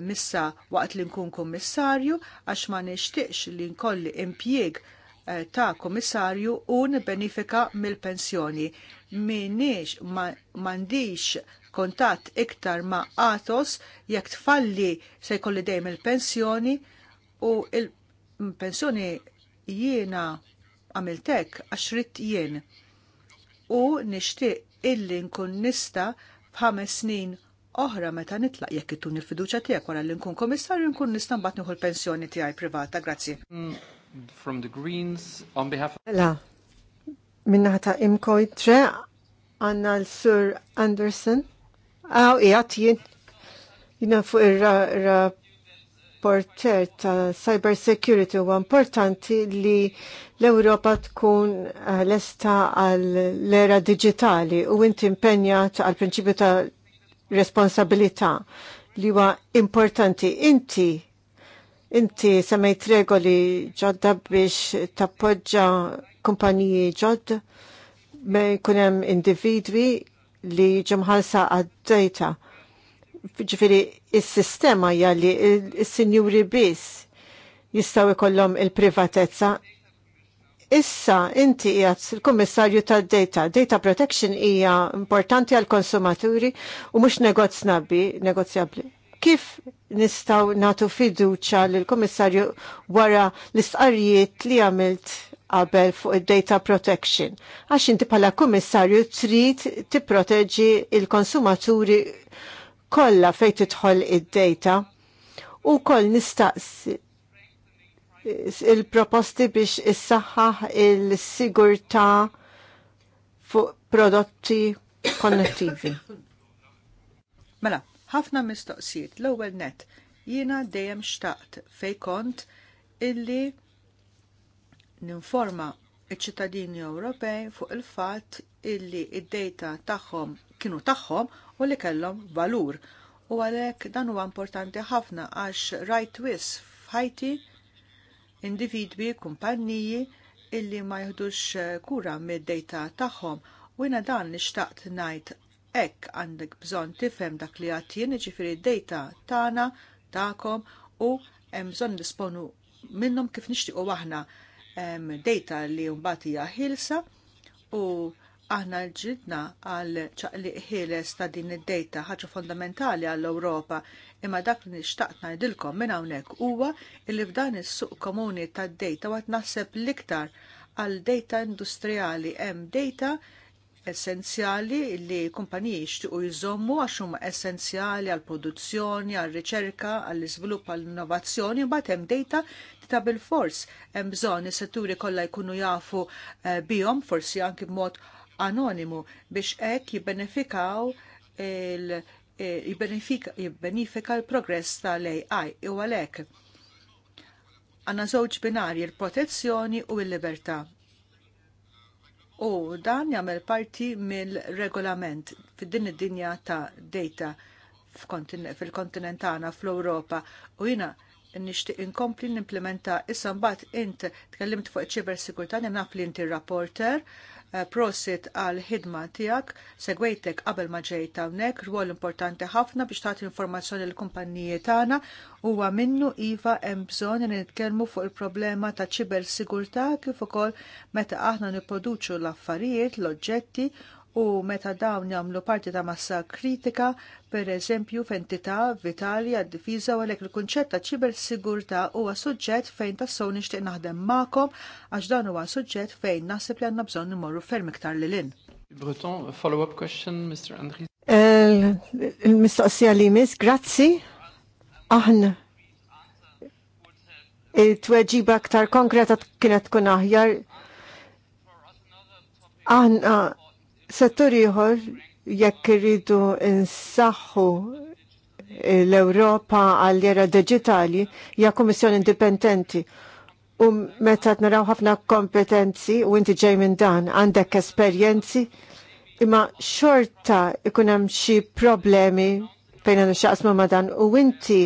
missa waqt li nkun kummissarju, għax ma nixtieqx li nkolli impjieg ta' kummissarju un benifika mill-pensjoni. Minix mandiċ kontat iktar ma' Atos jekk tfalli se jkolli dejjem il-pensjoni u il-pensjoni jiena għamiltek għaxrit jien u nixtieq illi nkun nista b'ħames snin oħra meta nitlaq jekk itun il-fiduċa tiegħek wara li nkun komissarju nkun nista' mbagħad nieħu l-pensjoni tiegħi privata. Grazzi. From the Greens on behalf of Ela. Minnaħta imkoj tre għanna l-Sur Anderson. Aw, iħat jien, jina fuq il-rapporter ta' cyber security u importanti li l-Europa tkun eh, lesta għall-era digitali u inti impenjat għal prinċipju ta' responsabilità li huwa importanti. Inti inti semmejt regoli ġodda biex tappoġġa kumpaniji ġodda, me jkunem individwi li ġemħalsa għad-data. Ġifiri, il-sistema jgħalli il-sinjuri bis jistaw ikollhom il-privatezza. Issa inti jgħat il-Kummissarju tad-data. Data protection hija importanti għal konsumaturi u mhux negozz nabbi, negozjabbli. Kif nistaw natu fiduċa lill-Kummissarju wara l istqarijiet li għamilt qabel fuq id-data protection. Għax inti bħala kummissarju trid tipproteġi il-konsumaturi kollha fejn tidħol id-data u koll nistaqsi il-proposti biex issaħħaħ il-sigurtà fuq prodotti konnettivi. <coughs> Mela, ħafna mistoqsijiet l-ewwel net jiena dejjem xtaqt fejn kont illi ninforma iċ-ċittadini Ewropej fuq il-fatt illi id-data tagħhom kienu tagħhom u li kellhom valur. U għalhekk dan huwa importanti ħafna għax right wiss f'ħajti individwi, kumpanniji illi ma jħdux eh, kura mid-data tagħhom u jiena dan nixtaqt ngħid hekk għandek bżonn tifhem dak li jien jiġifieri d-data tagħna tagħkom u hemm bżonn nisponu minnhom kif nixtiequ aħna data li mbagħad hija ħilsa u aħna ġidna għal ċaqli ħiles ta' din id-dejta ħaġa fondamentali għall ewropa imma dak li nixtaqt ngħidilkom minn hawnhekk huwa li f'dan is-suq komuni tad-dejta waqt naħseb l-iktar għal dejta industrijali hemm dejta essenzjali li kumpaniji xtiqu jżommu għax huma essenzjali għall produzzjoni għall-riċerka, għall-iżvilupp, għall-innovazzjoni, mbagħad hemm data ta' bil-fors hemm bżonn is-setturi kollha jkunu jafu eh, bihom forsi anki b'mod anonimu biex hekk jibbenefikaw il- eh, jibbenifika l-progress tal-AI u għalhekk għandna żewġ binarji l-protezzjoni u l-libertà u dan jagħmel parti mill-regolament fid-din id-dinja ta' data fil-kontinent tagħna fl-Ewropa u jiena nixtieq inkompli nimplementa issa mbagħad int tkellimt fuq iċ-ċiber sigurtà naf li inti rapporter Eh, prosit għal ħidma tiegħek, segwejtek qabel ma ġejt hawnhekk, rwol importanti ħafna biex tagħti informazzjoni l kumpanniji tagħna huwa minnu iva hemm bżonn li nitkellmu fuq il-problema ta' ċiber sigurtà kif ukoll meta aħna nipproduċu l-affarijiet, l-oġġetti u meta dawn jagħmlu parti ta' massa kritika, per eżempju f'entità vitali għad-difiża u għalhekk il-kunċett ta' ċibersigurtà huwa suġġett fejn tassew nixtieq naħdem magħkom għax dan huwa suġġett fejn naħseb li għandna bżonn immorru ferm iktar lil in. Breton, follow-up question, Mr. Andri. Eh, il-mistoqsija li mis, grazzi. Aħna il tweġiba aktar konkreta kienet tkun aħjar. Aħna Settur ieħor jekk irridu insaħħu l-Ewropa għall-era digitali hija kummissjoni indipendenti. U meta naraw ħafna kompetenzi u inti ġej minn dan għandek esperjenzi imma xorta ikun hemm xi problemi fejn għandu xaqsmu ma dan u inti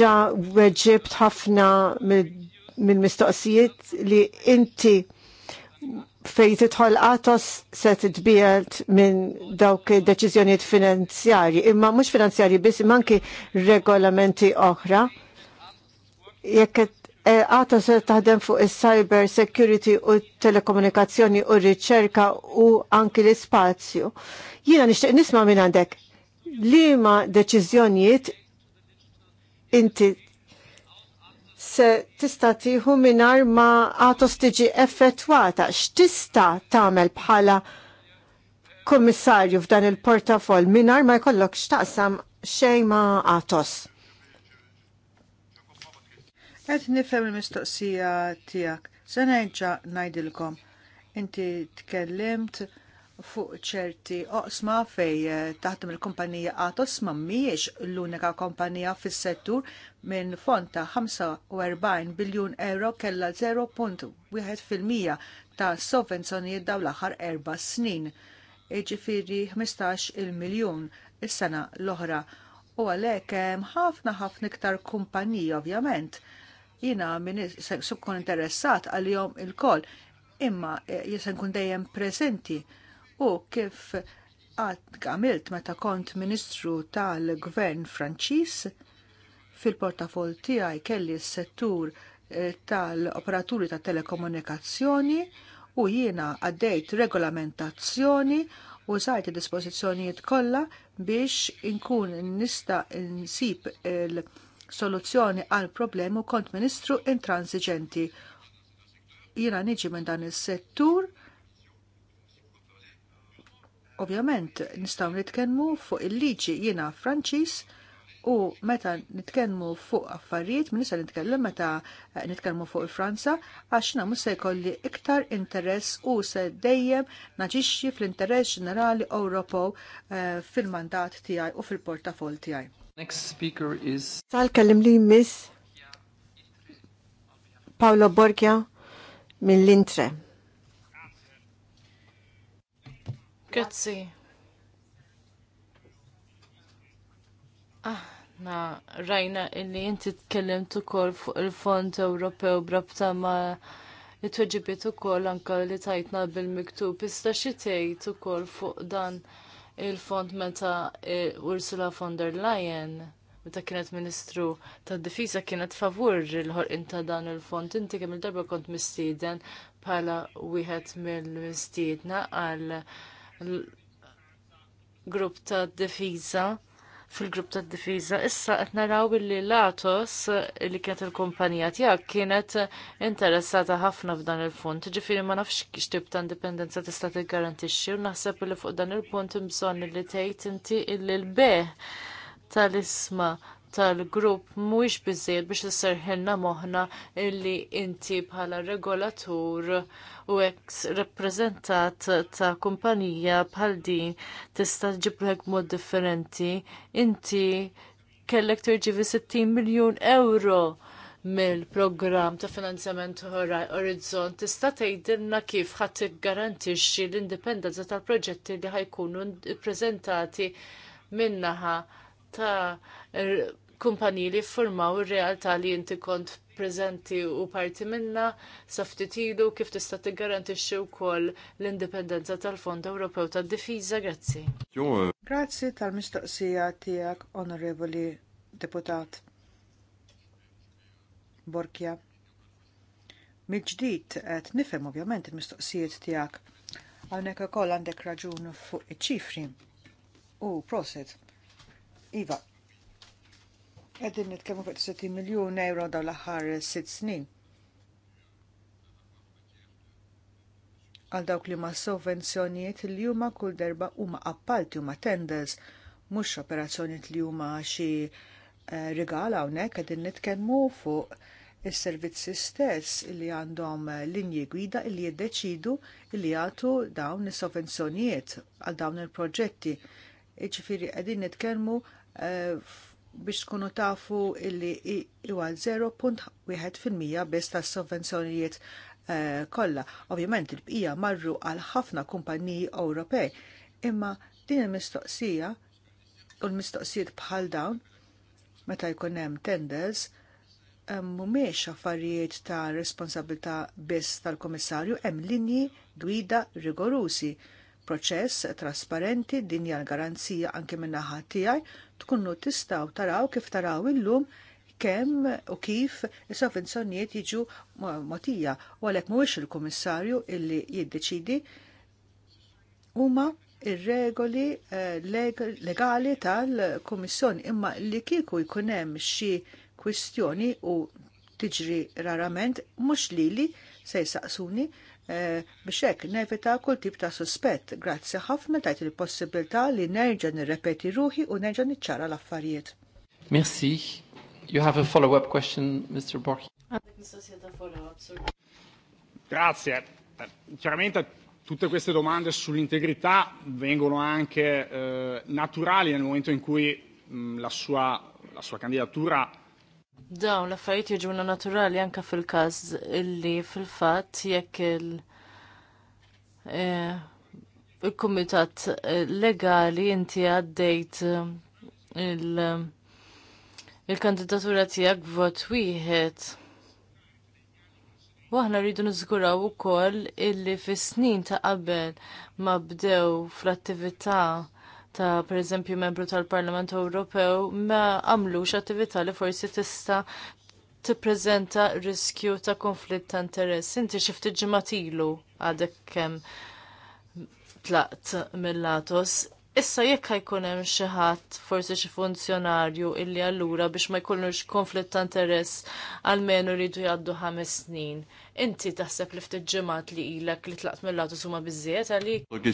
ġa weġibt ħafna mill-mistoqsijiet li inti fej titħol għatos se titbijelt minn dawk deċizjoniet finanzjarji, imma mux finanzjarji biss, imma anki regolamenti oħra. Jekk għatos e, se taħdem fuq is-cyber security u telekomunikazzjoni u riċerka u anki l-ispazju. Jina nixtieq nisma' minn għandek. Lima deċiżjonijiet inti se tista' tieħu mingħajr ma għatos tiġi effettwata. X'tista' tagħmel bħala kommissarju f'dan il-portafol mingħajr ma jkollok x'taqsam xejn ma għatos. Qed nifhem il-mistoqsija tiegħek. Se nerġa' ngħidilkom. Inti tkellimt fuq ċerti oqsma fej eh, taħdem il-kumpanija Atos ma mhijiex l-unika kompanija fis-settur minn fond ta' 45 biljun euro kellha 0.1% ta' sovvenzjonijiet dawn l-aħħar erba' snin. Iġifieri 15 il miljun is-sena l-oħra. U għalhekk hemm ħafna ħafna iktar kumpaniji ovvjament. Jiena minn sukkon interessat għalihom il kol imma eh, jisen kun dejjem preżenti u kif għad għamilt meta kont ministru tal-gvern Franċiż fil-portafol tiegħi kelli s-settur eh, tal-operaturi ta' telekomunikazzjoni u jiena għaddejt regolamentazzjoni u sajt dispożizzjonijiet kollha biex inkun nista' nsib il-soluzzjoni għal problemu kont ministru intransiġenti. Jiena niġi minn dan is-settur Ovvjament nistgħu nitkellmu fuq il-liġi jiena Franċiż u meta nitkellmu fuq affarijiet, minn nisa nitkellem meta eh, nitkellmu fuq il-Franza, għax na se jkolli iktar interess u se dejjem naġixxi fl-interess ġenerali Ewropew eh, fil-mandat tiegħi u fil-portafol tiegħi. Next speaker is Sal kellim li miss Paolo Borgia minn intre Grazzi. Aħna rajna illi inti tkellimt ukoll fuq il-Fond Ewropew brabta ma' it-tweġibiet ukoll anke li tajtna bil-miktub. iżda xi tgħid ukoll fuq dan il-fond meta eh, Ursula von der Leyen meta kienet ministru tad difiża kienet favur il-ħorqin ta' dan il-fond. Inti kemm il-darba kont mistieden bħala wieħed mill-mistiedna għal grupp ta' difiża fil-grupp ta' difiża. Issa qed naraw li Latos li kienet il-kumpanija tiegħek kienet interessata ħafna f'dan il-punt. Ġifieri ma nafx x'tib ta' indipendenza tista' tiggarantixxi u naħseb li fuq dan il-punt imbżonn li tgħid inti l-beħ tal-isma tal-grupp mhuwiex biżejjed biex isserħilna moħħna illi inti bħala regolatur u ex rappreżentat ta' kumpanija bħal din tista' hekk mod differenti. Inti kellek tirġivi 60 miljun euro mill-programm ta' finanzjament Horizon tista' tgħidilna kif ħadd tiggarantixxi l-indipendenza tal-proġetti li ħajkunu ppreżentati minnaħa ta' er, kumpaniji li formaw ir-realtà li inti kont prezenti u parti minna ftit ilu kif tista' tiggarantixxi wkoll l-indipendenza tal-Fond Ewropew tad-Difiża. Grazzi. Grazzi tal-mistoqsija tiegħek, Onorevoli Deputat Borkja. Mill-ġdid qed nifhem ovvjament il-mistoqsijiet tiegħek. għalhekk ukoll għandek raġun fuq iċ-ċifri. U prosit. Iva, għedin nitkemmu fuq 60 miljon euro daw l-aħħar 6 snin. Għal dawk li ma sovvenzjonijiet li huma kull derba huma appalti huma tenders, mhux operazzjonijiet li huma xi eh, regala hawnhekk qegħdin nitkellmu fuq is-servizzi stess li għandhom eh, linji gwida li jiddeċidu li jagħtu dawn is-sovvenzjonijiet għal dawn il-proġetti. Iġifieri qegħdin nitkellmu Eh, biex tkunu tafu illi huwa 0.1% biss tas-sovvenzjonijiet eh, kollha. Ovvjament il-bqija marru għal ħafna kumpaniji Ewropej, imma din il-mistoqsija u l-mistoqsijiet bħal dawn meta jkun hemm tenders eh, mhumiex affarijiet ta' responsabilità biss tal-Komissarju hemm linji gwida rigorusi proċess trasparenti din hija l-garanzija anke minn naħa tiegħi tkunu tistgħu taraw kif taraw illum kemm u kif is-sovvenzjonijiet jiġu motija u għalhekk mhuwiex il-kummissarju illi jiddeċidi huma ir-regoli eh, legali tal-Kummissjoni imma li kieku jkun hemm xi kwistjoni u tiġri rarament mhux lili se jsaqsuni Eh, biex nevita kull tip ta' suspett. Grazzi ħafna tajt il possibilta li nerġa' nirrepeti ruħi u nerġa' niċċara l-affarijiet. Merci. You have a follow-up question, Mr. Borchi? Grazie. Eh, chiaramente tutte queste domande sull'integrità vengono anche eh, naturali nel momento in cui mh, mm, la, sua, la sua candidatura Dawn l-affarijiet jiġuna naturali anka fil-każ illi fil-fatt jekk il- eh, il-kumitat eh, legali inti għaddejt eh, il- il-kandidatura tiegħek b'vot wieħed. Waħna rridu niżguraw ukoll illi fis-snin ta' qabel ma bdew fl-attività ta' pereżempju membru tal-Parlament Ewropew ma għamlux attività li forsi tista' tippreżenta riskju ta' konflitt ta' interess. Inti xi ftit ilu għadek kem tlaqt mill latos Issa jekk ħajkun hemm xi ħadd forsi xi funzjonarju illi allura biex ma jkunux konflitt ta' interess għalmenu jridu jgħaddu ħames snin. Inti taħseb li ftit ġimgħat li ilek li tlaqt mill-latu huma biżżejjed għalik.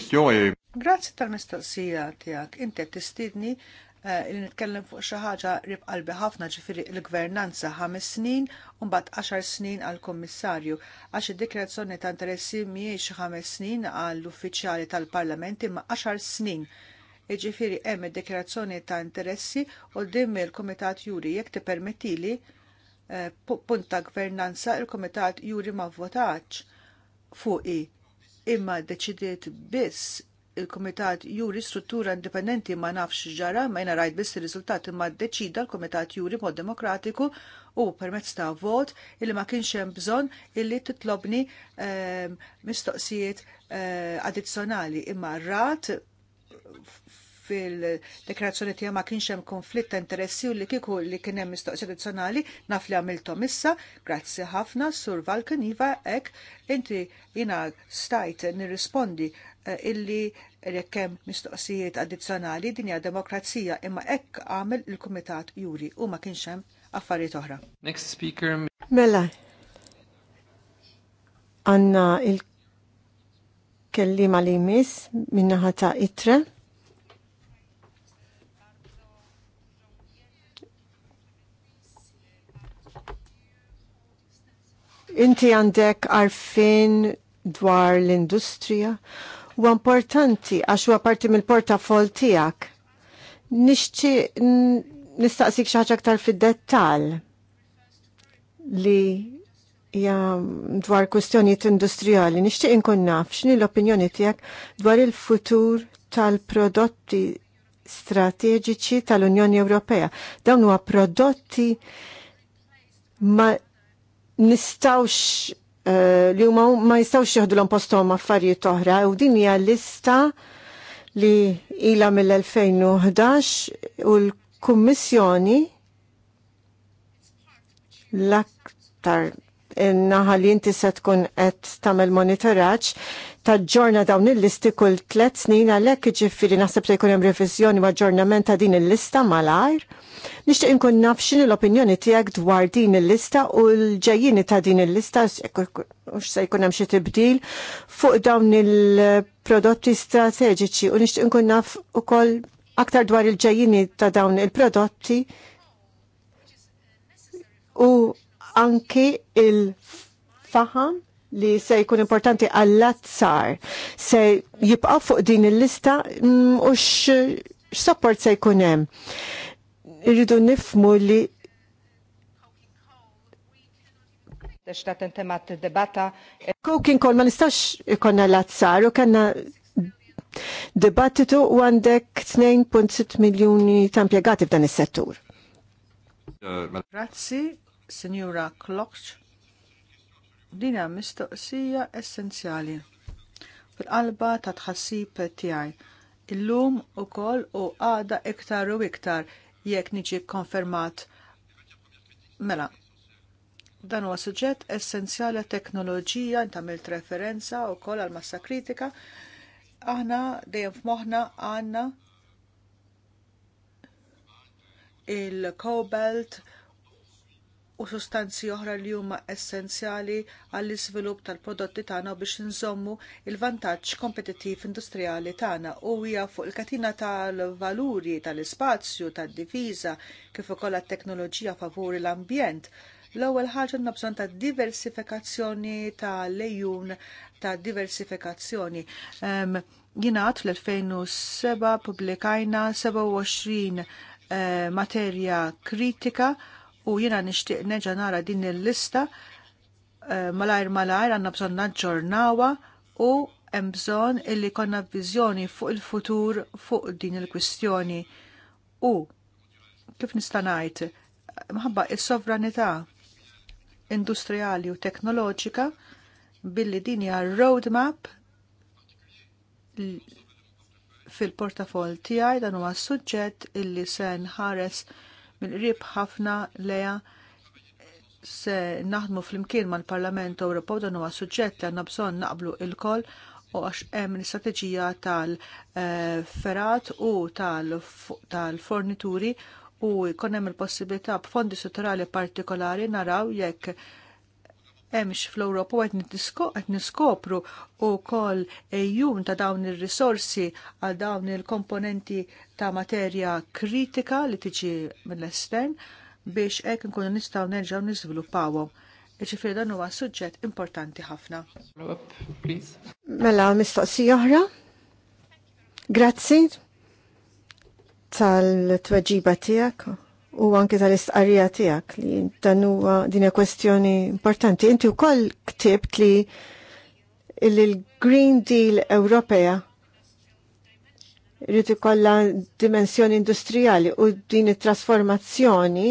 Grazzi tal-mistoqsija tiegħek. Inti qed tistiedni eh, li nitkellem fuq xi ħaġa rib qalbi ħafna ġifieri l-gvernanza ħames snin u mbagħad għaxar snin għall kummissarju għax id-dikrazzjoni ta' interessi mhijiex ħames snin għall uffiċjali tal-Parlament imma għaxar snin iġifiri hemm id-dikjarazzjoni ta' interessi u dimmi il-Kumitat Juri jekk tippermettili eh, punt ta' gvernanza il-Kumitat Juri ma votaċ fuqi imma deċidiet biss il-Komitat Juri struttura indipendenti ma nafx ġara ma jena rajt biss il-riżultat imma deċida l-Komitat Juri mod demokratiku u permezz ta' vot illi ma kienx hemm bżonn illi titlobni eh, mistoqsijiet eh, addizzjonali imma rat fil-deklarazzjoni tiegħu ma kienx hemm konflitt ta' interessi u li kieku li kien hemm mistoqsija addizzjonali naf li għamiltom issa. Grazzi ħafna Sur Valken Iva hekk inti jiena stajt nirrispondi eh, illi jekk hemm mistoqsijiet addizzjonali din hija demokrazija imma hekk għamel il-Kumitat Juri u ma kienx hemm affarijiet oħra. Next speaker Mela. Għanna il-kellima li jmiss minnaħata ta' itre. inti għandek arfin dwar l-industrija u importanti għax huwa parti mill-portafol tiegħek. Nixti nistaqsik xi ħaġa aktar fid-dettall li hija dwar kwistjonijiet industrijali. Nixtieq inkun naf x'inhi l-opinjoni tiegħek dwar il-futur tal-prodotti strateġiċi tal-Unjoni Ewropea. Dawn huwa prodotti ma' nistawx eh, li huma ma jistawx jieħdu l-om postom affarijiet oħra u din hija lista li ila mill-2011 u l-Kummissjoni l-aktar eh, naħa li inti se tkun qed tagħmel monitoraġġ taġġorna dawn il-listi kull tlet snin għalhekk iġifieri naħseb se jkun hemm reviżjoni ma aġġornament ta' din il-lista malajr. Nixtieq inkun naf x'inhi l-opinjoni tiegħek dwar din il-lista u l-ġejjini ta' din il-lista u se jkun hemm xi tibdil fuq dawn il-prodotti strateġiċi u nixtieq inkun naf ukoll aktar dwar il-ġejjini ta' dawn il-prodotti u anki il-faham li se jkun importanti għall-azzar se jibqa' fuq din il-lista mm, u x-support se jkun hemm. Irridu nifmu li ta' debata. kol ma nistax ikonna l-azzar u kanna debattitu u għandek 2.6 miljoni ta' impiegati f'dan is-settur. Grazzi, Signora Klokċ. Din hija mistoqsija essenzjali fil-qalba ta' tħassib tiegħi. Illum ukoll u għada iktar u iktar jekk niġi konfermat. Mela, dan huwa suġġett essenzjali teknoloġija tagħmel referenza wkoll għal massa kritika. Aħna dejjem f'moħħna għandna il-cobalt, u sustanzi oħra li huma essenzjali għall iżvilupp tal-prodotti tagħna biex nżommu il-vantaġġ kompetittiv industrijali tagħna u hija fuq il-katina tal-valuri tal-ispazju tad-difiża kif ukoll għat-teknoloġija favuri l-ambjent. L-ewwel ħaġa għandna bżonn ta' diversifikazzjoni ta' lejun ta' diversifikazzjoni. Um, ehm, Jingħad fl-2007 publikajna 27 uh, eh, materja kritika u jiena nixtieq neġa' nara din il-lista eh, malajr malajr għandna bżonn naġġornawa u hemm bżonn illi konna viżjoni fuq il-futur fuq din il-kwistjoni. U kif nista' ngħid, mħabba is-sovranità industrijali u teknoloġika billi din hija roadmap fil-portafol tiegħi dan huwa suġġett illi se nħares mill-qrib ħafna leja se naħdmu fl-imkien mal-Parlament Ewropew dan huwa suġġett li għandna bżonn naqblu il-koll u għax hemm l-istrateġija tal-ferat eh, u tal-fornituri u jkun hemm il-possibilità b'fondi strutturali partikolari naraw jekk hemmx fl-Ewropa u qed niskopru wkoll ejjun ta' dawn ir-risorsi għal dawn il-komponenti ta' materja kritika li tiġi mill-estern biex hekk nkunu nistgħu nerġgħu niżviluppawhom. Iġifieri dan huwa suġġett importanti ħafna. Mela mistoqsija oħra? Grazzi tal-tweġiba tiegħek u anke tal-istqarrija tiegħek li dan huwa din kwestjoni importanti. Inti wkoll ktibt li il-Green Deal Ewropea rrid ikollha dimensjoni industrijali u din it-trasformazzjoni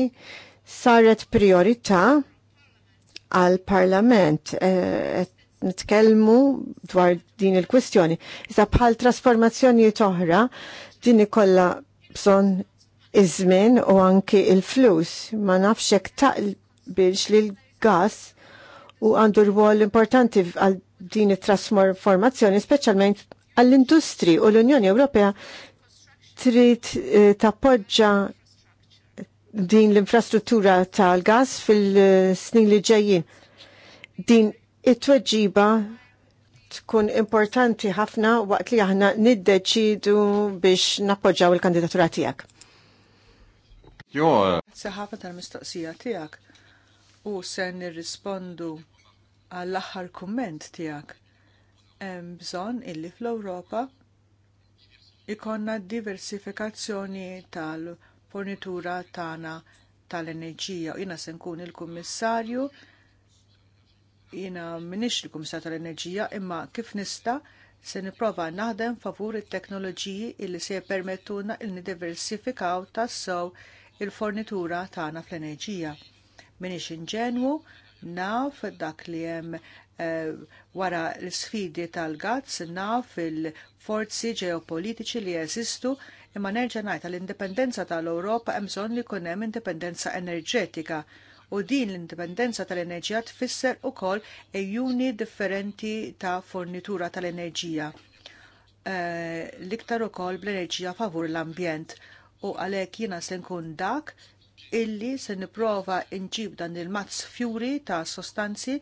saret priorità għal parlament e, qed nitkellmu dwar din il-kwistjoni. Iżda bħal trasformazzjoni toħra din ikollha bżonn iż-żmien u anki il-flus. Ma nafx hekk taqbilx li l-gas u għandu rwol importanti għal din it-trasformazzjoni, speċjalment għall-industri u l-Unjoni Ewropea trid eh, tappoġġa din l-infrastruttura tal-gas fil-snin li ġejjin. Din it-tweġiba tkun importanti ħafna waqt li aħna niddeċidu biex nappoġġaw il-kandidatura tiegħek. Jo. Seħafa eh. tal-mistoqsija tijak u se nirrispondu għall-aħħar komment tijak. Hemm bżonn illi fl-Ewropa ikonna diversifikazzjoni tal-fornitura tagħna tal-enerġija. Jina se nkun il-kummissarju, jina minix il-kummissarju tal-enerġija, imma kif nista' se niprofa naħdem favur it-teknoloġiji illi se permettuna il nidiversifikaw tas so il-fornitura tagħna fl-enerġija. Minix inġenwu naf dak li hemm eh, wara l-sfidi tal-gazz naf il-forzi ġeopolitiċi li jeżistu imma nerġa' ngħid l indipendenza tal-Ewropa hemm bżonn li jkun hemm indipendenza enerġetika u din l-indipendenza tal-enerġija tfisser ukoll ejjuni differenti ta' fornitura tal-enerġija. Eh, l-iktar ukoll bl-enerġija favur l-ambjent u għalhekk jiena se nkun dak illi se nipprova nġib dan il-mazz fjuri ta' sostanzi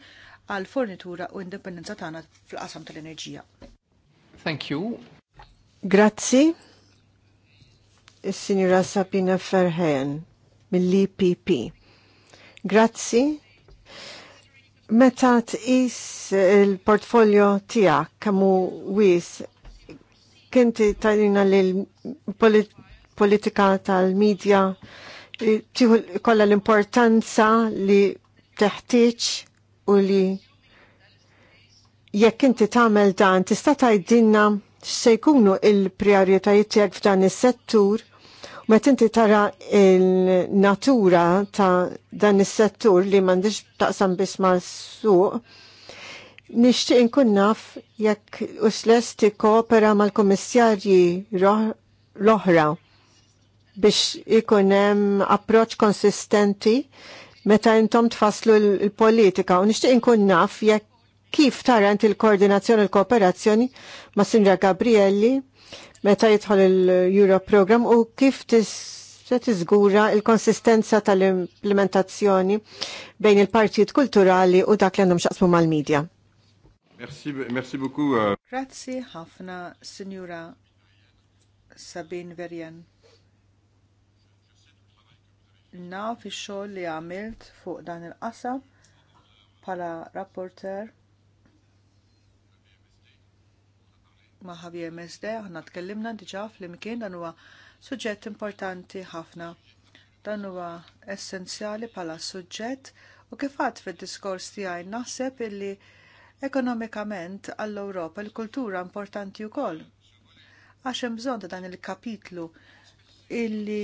għal fornitura u indipendenza tagħna fl qasam tal-enerġija. Thank you. Grazzi. Is-Sinjura Sabina Ferhen mill-IPP. Grazzi. Meta tqis il-portfolio tiegħek kemm hu wies kinti tajlina politika politika tal-medja tieħu kollha l-importanza li teħtieġ u li jekk inti tagħmel dan tista' tgħidilna x'se jkunu l-prijoritajiet tiegħek f'dan is-settur u meta inti tara l natura ta' dan is-settur li m'għandix taqsam biss mas-suq nixtieq inkun naf jekk usles tikkopera mal-kummissarji l-oħra biex ikun hemm approċċ konsistenti meta intom tfasslu l-politika u nixtieq inkun naf jekk kif tara il l-koordinazzjoni l-kooperazzjoni ma' Sindra Gabrielli meta jidħol il-Euro Program u kif se tiżgura il-konsistenza tal-implementazzjoni bejn il-partijiet kulturali u dak li għandhom xaqsmu mal-medja. Merci, merci beaucoup. Euh. Grazzi ħafna, Signora Sabin Verjan naf ix-xogħol li għamilt fuq dan il-qasam bħala rapporter ma' Javier Mesde, aħna tkellimna diġà flimkien dan huwa suġġett importanti ħafna. Dan huwa essenzjali bħala suġġett u kif għad fid-diskors tiegħi naħseb illi ekonomikament għall-Ewropa l-kultura importanti wkoll. Għax hemm bżonn ta' dan il-kapitlu illi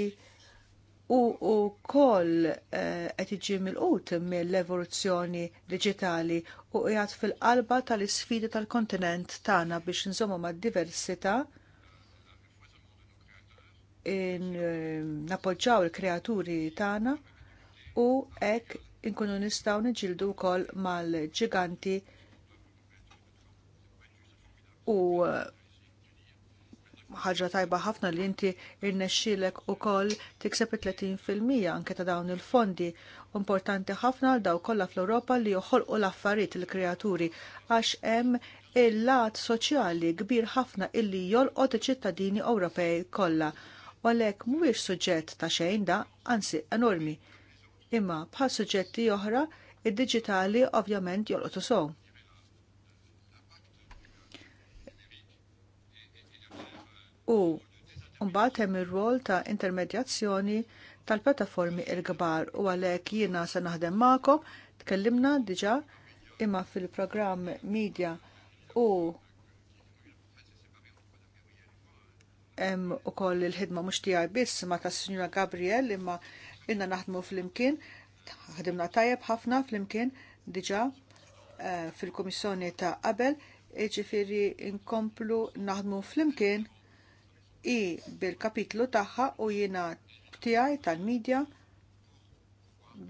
u wkoll eh, qed iġi milqut mill-evoluzzjoni digitali u qiegħed fil-qalba tal-isfidi tal-kontinent tagħna biex nżommu mad-diversità eh, nappoġġaw il-kreaturi tagħna u hekk inkunu nistgħu niġildu wkoll mal-ġiganti u eh, ħaġa tajba ħafna li inti irnexxilek ukoll tikseb 30% anke ta' dawn il-fondi. Importanti ħafna għal daw kollha fl-Ewropa li joħolqu l-affarijiet il-kreaturi għax hemm il-lat soċjali kbir ħafna illi jolqot iċ-ċittadini Ewropej kollha. U għalhekk mhuwiex suġġett ta' xejn da, anzi enormi. Imma bħal suġġetti oħra, id-diġitali ovvjament jolqotu sew. u mbagħad hemm ir-rol ta' intermedjazzjoni tal-pjattaformi l-kbar u għalhekk jiena se naħdem magħkom tkellimna diġà imma fil-programm media u hemm ukoll il-ħidma mhux tiegħi biss ma' tas-Sinjura Gabriel imma inna naħdmu fl-imkien ħadimna tajjeb ħafna fl-imkien diġà eh, fil-Kummissjoni ta' qabel ġifiri inkomplu naħdmu fl-imkien i bil-kapitlu tagħha u jiena tiegħi tal-medja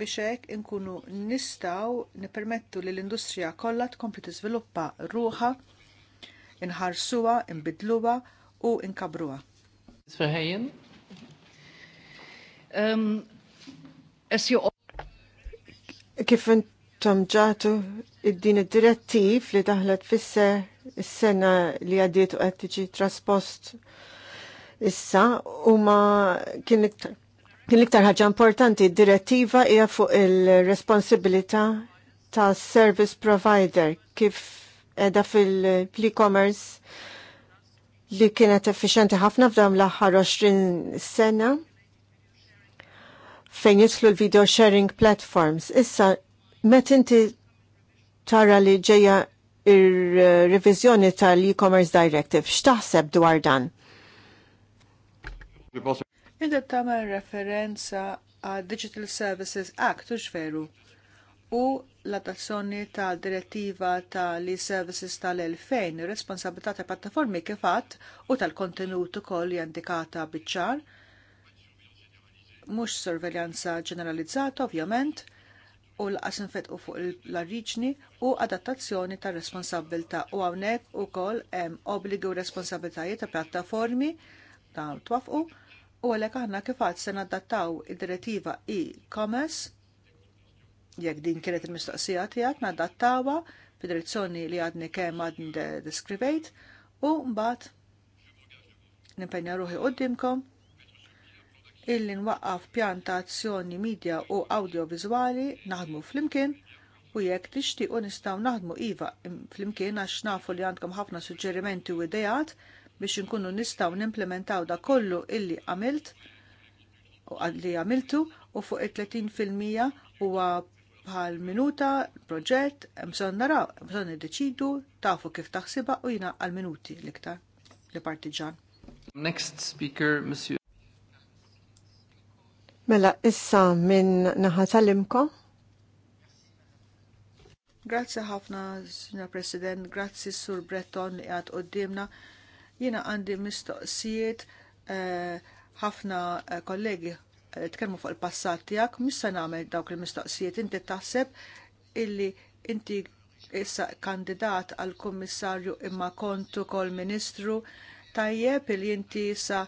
biex hekk inkunu nistgħu nippermettu li l-industrija kollha tkompli tiżviluppa ruħa, inħarsuha, inbidluha u inkabruha. Sferħejjen. Um, Kif intom ġatu id-din id-direttiv li daħlet fisse is sena li għaddiet u qed tiġi traspost issa huma kien iktar. Kien iktar ħaġa importanti, direttiva hija fuq il responsibilità ta' service provider kif edha fil-e-commerce li kienet effiċenti ħafna f'dam l-aħħar 20 sena fejn jitlu l-video sharing platforms. Issa, met inti tara li ġeja ir-revizjoni tal-e-commerce directive, x'taħseb dwar dan? Inda tamer referenza għad Digital Services Act u xveru u l adazzjoni ta' direttiva ta' li services tal-2000 responsabilità ta' plattaformi kifat u tal-kontenut ukoll jandikata biċ-ċar mhux sorveljanza ġeneralizzata ovvjament u l-qasin fetqu fuq l-arriġni u adattazzjoni ta' responsabilta u għawnek u kol em obligu responsabiltajiet ta' plattaformi ta' twafqu u għalhekk għanna kif sen se id-direttiva e-commerce jekk din kienet il-mistoqsija tiegħek nadattawa fil direzzjoni li għadni kemm għadni deskrivejt u mbagħad nimpenja ruħi għoddimkom illi nwaqqaf pjan ta' azzjoni media u audiovizwali naħdmu flimkien u jekk tixtiequ nistgħu naħdmu iva flimkien għax nafu li għandkom ħafna suġġerimenti u idejat biex inkunu nistgħu nimplementaw da kollu illi għamilt u li għamiltu u fuq il-30% huwa bħal minuta, proġett, bżonn naraw, bżonn niddeċidu, tafu kif taħsiba u jina għal minuti l-iktar li partiġan. Next speaker, Monsieur. Mela, issa minn naħa tal Grazie ħafna, Signor President, grazie Sur Breton li għad qoddimna. Jiena għandi mistoqsijiet eh, ħafna eh, kollegi eh, tkellmu fuq il-passat tiegħek, Missa se nagħmel dawk il-mistoqsijiet inti taħseb illi inti issa kandidat għal kummissarju imma kontu kol ministru tajjeb li inti issa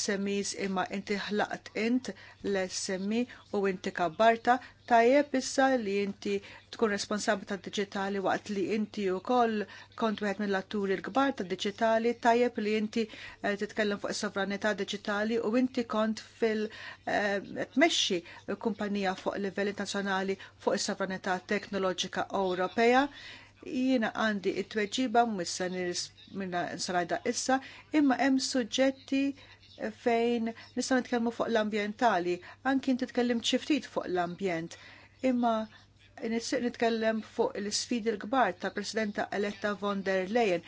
SMEs imma inti ħlaqt int l-SME u inti kabbarta tajjeb issa li inti tkun responsabli ta' digitali waqt li inti u koll kont wieħed mill-atturi l-kbar ta' digitali tajjeb li inti eh, titkellem fuq is-sovranità digitali u inti kont fil-tmexxi eh, kumpanija fuq livell internazzjonali fuq is-sovranità teknoloġika Ewropea jiena għandi it-tweġiba missa niris minna sarajda issa, imma hemm suġġetti fejn nistgħu nitkellmu fuq l-ambjentali, anki inti tkellim ftit fuq l-ambjent, imma nitkellem fuq l-sfidi l-kbar ta' Presidenta eletta von der Leyen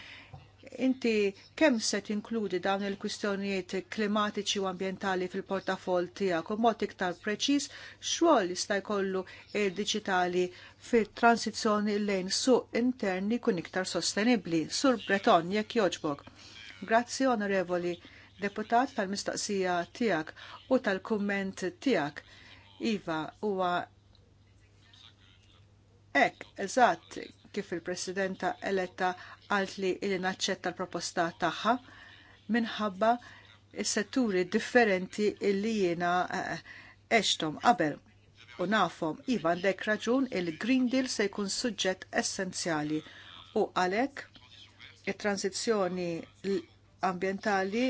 inti kemm se tinkludi dawn il-kwistjonijiet klimatiċi u ambjentali fil-portafol tiegħek u mod iktar preċiż xogħol jista' jkollu il-diġitali fit-transizzjoni lejn suq interni kun iktar sostenibbli. Sur Breton, jekk joġbok. Grazzi onorevoli deputat tal-mistaqsija tiegħek u tal-kumment tiegħek. Iva, huwa Ek, eżatt, kif il-Presidenta eletta għalt li illi naċċetta l-proposta tagħha minħabba s setturi differenti illi jiena eh, eċtom qabel u nafhom iva għandek raġun il-Green Deal se jkun suġġett essenzjali u għalhekk it-tranzizzjoni ambjentali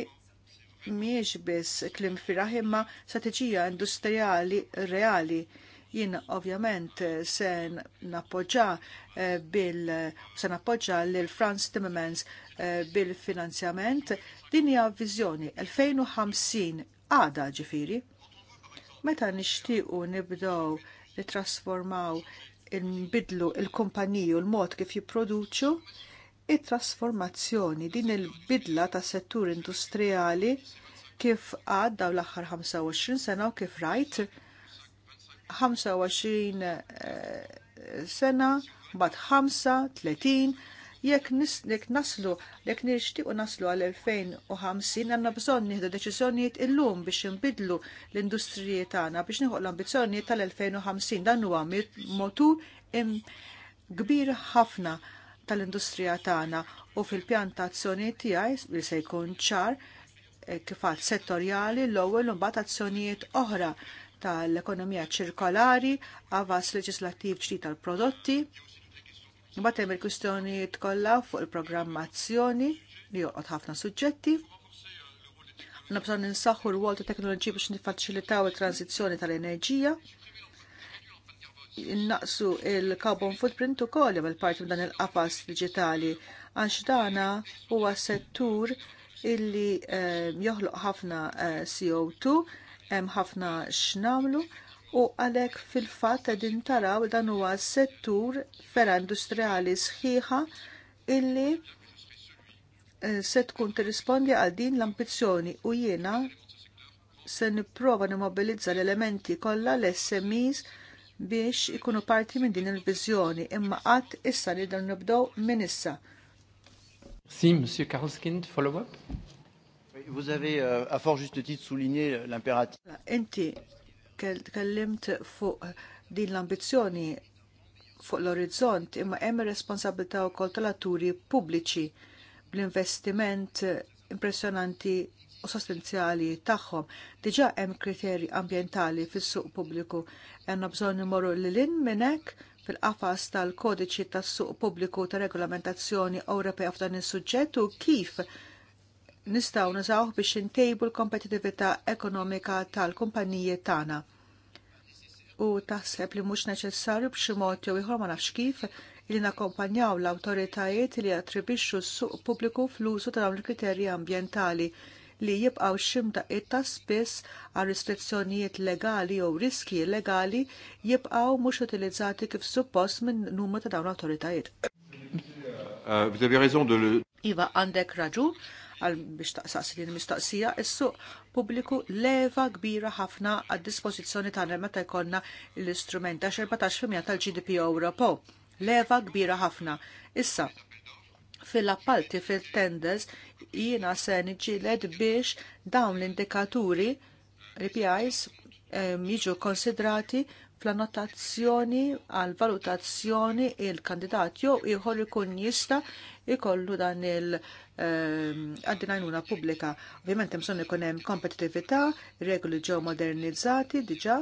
mhijiex biss klim firaħ imma strateġija industrijali reali Jien ovvjament se nappoġġa eh, bil se nappoġġa lil Franz Timmermans eh, bil-finanzjament din hija viżjoni 2050 għada ġifiri. Meta nixtiequ nibdew nitrasformaw nbidlu il-kumpaniju l-mod kif jipproduċu, it-trasformazzjoni din il-bidla tas settur industrijali kif għadda l-aħħar 25 sena u kif rajt right, 25 eh, sena, bat 35, 30, jekk nisnek naslu, jekk nixtiequ naslu għal 2050 għandna bżonn nieħdu deċiżjonijiet illum biex nbidlu l-industriji tagħna biex nieħu l-ambizzjonijiet tal-2050 dan huwa motur kbir ħafna tal-industrija tagħna u fil-pjantazzjoni tiegħi li se jkun ċar eh, kifat settorjali l-ewwel u mbagħad azzjonijiet oħra tal-ekonomija ċirkolari, għavas leġislattiv ġdid tal-prodotti, Mbagħad hemm il-kwistjonijiet kollha fuq il-programmazzjoni li joqgħod ħafna suġġetti. Għandna bżonn ninsaħħu l-wol ta' teknoloġija biex niffaċilitaw it-tranzizzjoni tal-enerġija. Innaqsu il-carbon footprint ukoll il parti minn dan il-qafas diġitali għax dana huwa settur illi eh, joħloq ħafna eh, CO2 hemm ħafna x'namlu u għalhekk fil-fatt qegħdin taraw dan huwa settur fera industrijali sħiħa illi eh, se tkun tirrispondi għal din l-ambizzjoni u jiena se nipprova nimmobilizza l-elementi kollha l-SMEs biex ikunu parti minn din il-viżjoni imma qatt issa li dan nibdew minn issa. Sim, Monsieur Karlskind, follow-up? Vous avez euh, à fort juste titre souligné euh, l'impératif. Enti, mela, kellimt fuq din l-ambizzjoni fuq l-orizzont imma hemm responsabilità wkoll tal-atturi pubbliċi bl-investiment impressjonanti u sostanzjali tagħhom. Diġà hemm kriterji ambjentali fis-suq pubbliku. Hemm bżonn imorru lilin minn hekk fil-qafas tal-kodiċi tas-suq pubbliku ta' regolamentazzjoni Ewropea f'dan is-suġġett u kif nistaw nużawh biex intejbu l-kompetitività ekonomika tal kumpanije tagħna. U taħseb li mhux neċessarju b'xi mod jew ieħor ma nafx kif li nakkompanjaw l-awtoritajiet li attribixxu s-suq pubbliku fl-użu ta' dawn il-kriterji ambjentali li jibqaw ximdaqiet itta spiss għal restrizzjonijiet legali jew riski legali jibqaw mhux utilizzati kif suppost minn numru ta' dawn l-awtoritajiet. Euh, iva, għandek raġun għal biex taqsas li mistaqsija is-suq pubbliku leva kbira ħafna għad dispożizzjoni tagħna meta jkollna l-istrument ta' 14% tal-GDP Ewropo. Leva kbira ħafna. Issa, fil-appalti fil-tenders jiena se niġġieled biex dawn l-indikaturi APIs jiġu konsidrati fl-annotazzjoni għal valutazzjoni il-kandidat jew ieħor ikun jista' ikollu dan il ehm, għaddinajnuna pubblika. Ovvijament imson ikun hemm kompetitività, regoli ġew modernizzati diġà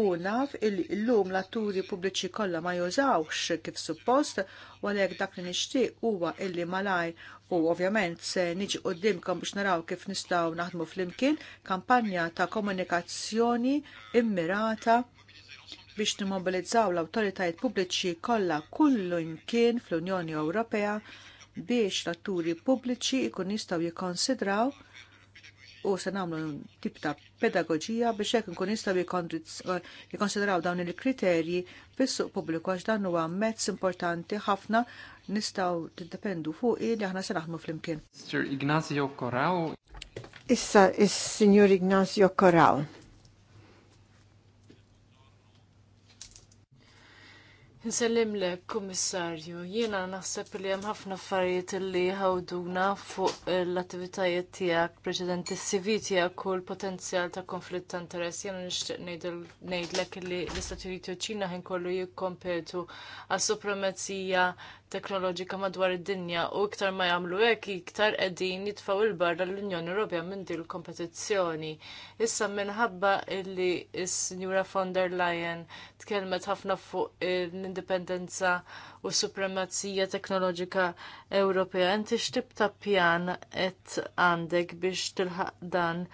u naf il-lum l-atturi pubbliċi kollha ma jużawx kif suppost u għalhekk dak li nixtieq huwa illi malaj u ovvjament se niġi qudiemkom biex naraw kif nistgħu naħdmu flimkien kampanja ta' komunikazzjoni immirata biex nimmobilizzaw l-awtoritajiet pubbliċi kollha kullu imkien fl-Unjoni Ewropea biex l-atturi pubbliċi jkun jistgħu jikkonsidraw u se nagħmlu tip ta' pedagoġija biex hekk nkun jistgħu eh, jikkonsidraw dawn il-kriterji fis-suq pubbliku għax dan huwa mezz importanti ħafna nistgħu tiddependu fuq li aħna se naħdmu flimkien. Sir Ignazio Corrao. Issa is-Sinjur Ignazio Corrao. Nsellimlek, kummissarju, jiena naħseb li hemm ħafna affarijiet li ħawduna fuq l-attivitajiet tiegħek preċedenti s-CV tiegħek u l-potenzjal ta' konflitt ta' interess. Jiena nixtieq ngħidlek li l-Istati Uniti u Ċina ħin kollu jikkompetu għas supremazija teknoloġika madwar id-dinja u iktar ma jagħmlu hekk iktar qegħdin jitfgħu il barra l-Unjoni Ewropea minn din il-kompetizzjoni. Issa minħabba illi s-Sinjura von der Leyen tkellmet ħafna fuq l-indipendenza u s supremazija teknoloġika Ewropea, inti x'tib ta' pjan qed għandek biex tilħaq dan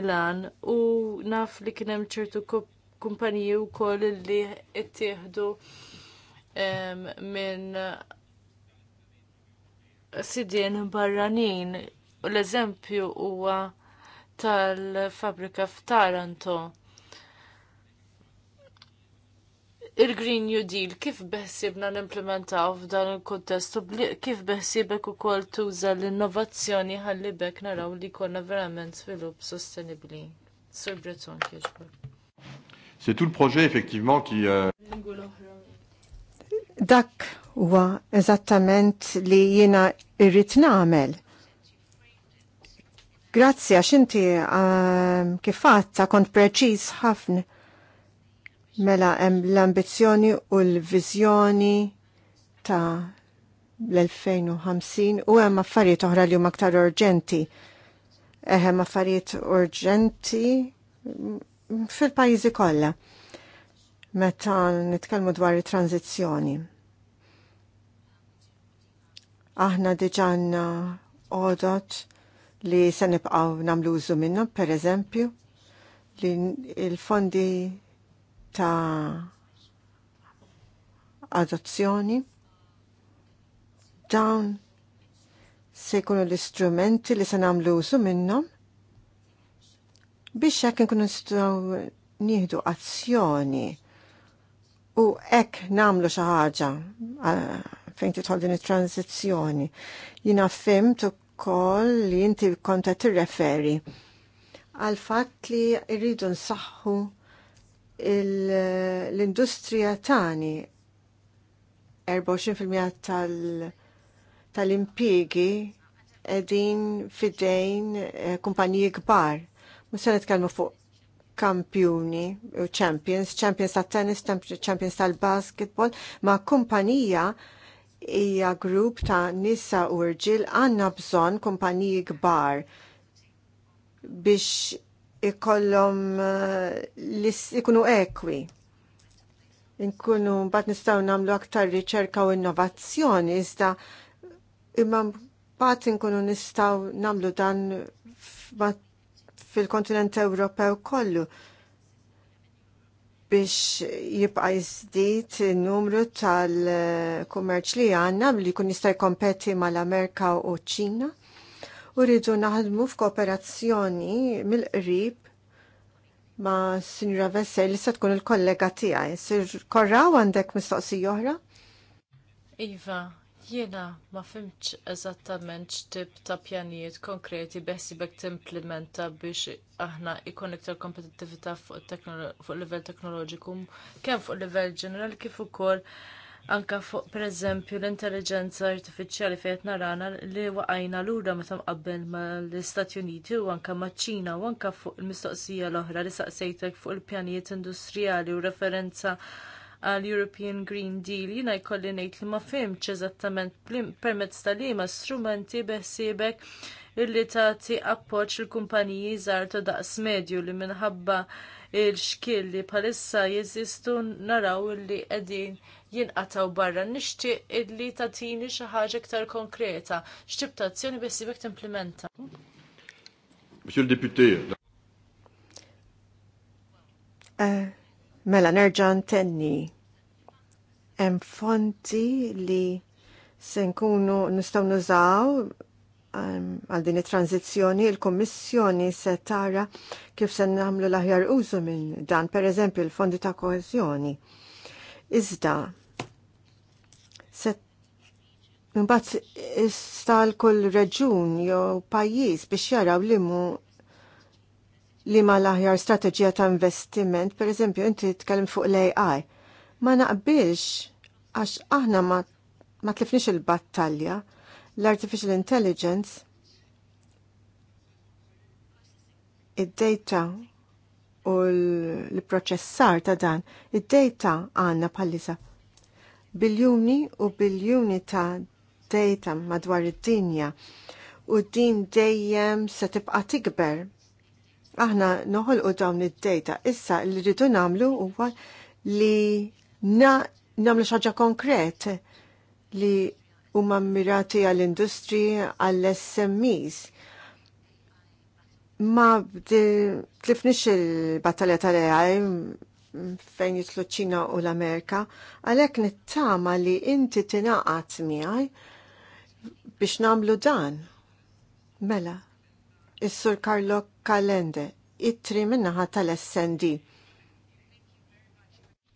il għan u naf li kien hemm ċertu kumpaniji wkoll li ttieħdu minn sidien barranin u l-eżempju huwa tal-fabrika f'Taranto. il-Green New Deal, kif beħsibna n-implementaw f'dan il-kontest u kif beħsibek u kol tuża l-innovazzjoni ħalli bekk naraw li konna verament svilup sostenibli. Sur Breton, kieġbor. C'est tout le projet, effectivement, qui... Euh... Dak huwa eżattament li jiena irrid nagħmel. Grazzi għax inti ehm, kif fatta kont preċiż ħafna. Mela hemm l-ambizzjoni u l-viżjoni ta' l-2050 u hemm affarijiet oħra li huma aktar urġenti. Eħem eh, affarijiet urġenti fil-pajjiżi kollha meta nitkellmu dwar it-tranzizzjoni. Aħna diġanna odot li se nibqaw namlu użu minnhom, per eżempju, li il-fondi ta' adozzjoni dawn se jkunu l-istrumenti li se nagħmlu użu minnhom biex hekk nkunu nistgħu nieħdu azzjoni u hekk nagħmlu xi ħaġa fejn titħol din it-tranzizzjoni. Jina fimt ukoll li inti konta tirreferi għal fatt li rridu nsaħħu l-industrija tani 24% tal- tal-impjiegi edin fidejn eh, kumpaniji kbar. Musa nitkellmu fuq kampjuni, champions, champions ta' tennis champions tal-basketball, ma kumpanija hija grupp ta' nisa u rġil għanna bżon kumpaniji kbar biex ikollhom eh, ikunu ekwi. Inkunu bat nistgħu nagħmlu aktar riċerka u innovazzjoni iżda imma mbagħad inkunu nistgħu nagħmlu dan fil-kontinent Ewropew kollu biex jibqa jizdit numru tal-kummerċ li għanna li kun jista' jkompeti mal-Amerika u ċina u rridu naħdmu f'kooperazzjoni mill-qrib ma' Sinjura Vessel li se tkun il-kollega tiegħi. Sir Korraw għandek mistoqsija oħra? Iva, Jiena ma fimx eżattament x'tip ta' pjanijiet konkreti beħsibek timplementa biex aħna ikun iktar kompetittività fuq fuq livell teknoloġiku kemm fuq livell ġenerali kif ukoll anke fuq pereżempju l-intelligenza artifiċjali fejn narana li waqajna lura meta mqabbel mal-Istati Uniti u anke maċ-Ċina u anke fuq il-mistoqsija l-oħra li saqsejtek fuq il-pjanijiet industrijali u referenza għal European Green Deal jina jkolli ngħid li ma fimx eżattament permezz tal-liema strumenti beħsiebek illi tagħti appoġġ il kumpaniji żgħar ta' daqs medju li minħabba il xkill li bħalissa jeżistu naraw illi qegħdin jinqataw barra. Nixtieq illi tagħtini xi ħaġa iktar konkreta. X'tib ta' azzjoni t-implementa? Monsieur le député. Uh. Mela nerġa' ntenni hemm fonti li se nkunu nistgħu nużaw ehm, għal din it-tranzizzjoni, il kummissjoni se tara kif se nagħmlu l-aħjar użu minn dan, pereżempju l-fondi ta' koeżjoni. Iżda imbagħad Mbagħad l kull reġun jew pajjiż biex jaraw limu li ma laħjar aħjar strateġija ta' investiment, per eżempju, inti tkellem fuq l-AI. Ma naqbilx, għax aħna ma, ma tlifnix il-battalja, l-artificial intelligence, id-data u l-proċessar ta' dan, id-data għanna pallisa. Biljuni u biljuni ta' data madwar id-dinja u din dejjem se tibqa' tikber aħna u dawn id-data. Issa li rridu nagħmlu huwa li nagħmlu xi ħaġa konkret li huma mirati għall-industri għall-SMEs. Ma tlifnix il-battalja tal-AI fejn jitlu ċina u l-Amerika, għalhekk nittama li inti tingħaqad miegħi biex nagħmlu dan. Mela, Is-Sur Carlo Calende it-tri minnaħa tal-SND.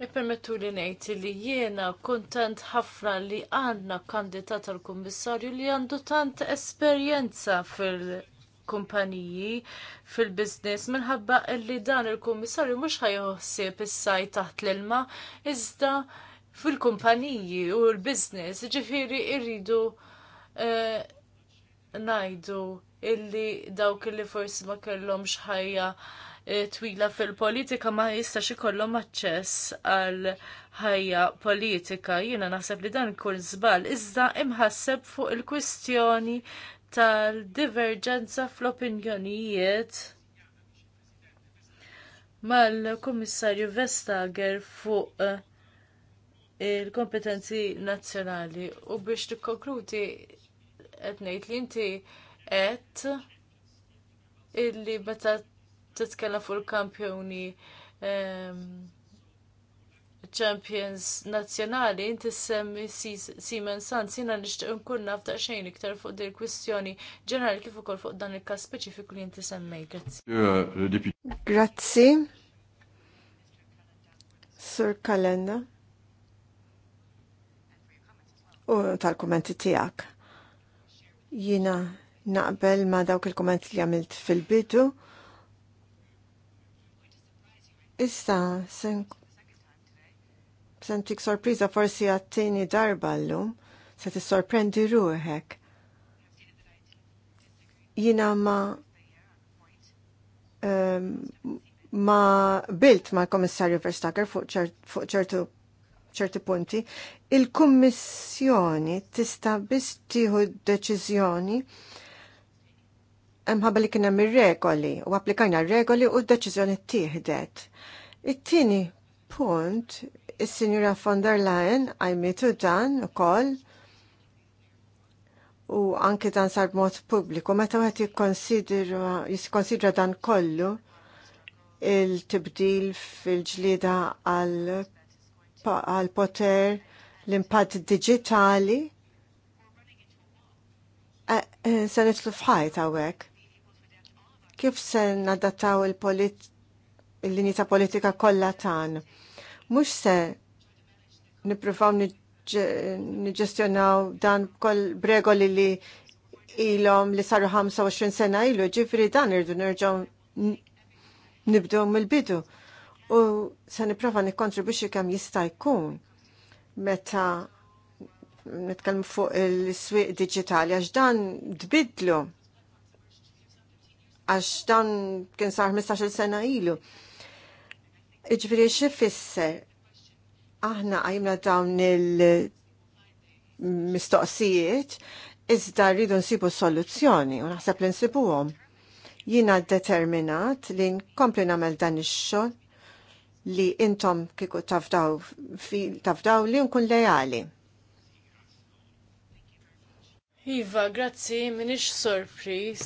Ippermettu li ngħid li jiena kuntent ħafna li għandna kandidat tal kummissarju li għandu tant esperjenza fil-kumpaniji fil-biznis minħabba li dan il-kummissarju mhux ħajħossib is-saj taħt l-ilma iżda fil-kumpaniji u l-biznis ġifiri irridu eh, ngħidu illi dawk illi forsi ma kellhomx ħajja eh, twila fil-politika ma jistax ikollhom aċċess għal ħajja politika. Jiena naħseb li dan ikun żball iżda imħasseb fuq il-kwistjoni tal-diverġenza fl-opinjonijiet mal-Kummissarju Vestager fuq eh, il-kompetenzi nazzjonali u biex tikkonkludi qed ngħid li inti qed illi meta titkellem fuq il-kampjoni ehm, champions nazzjonali inti semmi Siemens Sanz jiena nixtieq nkun naf daqsxejn iktar fuq din il-kwistjoni ġenerali kif ukoll fuq dan il-każ speċifiku li inti semmej. Grazzi. Euh, Grazzi. Sur Kalenda. U tal kummenti tiegħek. Jiena naqbel ma dawk il-komment li għamilt fil-bidu. Issa, sentik sorpriza forsi għattini darba l-lum, se t-sorprendi ruħek. Jina ma um, ma bilt ma komissarju Verstager fuq ċertu ċerti punti, il-Kummissjoni tista' biss tieħu deċiżjoni mħabba li kien hemm ir-regoli u applikajna r-regoli u d-deċiżjoni ttieħdet. It-tieni punt is-Sinjura von der Leyen għajmitu dan ukoll u anke dan sar mod pubbliku meta wieħed jikkonsidra dan kollu il-tibdil fil-ġlida għal poter l-impatt digitali eh, eh, se nitlu fħajt għawek kif se nadataw il-linji ta' politika kollha tan. Mhux se nippruvaw niġġestjonaw dan kol bregoli li ilhom li saru 25 sena ilu, ġifri dan irdu nerġgħu nibdu mill-bidu. U se nipprova nikkontribwixxi kemm jista' jkun meta nitkellmu fuq il-swieq diġitali għax dan tbidlu għax dan kien sar 15 sena ilu. Iġbiri xifisser, aħna għajmna dawn il-mistoqsijiet, iżda rridu nsibu soluzzjoni, u naħseb li nsibuhom. Jina determinat li nkompli namel dan ix-xogħol li intom kieku tafdaw, tafdaw li nkun lejali. Iva, grazzi, minix sorpris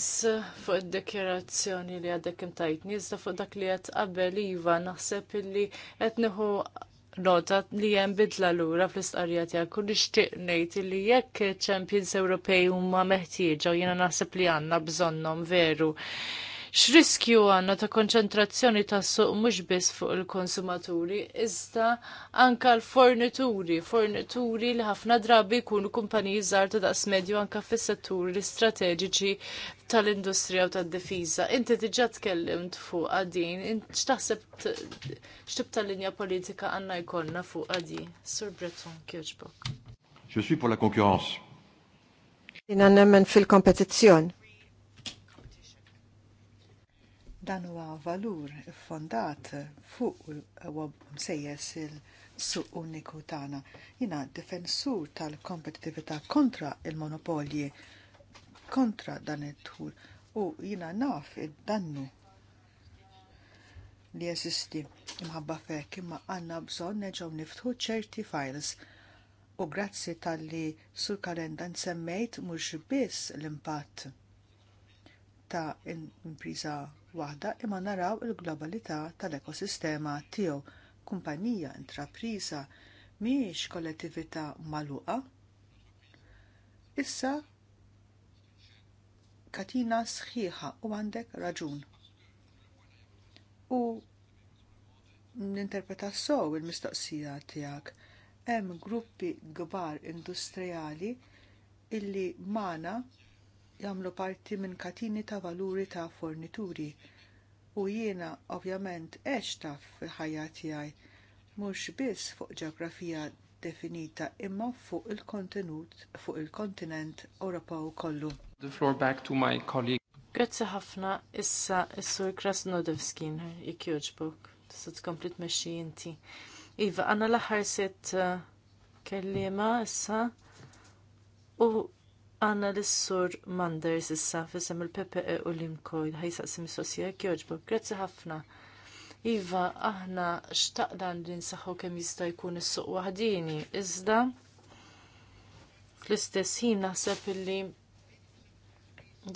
fuq id-dekjerazzjoni li għadek imtajt. Nizda fuq dak li għed qabel Iva, naħseb illi għed nħu nota li hemm bidla lura fl-istqarrija tiegħek kulli nixtieq ngħid li jekk champions Ewropej huma meħtieġa u jiena naħseb li għandna bżonnhom veru x'riskju għandna ta' konċentrazzjoni ta' suq mhux biss fuq il-konsumaturi, iżda anka l-fornituri, fornituri li ħafna drabi jkunu kumpaniji żgħar ta' daqs medju anka fis-setturi strateġiċi tal-industrija u tad-difiża. Inti diġà tkellimt fuq għadin, x'taħseb x'tip tal-linja politika għandna jkollna fuq għadi. Sur Breton, kieġbok. Je suis pour la concurrence. Jina nemmen fil-kompetizzjon. Dan huwa valur fondat fuq msejjes il-suq uniku tagħna. Jiena defensur tal-kompetitività kontra il-monopolji, kontra dan it-tul u jiena naf id-dannu li jeżisti imħabba fek imma għandna bżonn neġgħu niftħu ċerti files u grazzi tal-li sur kalenda nsemmejt mhux biss l-impatt ta' impriża waħda imma naraw il-globalità tal-ekosistema tiegħu. Kumpanija, intrapriża mhijiex kollettività magħluqa. Issa katina sħiħa u għandek raġun. U ninterpreta sew il-mistoqsija tiegħek hemm gruppi kbar industrijali illi mana jagħmlu parti minn katini ta' valuri ta' fornituri u jiena ovvjament eċ taf fil-ħajja tiegħi mhux biss fuq ġeografija definita imma fuq il-kontenut fuq il-kontinent Ewropew kollu. The floor back to my colleague. Grazzi ħafna issa is-Sur Krasnodevskin jikjoġbok. Tista' tkompli tmexxi inti. Iva, għandna l-aħħar sitt uh, kelliema issa u Għanna l-sur Manders issa fissem il-PPE u l-imkoj ħajsaqsim sosja kjoġbu. Grazzi ħafna. Iva, aħna x'taqdan din saħu kemm jista' jkun is-suq wahdini. iżda fl-istess ħin naħseb illi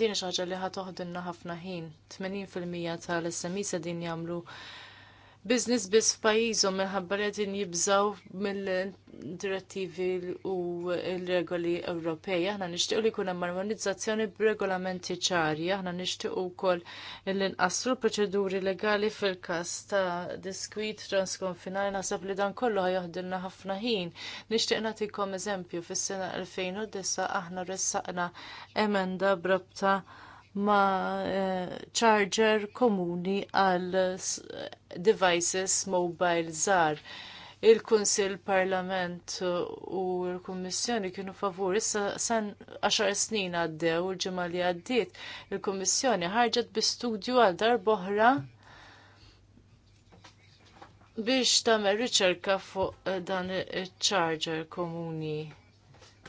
din xaġa li ħatoħdilna ħafna ħin. 80% tal-SMI se din jagħmlu biznis biss f'pajjiżhom minħabba li qegħdin jibżaw mill-direttivi u l-regoli Ewropej. Aħna nixtiequ li jkun hemm armonizzazzjoni b'regolamenti ċari, aħna nixtiequ wkoll li nqassru proċeduri legali fil-każ ta' diskwit transkonfinali naħseb li dan kollu ħajoħdilna ħafna ħin. Nixtieq nagħtikom eżempju fis-sena 2009 aħna ressaqna emenda brabta' ma' eh, charger komuni għal devices mobile żgħar. Il-Kunsill Parlament u l-Kummissjoni kienu favur issa san 10 snin għaddew u l-ġimgħa li għaddiet il-Kummissjoni ħarġet bi studju għal dar boħra biex tagħmel riċerka fuq eh, dan il charger komuni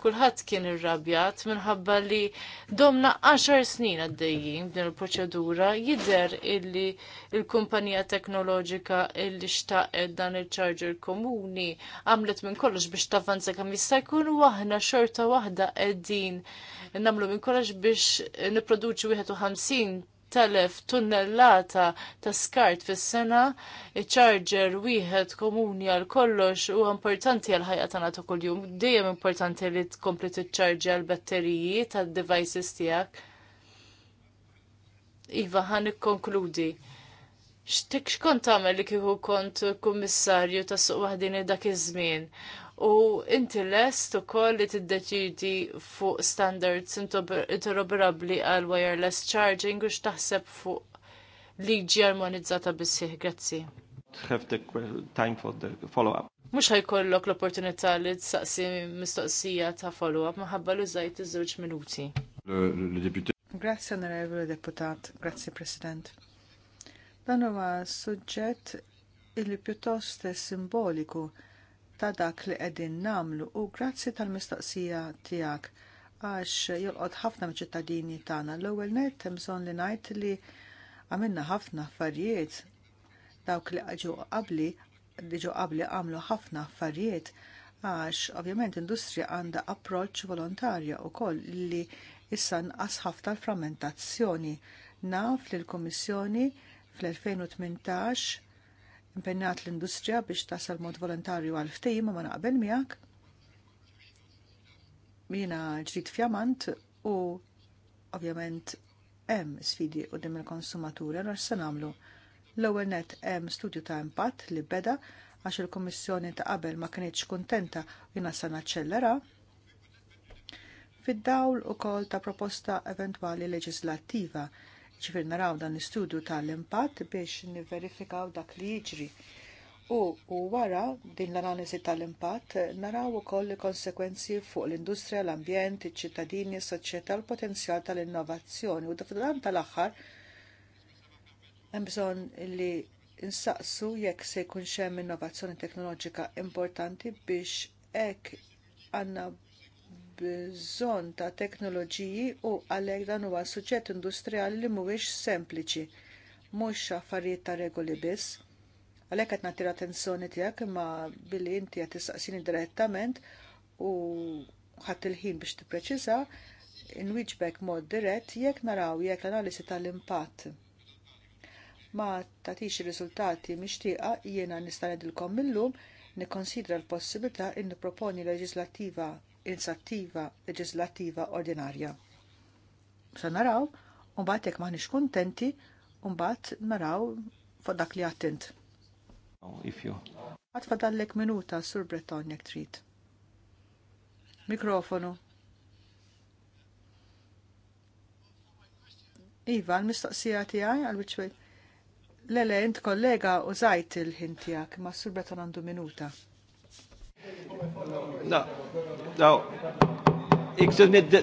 Kulħadd kien irrabjat minħabba li domna 10 snin għaddejjin b'din il-proċedura jidher illi il-kumpanija teknoloġika illi xtaqet dan il-charger komuni għamlet minn kollox biex tavanza kam jistajkun u waħna xorta waħda qegħdin nagħmlu minn kollox biex niproduċi 51 telef tunnellata ta' skart fis-sena, iċarġer wieħed komuni għal kollox u importanti għal ħajja tagħna ta' kuljum. Dejjem importanti li tkompli tiċċarġi għal batteriji tad-devices tiegħek. Iva, ħan ikkonkludi. X'tik xkont tagħmel li kieku kont kummissarju ta' suq waħdini dak iż-żmien u inti lest ukoll li t-deċidi fuq standards interoperabbli għal wireless charging u x'taħseb fuq liġi armonizzata bissieħ. Grazzi. Have the time for the follow-up. Mux ħajkollok l-opportunità li t-saqsi mistoqsija ta' follow-up maħabba l użajt iż-żewġ minuti. Grazie, onorevole deputat. Grazie, President. Dan huwa suġġett illi pjuttost simboliku ta' dak li qegħdin nagħmlu u grazzi tal-mistoqsija tiegħek għax jolqod ħafna mċittadini tagħna. L-ewwel nett hemm bżonn li ngħid li għamilna ħafna affarijiet dawk li ġew qabli ġew qabli għamlu ħafna affarijiet għax ovvjament industrija għandha approċċ volontarja wkoll li issa nqas ħafna l-frammentazzjoni. Naf li l-Kummissjoni fl-2018 impenjat l-industrija biex tasal mod volontarju għal ftejim ma naqbel miegħek. Jiena ġrid fjamant u ovvjament hemm sfidi qudiem il-konsumaturi għal se nagħmlu. L-ewwel net hemm studju ta' impatt li beda għax il-Kummissjoni ta' qabel ma kinitx kuntenta jiena se naċċellera fid-dawl ukoll ta' proposta eventwali leġislattiva ċifir naraw dan l-istudju tal-impatt biex niverifikaw dak li jiġri. U, u wara din l-analiżi tal-impatt naraw ukoll konsekwenzi fuq l-industrija, l-ambjent, iċ-ċittadini, s-soċjetà, l-potenzjal tal-innovazzjoni u dan tal-aħħar hemm bżonn li insaqsu jekk se jkun hemm innovazzjoni teknoloġika importanti biex hekk għandna bżonn ta' teknoloġiji u għalhekk dan huwa suġġett industrijali li mhuwiex sempliċi, mhux affarijiet ta' regoli biss. Għalhekk qed nagħti attenzjoni tiegħek imma billi inti qed tistaqsini direttament u ħadd il-ħin biex tippreċiża, inwiġbek mod dirett jekk naraw jekk l-analisi tal-impatt ma tatix ir-riżultati mixtieqa jiena nista' ngħidilkom illum nikkonsidra l-possibilità li nipproponi leġislattiva inizjattiva leġislattiva ordinarja. Sa naraw, unbat jekk maħniex kuntenti, mbagħad naraw fuq dak li għattint. Għat fadallek minuta sur Breton jek trid. Mikrofonu. Iva, l mistoqsija tiegħi għal-wiċċwej. Lele, int kollega użajt il-ħin tiegħek ma' sur Breton għandu minuta. No, no.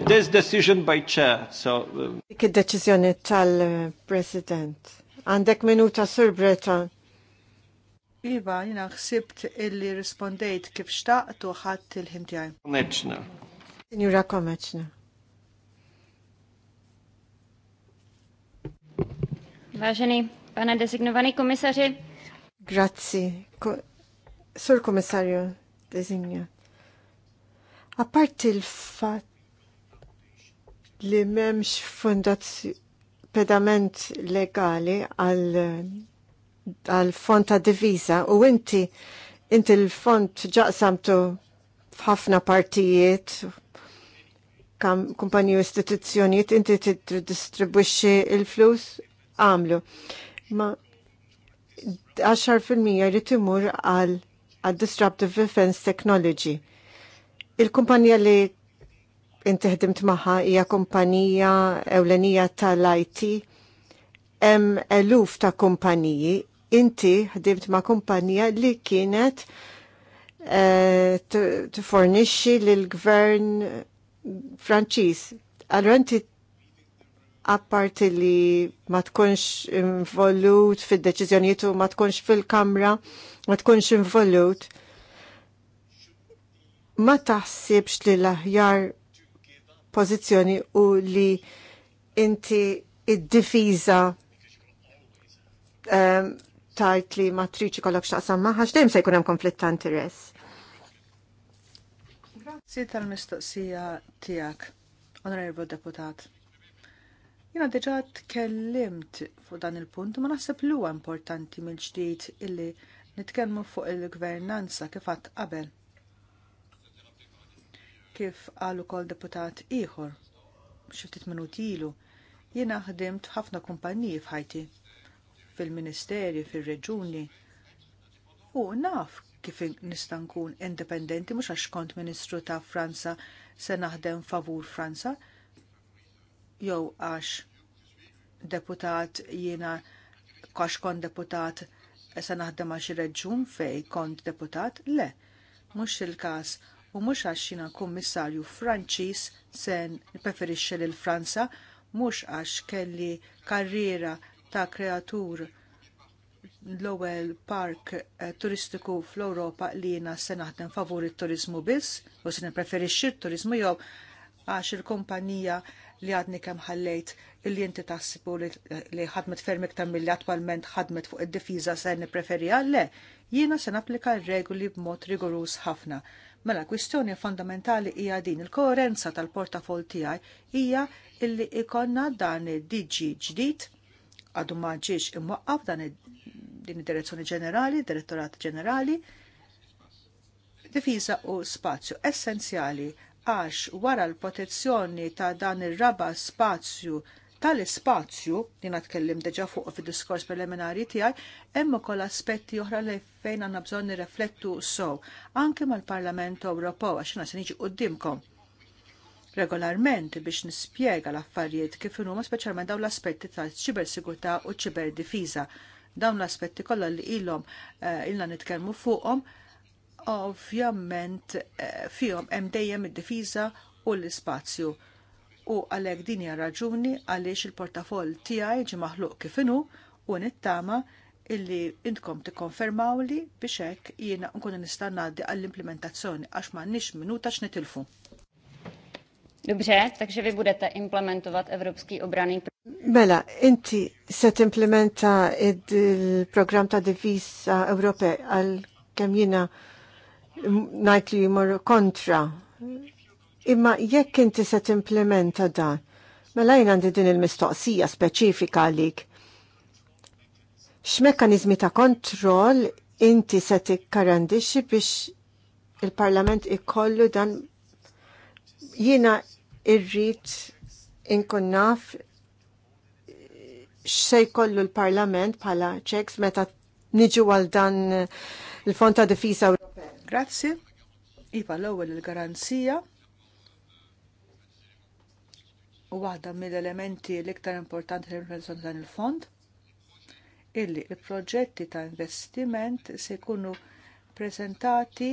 This decision by chair, so... Dik um. id-deċizjoni tal-president. Eh, Għandek minuta, Sir Breton. Iva, jina xsibt illi rispondejt kif xtaqt u ħadd il-ħim tiegħi. Komeċna. Sinjura Komeċna. Vaġeni, pana designovani komisarju. Grazzi. Sur komissarju, dezinja. Apparti il-fat li memx fondazzi pedament legali għal għal font ta' divisa u inti inti l-font ġaqsamtu f'ħafna partijiet kam u istituzzjonijiet inti t-distribuixi il-flus għamlu. Ma 10% jrid imur għal għad Disruptive Defense Technology. Il-kumpanija li inti ħdimt maħħa hija kumpanija ewlenija tal-IT. Hemm eluf ta' kumpaniji, inti ħdimt ma' kumpanija li kienet eh, t-fornixi lill gvern Franċiż. Allora inti apparti li ma tkunx involut fid-deċiżjonijiet u ma tkunx fil-kamra, ma tkunx involut, ma taħsibx li l-aħjar pożizzjoni u li inti id-difiża um, tajt li matriċi kollok xaqsam maħħax, dejjem se jkun hemm konflitt ta' interess. Grazzi tal-mistoqsija tiegħek, onorevoli deputat. Jena diġa tkellimt fuq dan il-punt ma naħseb li huwa importanti mill-ġdid illi nitkellmu fuq il-gvernanza kif għat qabel. Kif għallu kol deputat ieħor xi ftit minuti ilu, jiena ħdimt ħafna kumpanniji f'ħajti fil-ministeri, fil-reġuni. U naf kif nista' nkun indipendenti mhux għax kont Ministru ta' Franza se naħdem favur Franza, jew għax deputat jiena għax kont deputat se naħdem għax reġun fej kont deputat, le, mhux il-każ u mhux għax jiena kummissarju Franċiż se nippreferixxi lil Franza mhux għax kelli karriera ta' kreatur l-ewwel park eh, turistiku fl-Ewropa li jiena se naħdem favur it-turizmu biss u se nippreferixxi t-turizmu jew għax il-kumpanija li għadni kemm ħallejt illi inti tassibu li ħadmet ferm iktar mill attualment ħadmet fuq id-difiża se nippreferi le, jiena se napplika r-regoli b'mod rigorus ħafna. Mela kwistjoni fondamentali hija din il-koerenza tal-portafol tiegħi hija illi ikonna dan id-DG ġdid għadu ma ġiex imwaqqaf dan din id-direzzjoni ġenerali, direttorat ġenerali, difiża u spazju essenzjali għax wara l-protezzjoni ta' dan ir-raba spazju tal-ispazju, li natkellim deġa fuq fi diskors preliminari tiegħi, hemm ukoll aspetti oħra li fejn għandna bżonn nirreflettu sow. anke mal-Parlament Ewropew għax se niġi qudiemkom regolarment biex nispjega l-affarijiet kif huma speċjalment dawn l-aspetti tal-ċibersigurtà u ċiberdifiża. Dawn l-aspetti kollha li ilhom eh, ilna nitkellmu fuqhom ovvjament eh, fihom hemm dejjem id-difiża u l-ispazju. U għalhekk din hija raġuni għaliex il-portafoll tiegħi ġi maħluq kif inhu u nittama illi intkom tikkonfermaw li biex hekk jiena nkun nista' ngħaddi għall-implementazzjoni għax m'għandniex minuta x'nitilfu. Dobře, takže vy budete implementovat Mela, inti se timplementa il-program ta' divisa Ewropej għal kemm jiena najt li jimur kontra. Imma jekk inti se t-implementa dan, mela jien għandi din il-mistoqsija speċifika għalik. X'mekkaniżmi ta' kontroll inti se tikkarandixxi biex il-Parlament ikollu dan jiena irrid inkun naf x'se jkollu l-Parlament bħala checks meta niġu għal dan il-Fond ta' u Grazzi. Iva l-ewwel il-garanzija u waħda mill-elementi l-iktar importanti li implementazzjoni dan il-fond illi il-proġetti ta' investiment se jkunu prezentati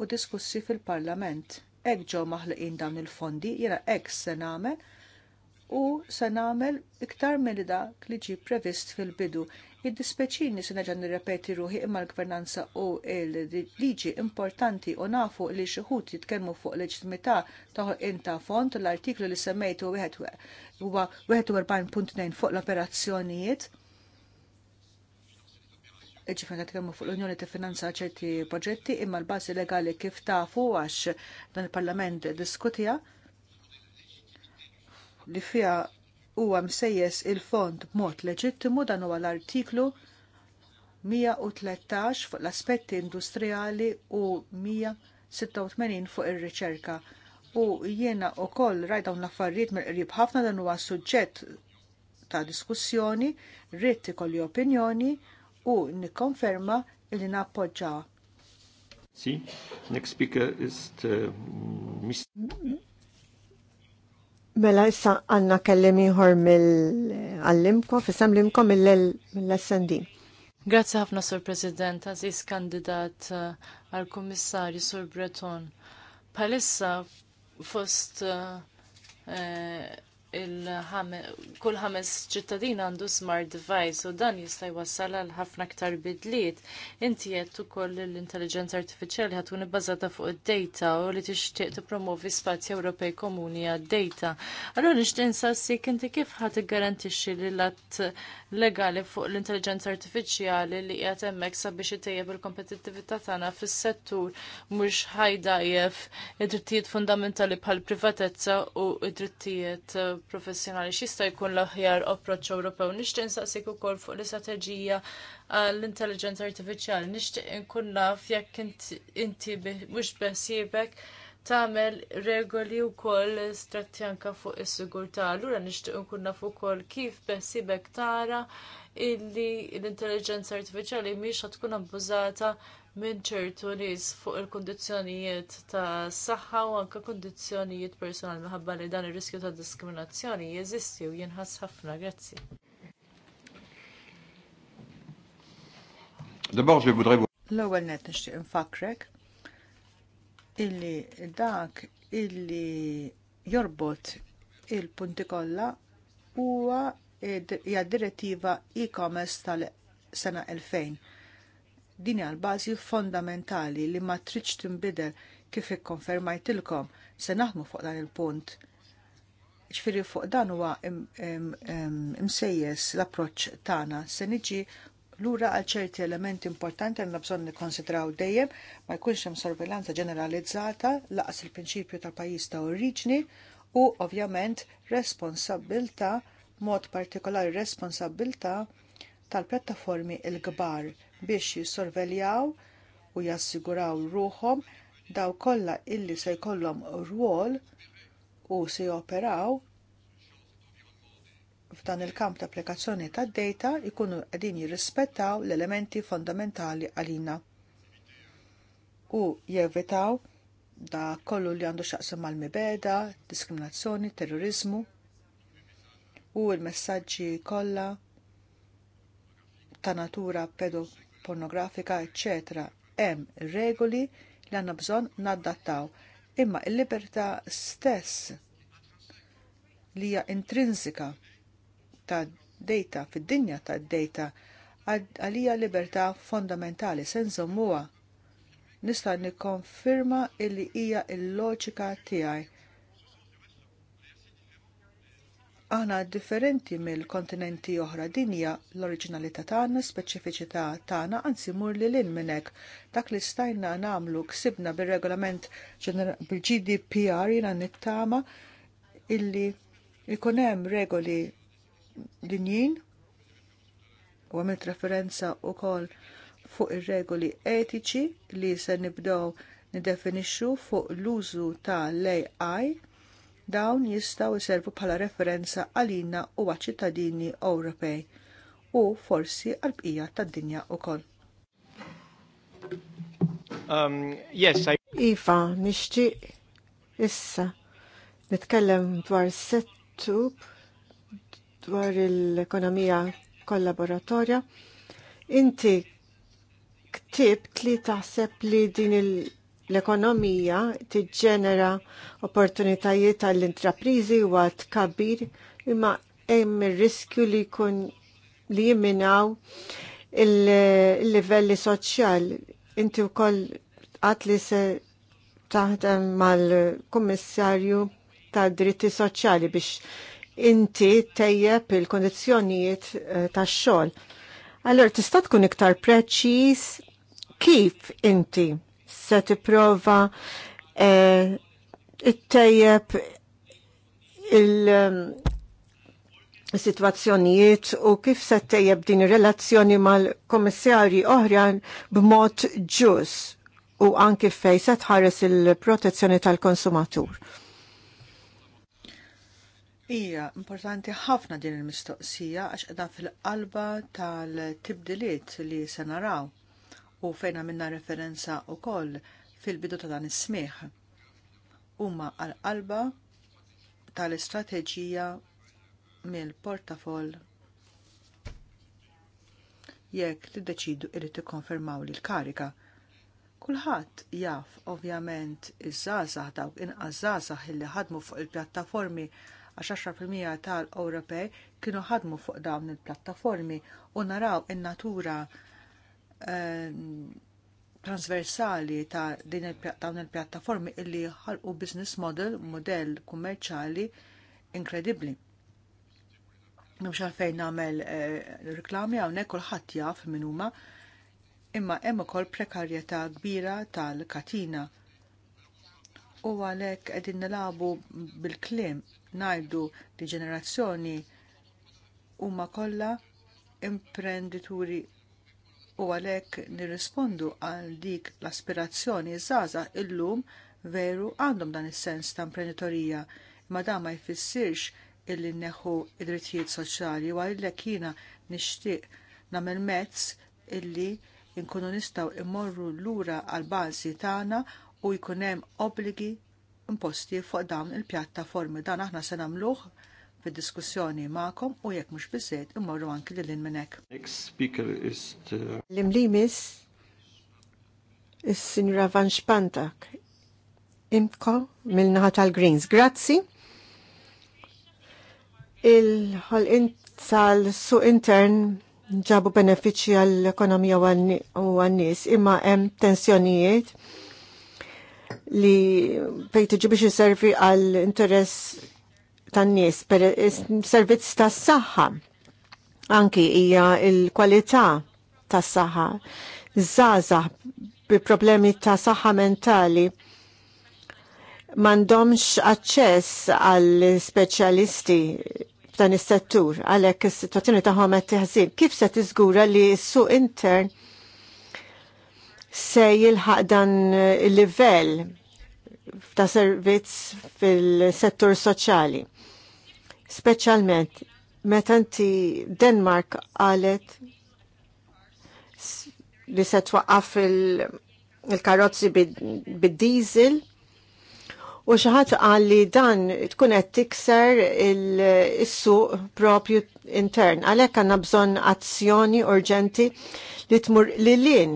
u diskussi fil-Parlament. Ek ġew maħluqin dawn il-fondi, jiena ek se nagħmel u se nagħmel iktar milli dak li ġie previst fil-bidu. Jiddispeċini se naġa' nirrepeti ruħi imma l-gvernanza u l-liġi importanti u nafu li xi ħud jitkellmu fuq leġitimità ta' inta font l-artiklu li semmejtu huwa 41.2 fuq l-operazzjonijiet. Ġifin għat fuq l-Unjoni tiffinanza ċerti proġetti imma l-bazi legali kif tafu għax dan il-Parlament diskutija li fija huwa msejjes il-fond b'mod leġittimu dan huwa l-artiklu 113 fuq l-aspetti industrijali u 186 fuq ir-riċerka. U jiena wkoll rajt dawn l-affarijiet mill-qrib ħafna dan huwa suġġett ta' diskussjoni, rrid ikolli opinjoni u nikkonferma li nappoġġaw. Si, next speaker is uh, Mr. Mela issa għanna kellim ieħor mill-għallimkom, fissamlimkom mill-SND. Grazzi ħafna, Sur President, għaziz kandidat uh, għal kummissarju Sur Breton. Palissa fost uh, eh, kull ħames ċittadin għandu smart device u dan jista' jwassal għal ħafna aktar bidliet. Inti qed ukoll l-intelligenza artifiċjali ħad tkun ibbażata fuq id-data u li tixtieq tippromovi spazji Ewropej komuni għad-data. Allura nixtieq insassik inti kif ħad iggarantixxi li l-att legali fuq l-intelligenza artifiċjali li qiegħed hemmhekk sabiex itejjeb il-kompetittività tagħna fis-settur mhux ħajdajjef id-drittijiet fundamentali bħal privatezza u id-drittijiet professjonali x'ista' jkun l-aħjar approċċ Ewropew. Nixtieq insaqsik ukoll fuq l-istrateġija għall-intelligenza artifiċjali. Nixtieq inkun naf jekk inti mhux beħsiebek tagħmel regoli wkoll strattjanka fuq is-sigurtà. Allura nixtieq inkun naf ukoll kif beħsiebek tara illi l-intelligenza artificiali miex tkun abbużata minn ċertu nies fuq il kundizzjonijiet ta' saħħa u anke kundizzjonijiet personali minħabba li dan ir-riskju ta' diskriminazzjoni jeżisti u jinħass ħafna. Grazzi. L-ewwel net nixtieq infakrek illi dak illi jorbot il-punti kollha huwa hija direttiva e-commerce tal-sena 2000. Din hija l-bażi fondamentali li ma tridx tinbidel kif ikkonfermajtilkom se naħmu fuq dan il-punt. Ġifieri fuq dan huwa imsejjes l-approċċ tagħna se niġi lura għal ċerti elementi importanti għandna bżonn nikkonsidraw dejjem ma jkunx hemm sorveljanza ġeneralizzata laqas il-prinċipju tal pajjiż ta' oriġni u ovvjament responsabilta' mod partikolari responsabilta tal-pjattaformi il-kbar biex jissorveljaw u jassiguraw ruhom daw kollha illi se jkollhom rwol u se joperaw f'dan il-kamp ta' applikazzjoni tad data jkunu qegħdin jirrispettaw l-elementi fondamentali għalina u jevitaw da kollu li għandu xjaqsam mal-mibeda, diskriminazzjoni, terrorizmu u l-messaġġi kollha ta' natura pedopornografika, eċetera, hemm regoli li għandna bżonn naddattaw. Imma l-libertà stess li hija intrinsika ta' data fid-dinja ta' data għalija libertà fondamentali senżommuha nista' nikkonfirma illi hija l-loġika tiegħi Aħna differenti mill-kontinenti oħra dinja l-oriġinalità tagħna, speċifiċità tagħna, anzi mur li lin minnek. Dak li stajna nagħmlu ksibna bir-regolament bil-GDPR jina nittama illi ikun hemm regoli dinjin u għamilt referenza u kol fuq ir-regoli etiċi li se nibdow nidefinixxu fuq l-użu ta' ai dawn jistgħu iservu bħala referenza għalina u għaċ-ċittadini Ewropej u forsi għal-bqija tad-dinja wkoll. Um, yes, I... Iva, nixtieq issa nitkellem dwar settub dwar l-ekonomija kollaboratorja. Inti ktib li taħseb li din il- L-ekonomija tiġġenera opportunitajiet għall-intraprizi u għat kabir imma hemm ir-riskju li jkun li jimminaw il-livelli soċjali. Inti wkoll għat li se taħdem mal-Kummissarju tad dritti soċjali biex inti tejjeb il-kondizjonijiet eh, tax xogħol. Allora tista' tkun iktar preċiż kif inti se tipprova e, it-tejjeb il-situazzjonijiet um, u kif se tejjeb din ir-relazzjoni mal kummissarji oħrajn b'mod ġus u anki fej se tħares il-protezzjoni tal-konsumatur. Ija, importanti ħafna din il-mistoqsija għax edha fil-qalba tal-tibdiliet li se naraw u fejn għamilna referenza wkoll fil-bidu ta' dan is-smieħ huma għal-qalba tal-istrateġija mill-portafol jekk tiddeċidu jrid tikkonfermaw li l-karika. Kulħadd jaf ovvjament iż-żgħażagħ dawk inqas żgħażagħ illi ħadmu fuq il-pjattaformi għax 10% tal-Ewropej kienu ħadmu fuq dawn il-plattaformi u naraw in-natura il Ehm, transversali ta' dawn il-pjattaformi illi ħalqu business model, model kummerċali inkredibbli. Mhux għalfejn nagħmel eh, riklami hawnhekk kulħadd jaf min huma, imma hemm ukoll prekarjetà kbira tal-katina. U għalhekk qegħdin nilagħbu bil-kliem ngħidu li ġenerazzjoni huma kollha imprendituri u għalhekk nirrispondu għal dik l-aspirazzjoni zaza illum veru għandhom dan is-sens ta' imprenditorija ma dan ma jfissirx illi neħu id-drittijiet soċjali u għalhekk jiena nixtieq nagħmel mezz illi nkunu nistgħu immorru lura għal bażi tagħna u jkun hemm obbligi imposti fuq dawn il-pjattaformi. Dan aħna se nagħmluh fid-diskussjoni ma'kom u jekk mhux biżejt immorru anki lil minn hekk. Next speaker is uh, L-imlimis is-Sinjura Van Spantak imko mill-naħa tal-Greens. Grazzi. Il-ħolqin tal-suq intern ġabu benefiċi għall-ekonomija u għan-nies, imma hemm tensjonijiet li fejtiġi biex iservi għall-interess tan-nies per servizz tas-saħħa. Anki hija l-kwalità tas-saħħa. Żgħażagħ bi problemi ta' saħħa mentali m'għandhomx aċċess għall speċjalisti f'dan is-settur għalhekk is-sitwazzjoni tagħhom qed tiħżin. Kif se tiżgura li s-suq intern se jilħaq dan il-livell ta' servizz fil-settur soċjali. Speċjalment meta inti Denmark qalet li se twaqqaf il-karozzi bid-diesel u xi ħadd qal li dan tkun qed tikser is-suq propju intern. Għalhekk għandna bżonn azzjoni urġenti li tmur lilin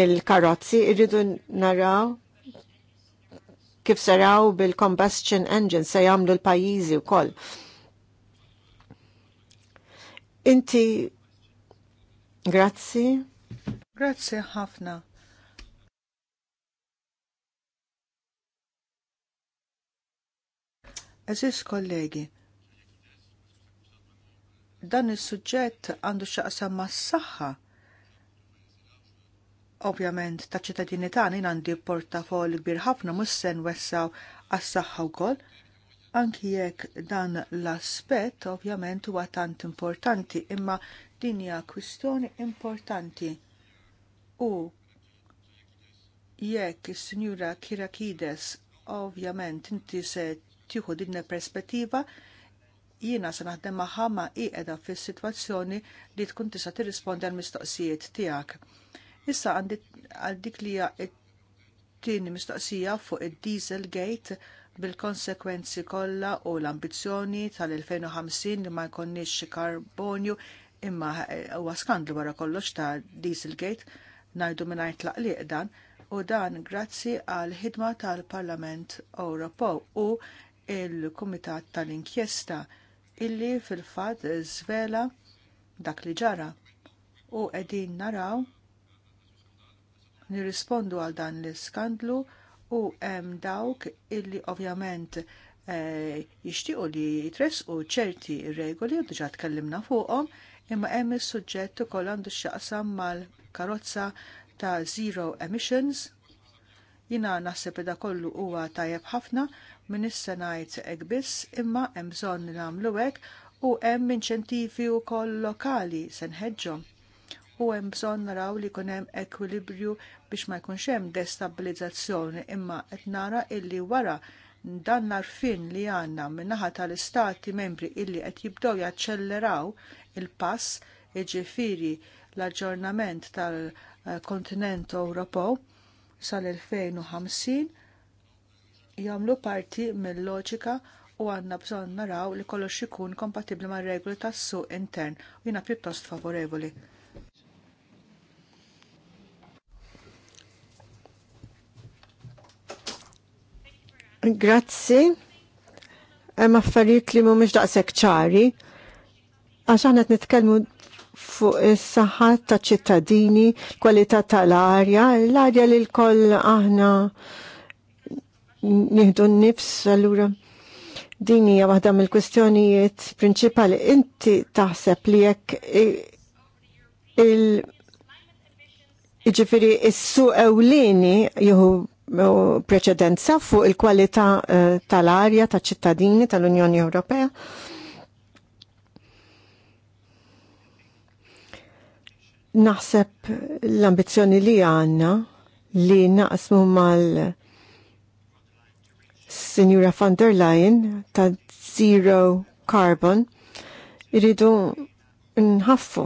mill-karozzi irridu naraw kif saraw bil-combustion engine se jagħmlu l-pajjiżi wkoll. koll Inti grazzi. Grazzi ħafna. Eżis kollegi, dan is-suġġett għandu xaqsam ma' s-saħħa. Ovvjament ta' ċittadini jien għandi portafol kbir ħafna mhux se nwessaw għas-saħħa wkoll, anki jekk dan l-aspett ovvjament huwa tant importanti, imma din hija kwistjoni importanti. U jekk is-Sinjura Kirakides ovvjament inti se tieħu din perspettiva, jiena se naħdem magħha ma qiegħda fis-sitwazzjoni li tkun tista' tirrispondi għall mistoqsijiet tiegħek. Issa għal dik li hija t-tieni mistoqsija fuq id-Dieselgate bil-konsekwenzi kollha u l-ambizzjoni tal-2050 li ma jkunniex karbonju imma huwa skandlu wara kollox ta' Dieselgate ngħidu mingħajr tlaqliq dan u dan grazzi għal ħidma tal-Parlament Ewropew u il-Kumitat tal-Inkjesta illi fil-fatt żvela dak li ġara u qegħdin naraw nirrispondu għal dan l-iskandlu u hemm dawk illi ovvjament eh, jixtiequ li jitresqu ċerti regoli u diġa' tkellimna fuqhom, imma hemm is-suġġett ukoll għandu x'jaqsam mal-karozza ta' zero emissions. Jina naħseb da kollu huwa tajjeb ħafna minn is-senajt biss imma hemm bżonn nagħmlu hekk u hemm inċentivi wkoll lokali se u hemm bżonn naraw li jkun hemm ekwilibrju biex ma jkunx hemm destabilizzazzjoni imma qed nara illi wara dan narfin li għanna minnaħa tal-istati membri illi qed jibdew jaċċelleraw il-pass iġifiri l-aġġornament tal-kontinent Ewropew sal-2050 jagħmlu parti mill-loġika u għanna bżonn naraw li kollox ikun kompatibbli mar regoli tas-suq intern u jiena pjuttost favorevoli. Grazzi. Hemm affarijiet li mhumiex daqshekk ċari. Għax aħna qed nitkellmu fuq is-saħħa taċ ċittadini, kwalità tal-arja, l-arja li l-koll aħna nieħdu n-nifs allura. Din hija waħda mill-kwistjonijiet prinċipali. Inti taħseb li jekk il ġifieri s su ewlini juhu preċedenza fuq il-kwalità eh, tal-arja ta' ċittadini tal-Unjoni Ewropea. Naħseb l-ambizzjoni li għanna li naqsmu mal Signora von der Leyen ta' zero carbon irridu nħaffu,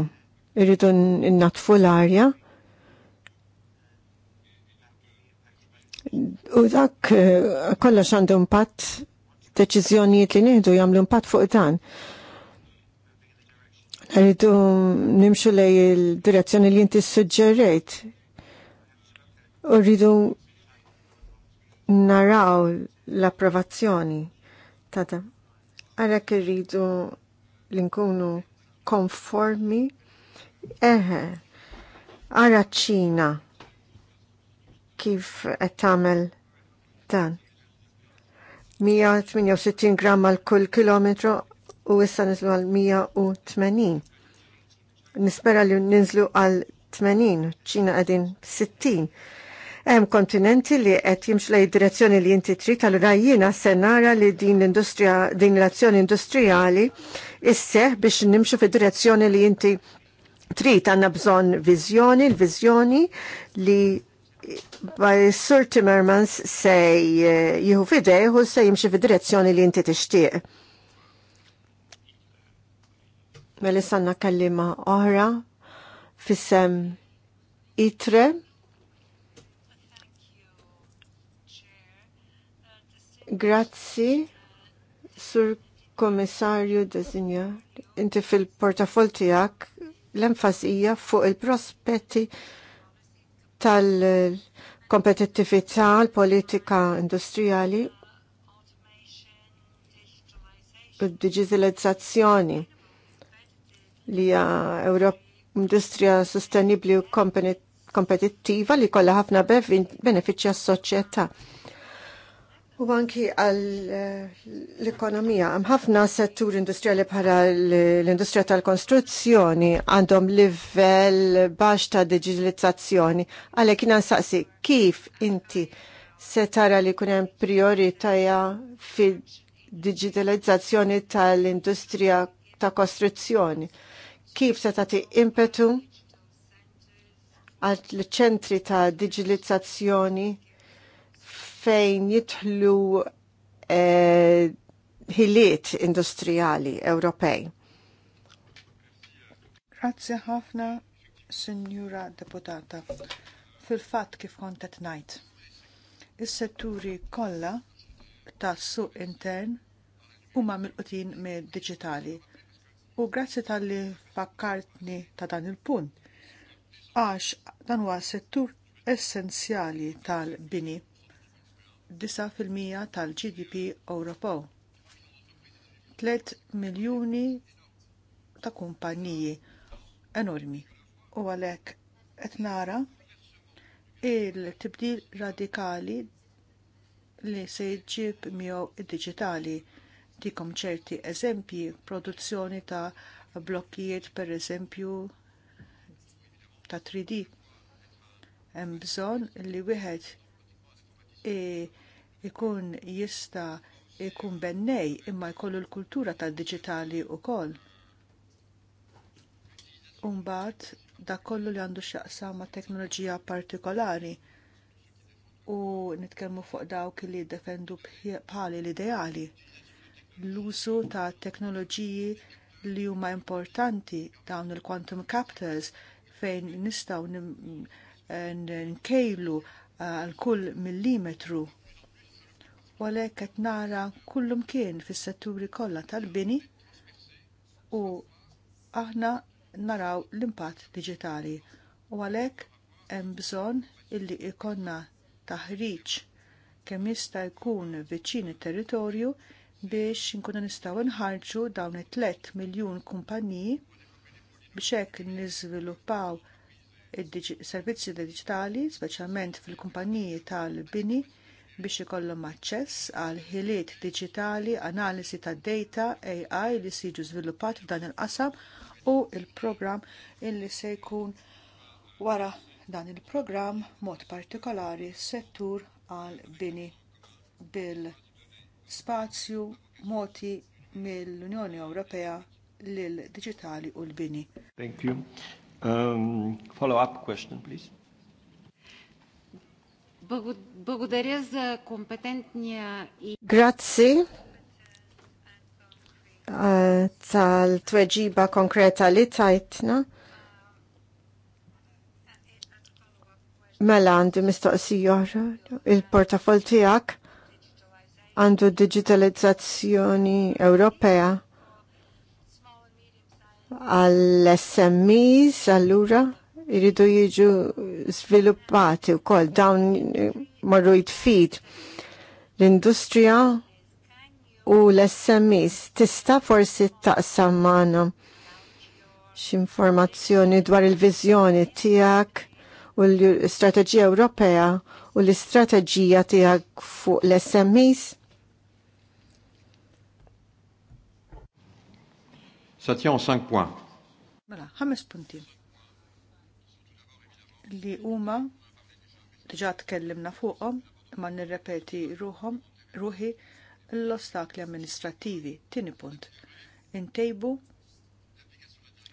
irridu n-natfu l-arja U dak eh, kollox għandu impatt deċiżjonijiet li nieħdu jagħmlu impatt fuq dan. Rridu nimxu lej il-direzzjoni li inti suġġerejt. U rridu naraw l-approvazzjoni ta' da. Għalhekk irridu li nkunu konformi eħe ara ċina kif qed tagħmel dan. 168 gram għal kull kilometru u issa nizlu għal 180. Nispera li ninżlu għal 80, ċina għadin 60. Hemm kontinenti li qed jimxu lej direzzjoni li inti trid allura jiena se nara li din l-industrija din l-azzjoni industrijali isseħ biex nimxu fid-direzzjoni li inti trid għandna bżonn viżjoni, l-viżjoni li by Sir Timmermans se uh, jihu fidej u se jimxi fid-direzzjoni li inti tixtieq. Meli sanna kallima oħra fissem itre. Grazzi, Sur Komissarju Desinja, inti fil-portafol tijak l-enfasija fuq il-prospetti tal-kompetittività, l-politika industrijali digitalizzazzjoni li hija Europa industrija sostenibli u kompetittiva li jkollha ħafna benefiċċja s-soċjetà. U anki għall-ekonomija, eh, hemm ħafna settur industrijali bħala l-industrija tal-konstruzzjoni għandhom livell baxx ta' digitalizzazzjoni. Għalhekk kien saqsi kif inti se tara li jkun hemm prioritaja fil digitalizzazzjoni tal-industrija ta' kostruzzjoni. Kif se tagħti impetu għal ċentri ta' digitalizzazzjoni fejn jitħlu eh, ħiliet eh, industrijali Ewropej. Grazzi ħafna, Signora Deputata. Fil-fatt kif kontet najt. Is-setturi kollha tas-suq intern huma milqutin me diġitali U grazzi tal-li fakkartni ta' dan il-punt. Għax dan huwa settur essenzjali tal-bini 9% tal-GDP Ewropew. 3 miljuni ta' kumpaniji enormi. U għalhekk qed nara il-tibdil radikali li se jġib miegħu id-diġitali. Dikom ċerti eżempji, produzzjoni ta' blokkijiet per eżempju ta' 3D. Hemm bżonn li wieħed ikun jista ikun bennej imma jkollu l-kultura tad-diġitali wkoll. Umbat da kollu li għandu xaqsa ma' teknoloġija partikolari u nitkellmu fuq dawk li defendu bħali l-ideali. L-użu ta' teknoloġiji li huma importanti dawn il-quantum capitals fejn nistgħu nkejlu għal kull millimetru u għalhekk qed nara kullum kien fis-setturi kollha tal-bini u aħna naraw l-impatt diġitali u għalhekk hemm bżonn illi ikonna taħriġ kemm jista' jkun viċin it-territorju biex inkunu nistgħu nħarġu dawn it-3 miljun kumpaniji biex hekk niżviluppaw il-servizzi digitali, speċjalment fil-kumpaniji tal-bini, biex ikollhom aċċess għal ħiliet diġitali, analisi tad data, AI li siġu żviluppat f'dan il-qasam u il-programm illi se jkun wara dan il-programm mod partikolari settur għal bini bil-spazju moti mill-Unjoni Ewropea lil diġitali u l-bini. Thank you. Um, Follow-up question, please. Благодаря за компетентния и... Граци tal-tweġiba konkreta li tajtna. Mela għandi mistoqsi joħra, il-portafol tijak għandu digitalizzazzjoni Ewropea għall-SMEs allura jridu jiġu sviluppati u koll dawn marru jitfid l-industrija u l-SMEs tista forsi taqsam maħna x'informazzjoni dwar il-vizjoni tiegħek u l-istrateġija Ewropea u l-istrateġija tiegħek fuq l-SMEs Ça tient en 5 points. Mela, ħames punti. Li huma diġa' tkellimna fuqhom ma nirrepeti ruhom ruħi l-ostakli amministrativi. Tieni punt. Intejbu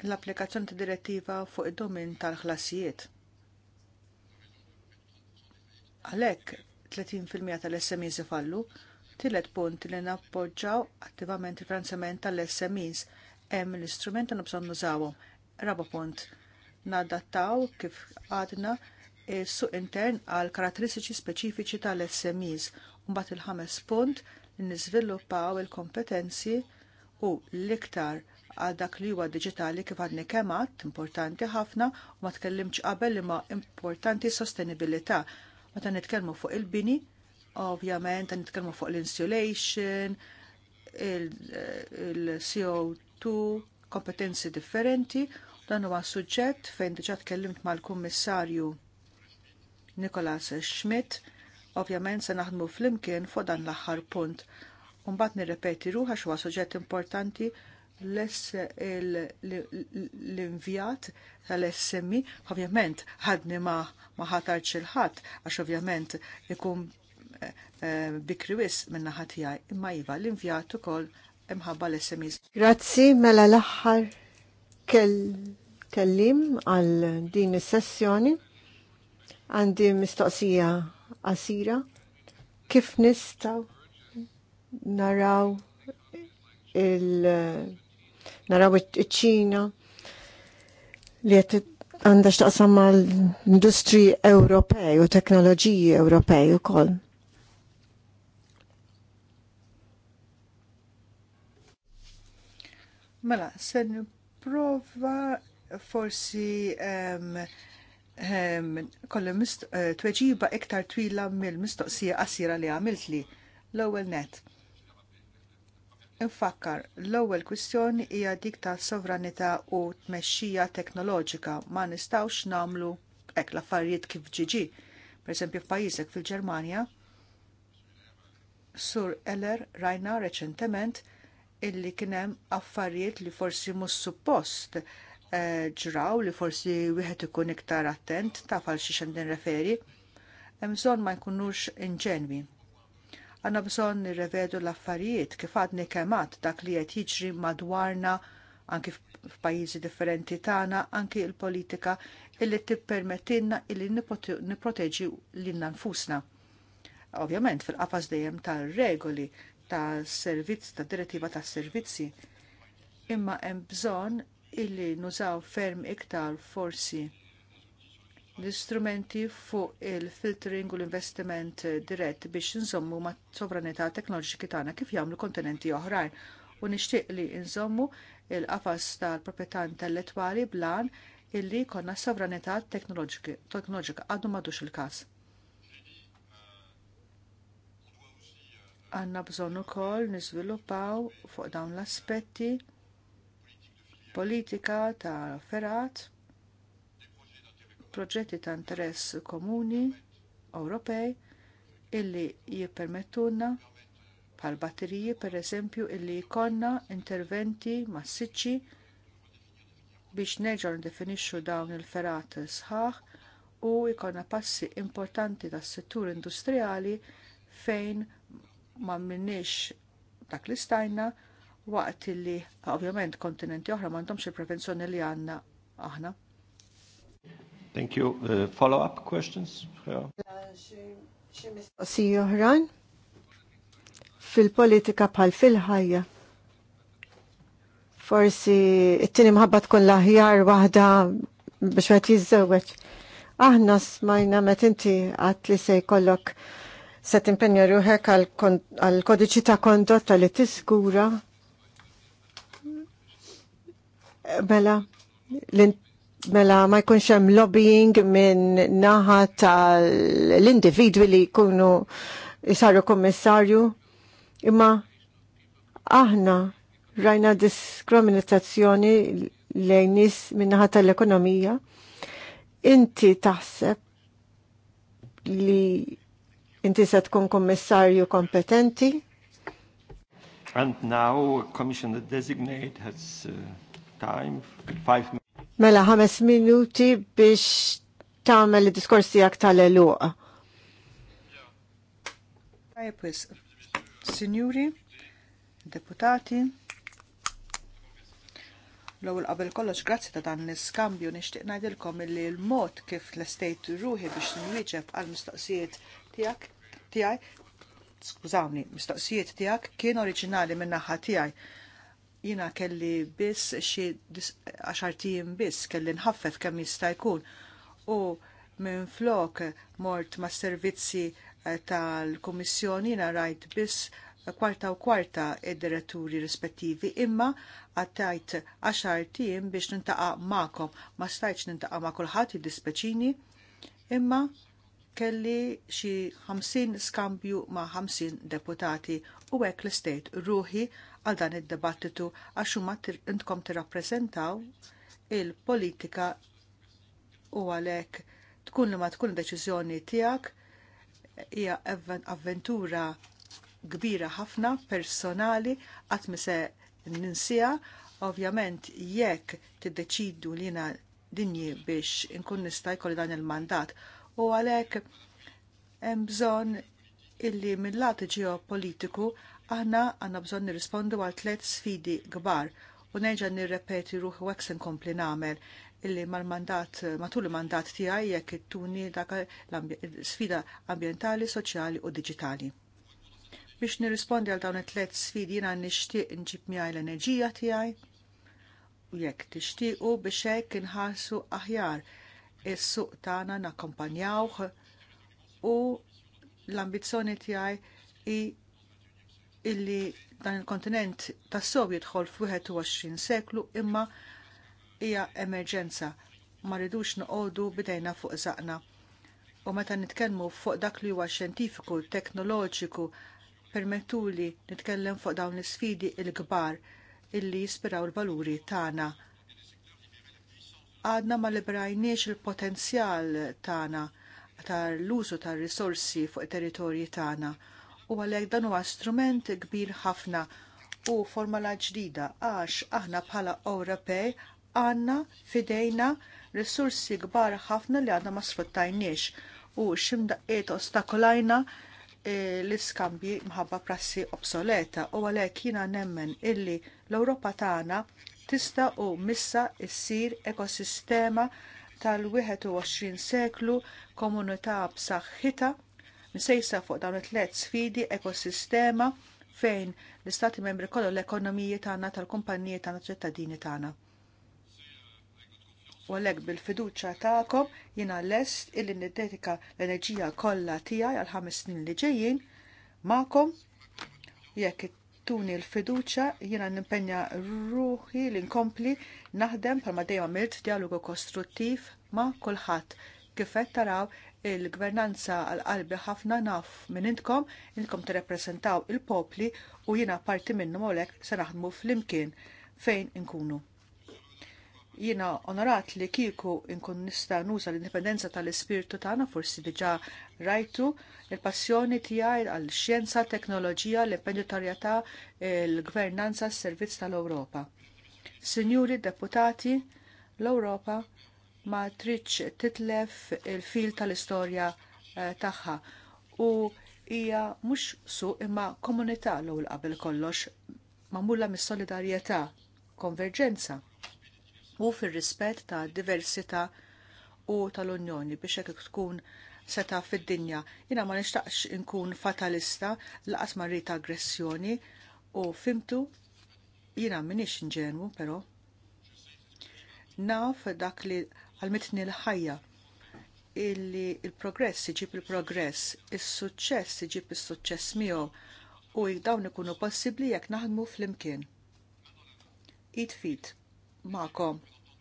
l-applikazzjoni ta' direttiva fuq id-domin tal-ħlasijiet. Għalhekk 30% tal-SMEs ifallu, tielet punt li nappoġġaw attivament il franzament tal-SMEs hemm l-istrument għandna bżonn nużawhom. Raba punt, nadattaw kif għadna is-suq intern għal karatteristiċi speċifiċi tal-SMEs. Mbagħad il-ħames punt niżviluppaw il-kompetenzi u l-iktar għal dak li huwa diġitali kif għadni kemm għadd importanti ħafna u ma tkellimx qabel li ma importanti sostenibilità. Meta nitkellmu fuq il-bini, ovvjament nitkellmu fuq l-insulation, eh, il-CO2, tu kompetenzi differenti dan huwa suġġett fejn diġà tkellimt mal-Kummissarju Nikolas Schmidt, ovvjament se naħdmu flimkien fuq dan l-aħħar punt. Mbagħad nirrepeti ruħa huwa suġġett importanti l-invjat tal-SMI, ovvjament ħadni ma ma il-Ħadd, għax ovvjament ikun eh, eh, bikri wis minna ħatijaj, imma jiva l-invjat ukoll imħabba l-SMEs. Grazzi, mela l-axħar kellim għal din is-sessjoni. Għandi mistoqsija għasira. Kif nistaw naraw il naraw iċ-Ċina li qed għandha x'taqsam mal-industri Ewropej u teknoloġiji Ewropej ukoll. Mela, se nipprova forsi um, um, uh, tweġiba iktar twila mill-mistoqsija qasira li għamiltli l-ewwel net. Infakkar, l-ewwel kwistjoni hija dik ta' sovranità u tmexxija teknoloġika ma nistgħux nagħmlu hekk l-affarijiet kif ġiġi. Pereżempju f'pajjiżek fil-Ġermanja, Sur Eller rajna reċentement illi kienem affarijiet li forsi mus suppost eh, ġraw li forsi wieħed ikun iktar attent taf għal xi xandin referi, hemm bżonn ma jkunux inġenwi. Għanna bżonn nirrevedu l-affarijiet kif għadni kemat dak li qed jiġri madwarna anki f'pajjiżi differenti tagħna anki l-politika illi tippermettilna illi nipproteġi lilna nfusna. Ovvjament fil-qafas dejjem tar-regoli ta' servizz tad-direttiva tas-servizzi. Imma hemm bżonn illi nużaw ferm iktar forsi l-istrumenti fuq il-filtering u l-investiment dirett biex nżommu ma' sovranità teknoloġiki tagħna kif jagħmlu kontinenti oħrajn u nixtieq li nżommu il-qafas tal-proprjetà intellettwali blan illi jkollna sovranità teknoloġika għadu madux il-każ. għanna bżonn ukoll niżviluppaw fuq dawn l-aspetti politika ta' ferat, proġetti ta' interess komuni Ewropej illi jippermettuna bħal batteriji pereżempju illi jkollna interventi massiċċi biex neġgħu ndefinixxu dawn il-ferat sħaħ u jkollna passi importanti tas-settur industrijali fejn ma minnix dak li stajna waqt li ovvjament kontinenti oħra m'għandhomx il-prevenzjoni li għandna aħna. Thank you. Uh, Follow-up questions? Si fil-politika bħal fil-ħajja. Forsi it-tini mħabba tkun laħjar aħjar waħda biex għet jizzewet. Aħna smajna met inti għat li se jkollok se timpenja ruħek għal kodiċi ta' kondotta li tiskura mela mela ma jkunx hemm lobbying minn naħa tal-individwi li jkunu jisaru kommissarju imma aħna rajna diskriminazzjoni lejn nies minn naħa tal-ekonomija inti taħseb li Inti se tkun kommissarju kompetenti. And now Commissioner Designate has uh, time, five minutes. Mela ħames minuti biex tagħmel id-diskors tiegħek tal-eluq. Tajbis, sinjuri, deputati, l-ewwel qabel kollox grazzi ta' dan l-iskambju nixtieq ngħidilkom li l-mod kif l estate ruħi biex nwieġeb għall mistoqsijiet tiegħek tijaj, skużawni, mistoqsijiet tiegħek kien oriġinali minna naħa tiegħi. Jiena kelli biss xi għaxartijin biss kelli nħaffef kemm jista' jkun. U minn flok mort ma' servizzi eh, tal-Kummissjoni jina rajt biss kwarta u kwarta id-diretturi rispettivi imma għattajt għaxar tim biex nintaqa' ma'kom ma stajċ nintaqa' ma' kulħadd dispeċini imma kelli xi 50 skambju ma' 50 deputati u hekk l-istejt ruħi għal dan id-dibattitu għax huma intkom tirrappreżentaw il-politika u għalhekk tkun li ma tkun deċiżjoni tiegħek hija avventura kbira ħafna personali qatt ma se ninsiha ovvjament jekk tiddeċidu li jiena dinji biex inkun nista' jkolli dan il-mandat u għalhekk hemm bżonn illi mill-lat ġeopolitiku aħna għandna bżonn nirrispondu għal tliet sfidi kbar u nerġa' nirrepeti ruħi hekk se nkompli nagħmel illi mal-mandat, matul il-mandat tiegħi jekk ittuni dak l-sfida ambjentali, soċjali u diġitali. Biex nirrispondi għal dawn it-tliet sfidi jiena nixtieq nġib miegħi l-enerġija tiegħi u jekk tixtiequ biex hekk inħarsu aħjar is-suq tagħna nakkompanjawh u l-ambizzjoni tiegħi illi dan il-kontinent tas-sow jidħol 21 seklu imma hija emerġenza ma rridux noqogħdu bidejna fuq zaqna. U meta nitkellmu fuq dak li huwa xjentifiku, teknoloġiku, permettuli nitkellem fuq dawn l isfidi l-kbar illi jispiraw il valuri tagħna għadna ma liberajniex il-potenzjal tagħna tal-użu tar-risorsi fuq it-territorji tagħna u għalhekk dan huwa strument kbir ħafna u formola ġdida għax aħna bħala Ewropej għandna fidejna risorsi kbar ħafna li għadna ma sfruttajniex u ximdaqqiet ostakolajna eh, l-iskambji mħabba prassi obsoleta u għalhekk jiena nemmen illi l-Ewropa tagħna tista' u missa ssir ekosistema tal-21 seklu komunità b'saħħitha msejsa fuq dawn it-tliet sfidi ekosistema fejn l-istati membri kollu l-ekonomiji tagħna tal-kumpaniji tagħna ċittadini tagħna. U għalhekk bil-fiduċja tagħkom jiena lest illi niddedika l-enerġija kollha tiegħi għal ħames snin li ġejjin magħkom jekk tuni l-fiduċa jiena nimpenja ruħi li nkompli naħdem palma dejjem għamilt dialogu kostruttiv ma' kulħadd kif qed taraw il-gvernanza għal-qalbi ħafna naf minn intkom, intkom tirrepreżentaw il-popli u jiena parti minnhom għolek se naħdmu fl-imkien fejn inkunu. Jiena onorat li kieku nkun nista' nuża l-indipendenza tal-ispirtu tagħna forsi diġà rajtu il-passjoni tiegħi għal xjenza, teknoloġija, l-imprenditorjetà, il-gvernanza, s-servizz tal-Ewropa. Sinjuri deputati, l-Ewropa ma tridx titlef il-fil tal-istorja eh, tagħha u hija mhux su imma komunità l-ewwel qabel kollox magħmula mis-solidarjetà, konverġenza u fir-rispett ta' diversità u tal-Unjoni biex hekk tkun seta' fid-dinja. Jiena ma nixtaqx inkun fatalista laqas ma rrid aggressjoni u fimtu jiena minix inġenwu però. Naf dak li għalmitni l-ħajja illi il-progress iġib il-progress, is-suċċess iġib is-suċċess miegħu u dawn ikunu possibbli jekk naħdmu flimkien. It ma'kom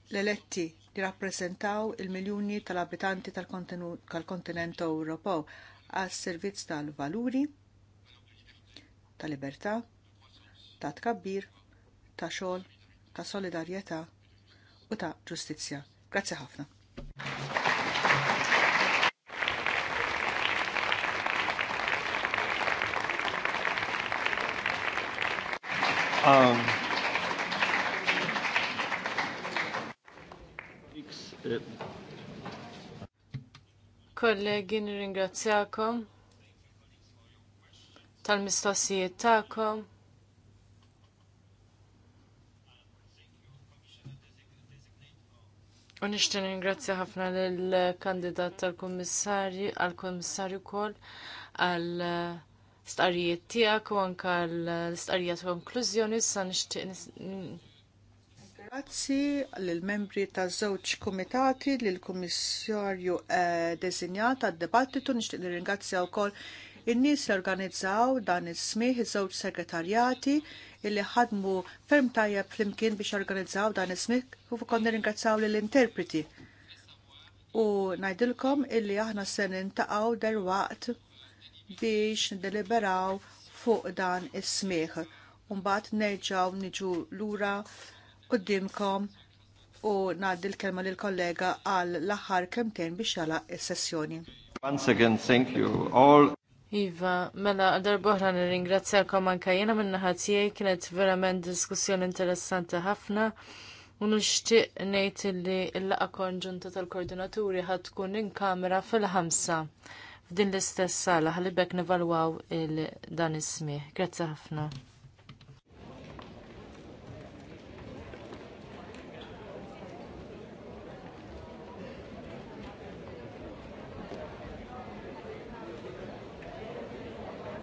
l-eletti li rappresentaw il-miljuni tal-abitanti tal-kontinent Ewropew għas servizz tal-valuri, tal-libertà, ta' tkabbir, ta' xogħol, ta' solidarjetà u ta' ġustizzja. Grazzi ħafna. Um. Kollegi, nirringrazzjakom tal-mistoqsijiet tagħkom. U nixtieq ningrazzja ħafna lill kandidat tal kummissarju għall-kummissarju wkoll għal-starijiet tiegħek u anke għall starijiet konklużjoni, sa nixtieq. Grazzi l-membri ta' żewġ komitati l-Kummissarju eh, għad-debattitu nixtieq li ringrazzja wkoll in-nies li organizzaw dan is-smih iż-żewġ segretarjati illi ħadmu ferm tajjeb flimkien biex organizzaw dan is-smih u konna ringrazzaw lill interpreti U ngħidilkom illi aħna se nintaqgħu derwaqt biex deliberaw fuq dan is-smih. Mbagħad nerġgħu niġu lura qudiemkom u ngħaddi l-kelma lill kollega għal l-aħħar kemtejn biex jala is-sessjoni. Once again, thank you all. Iva, mela, darbohra nir-ingrazzjakom anka jena minna ħatijaj, kienet verament diskussjoni interessanti ħafna. U nixtieq ngħid li l-laqa konġunta tal-koordinaturi ħad tkun inkamera fil-ħamsa f'din l-istess sala ħalibek nivalwaw il-dan ismi. Grazzi ħafna.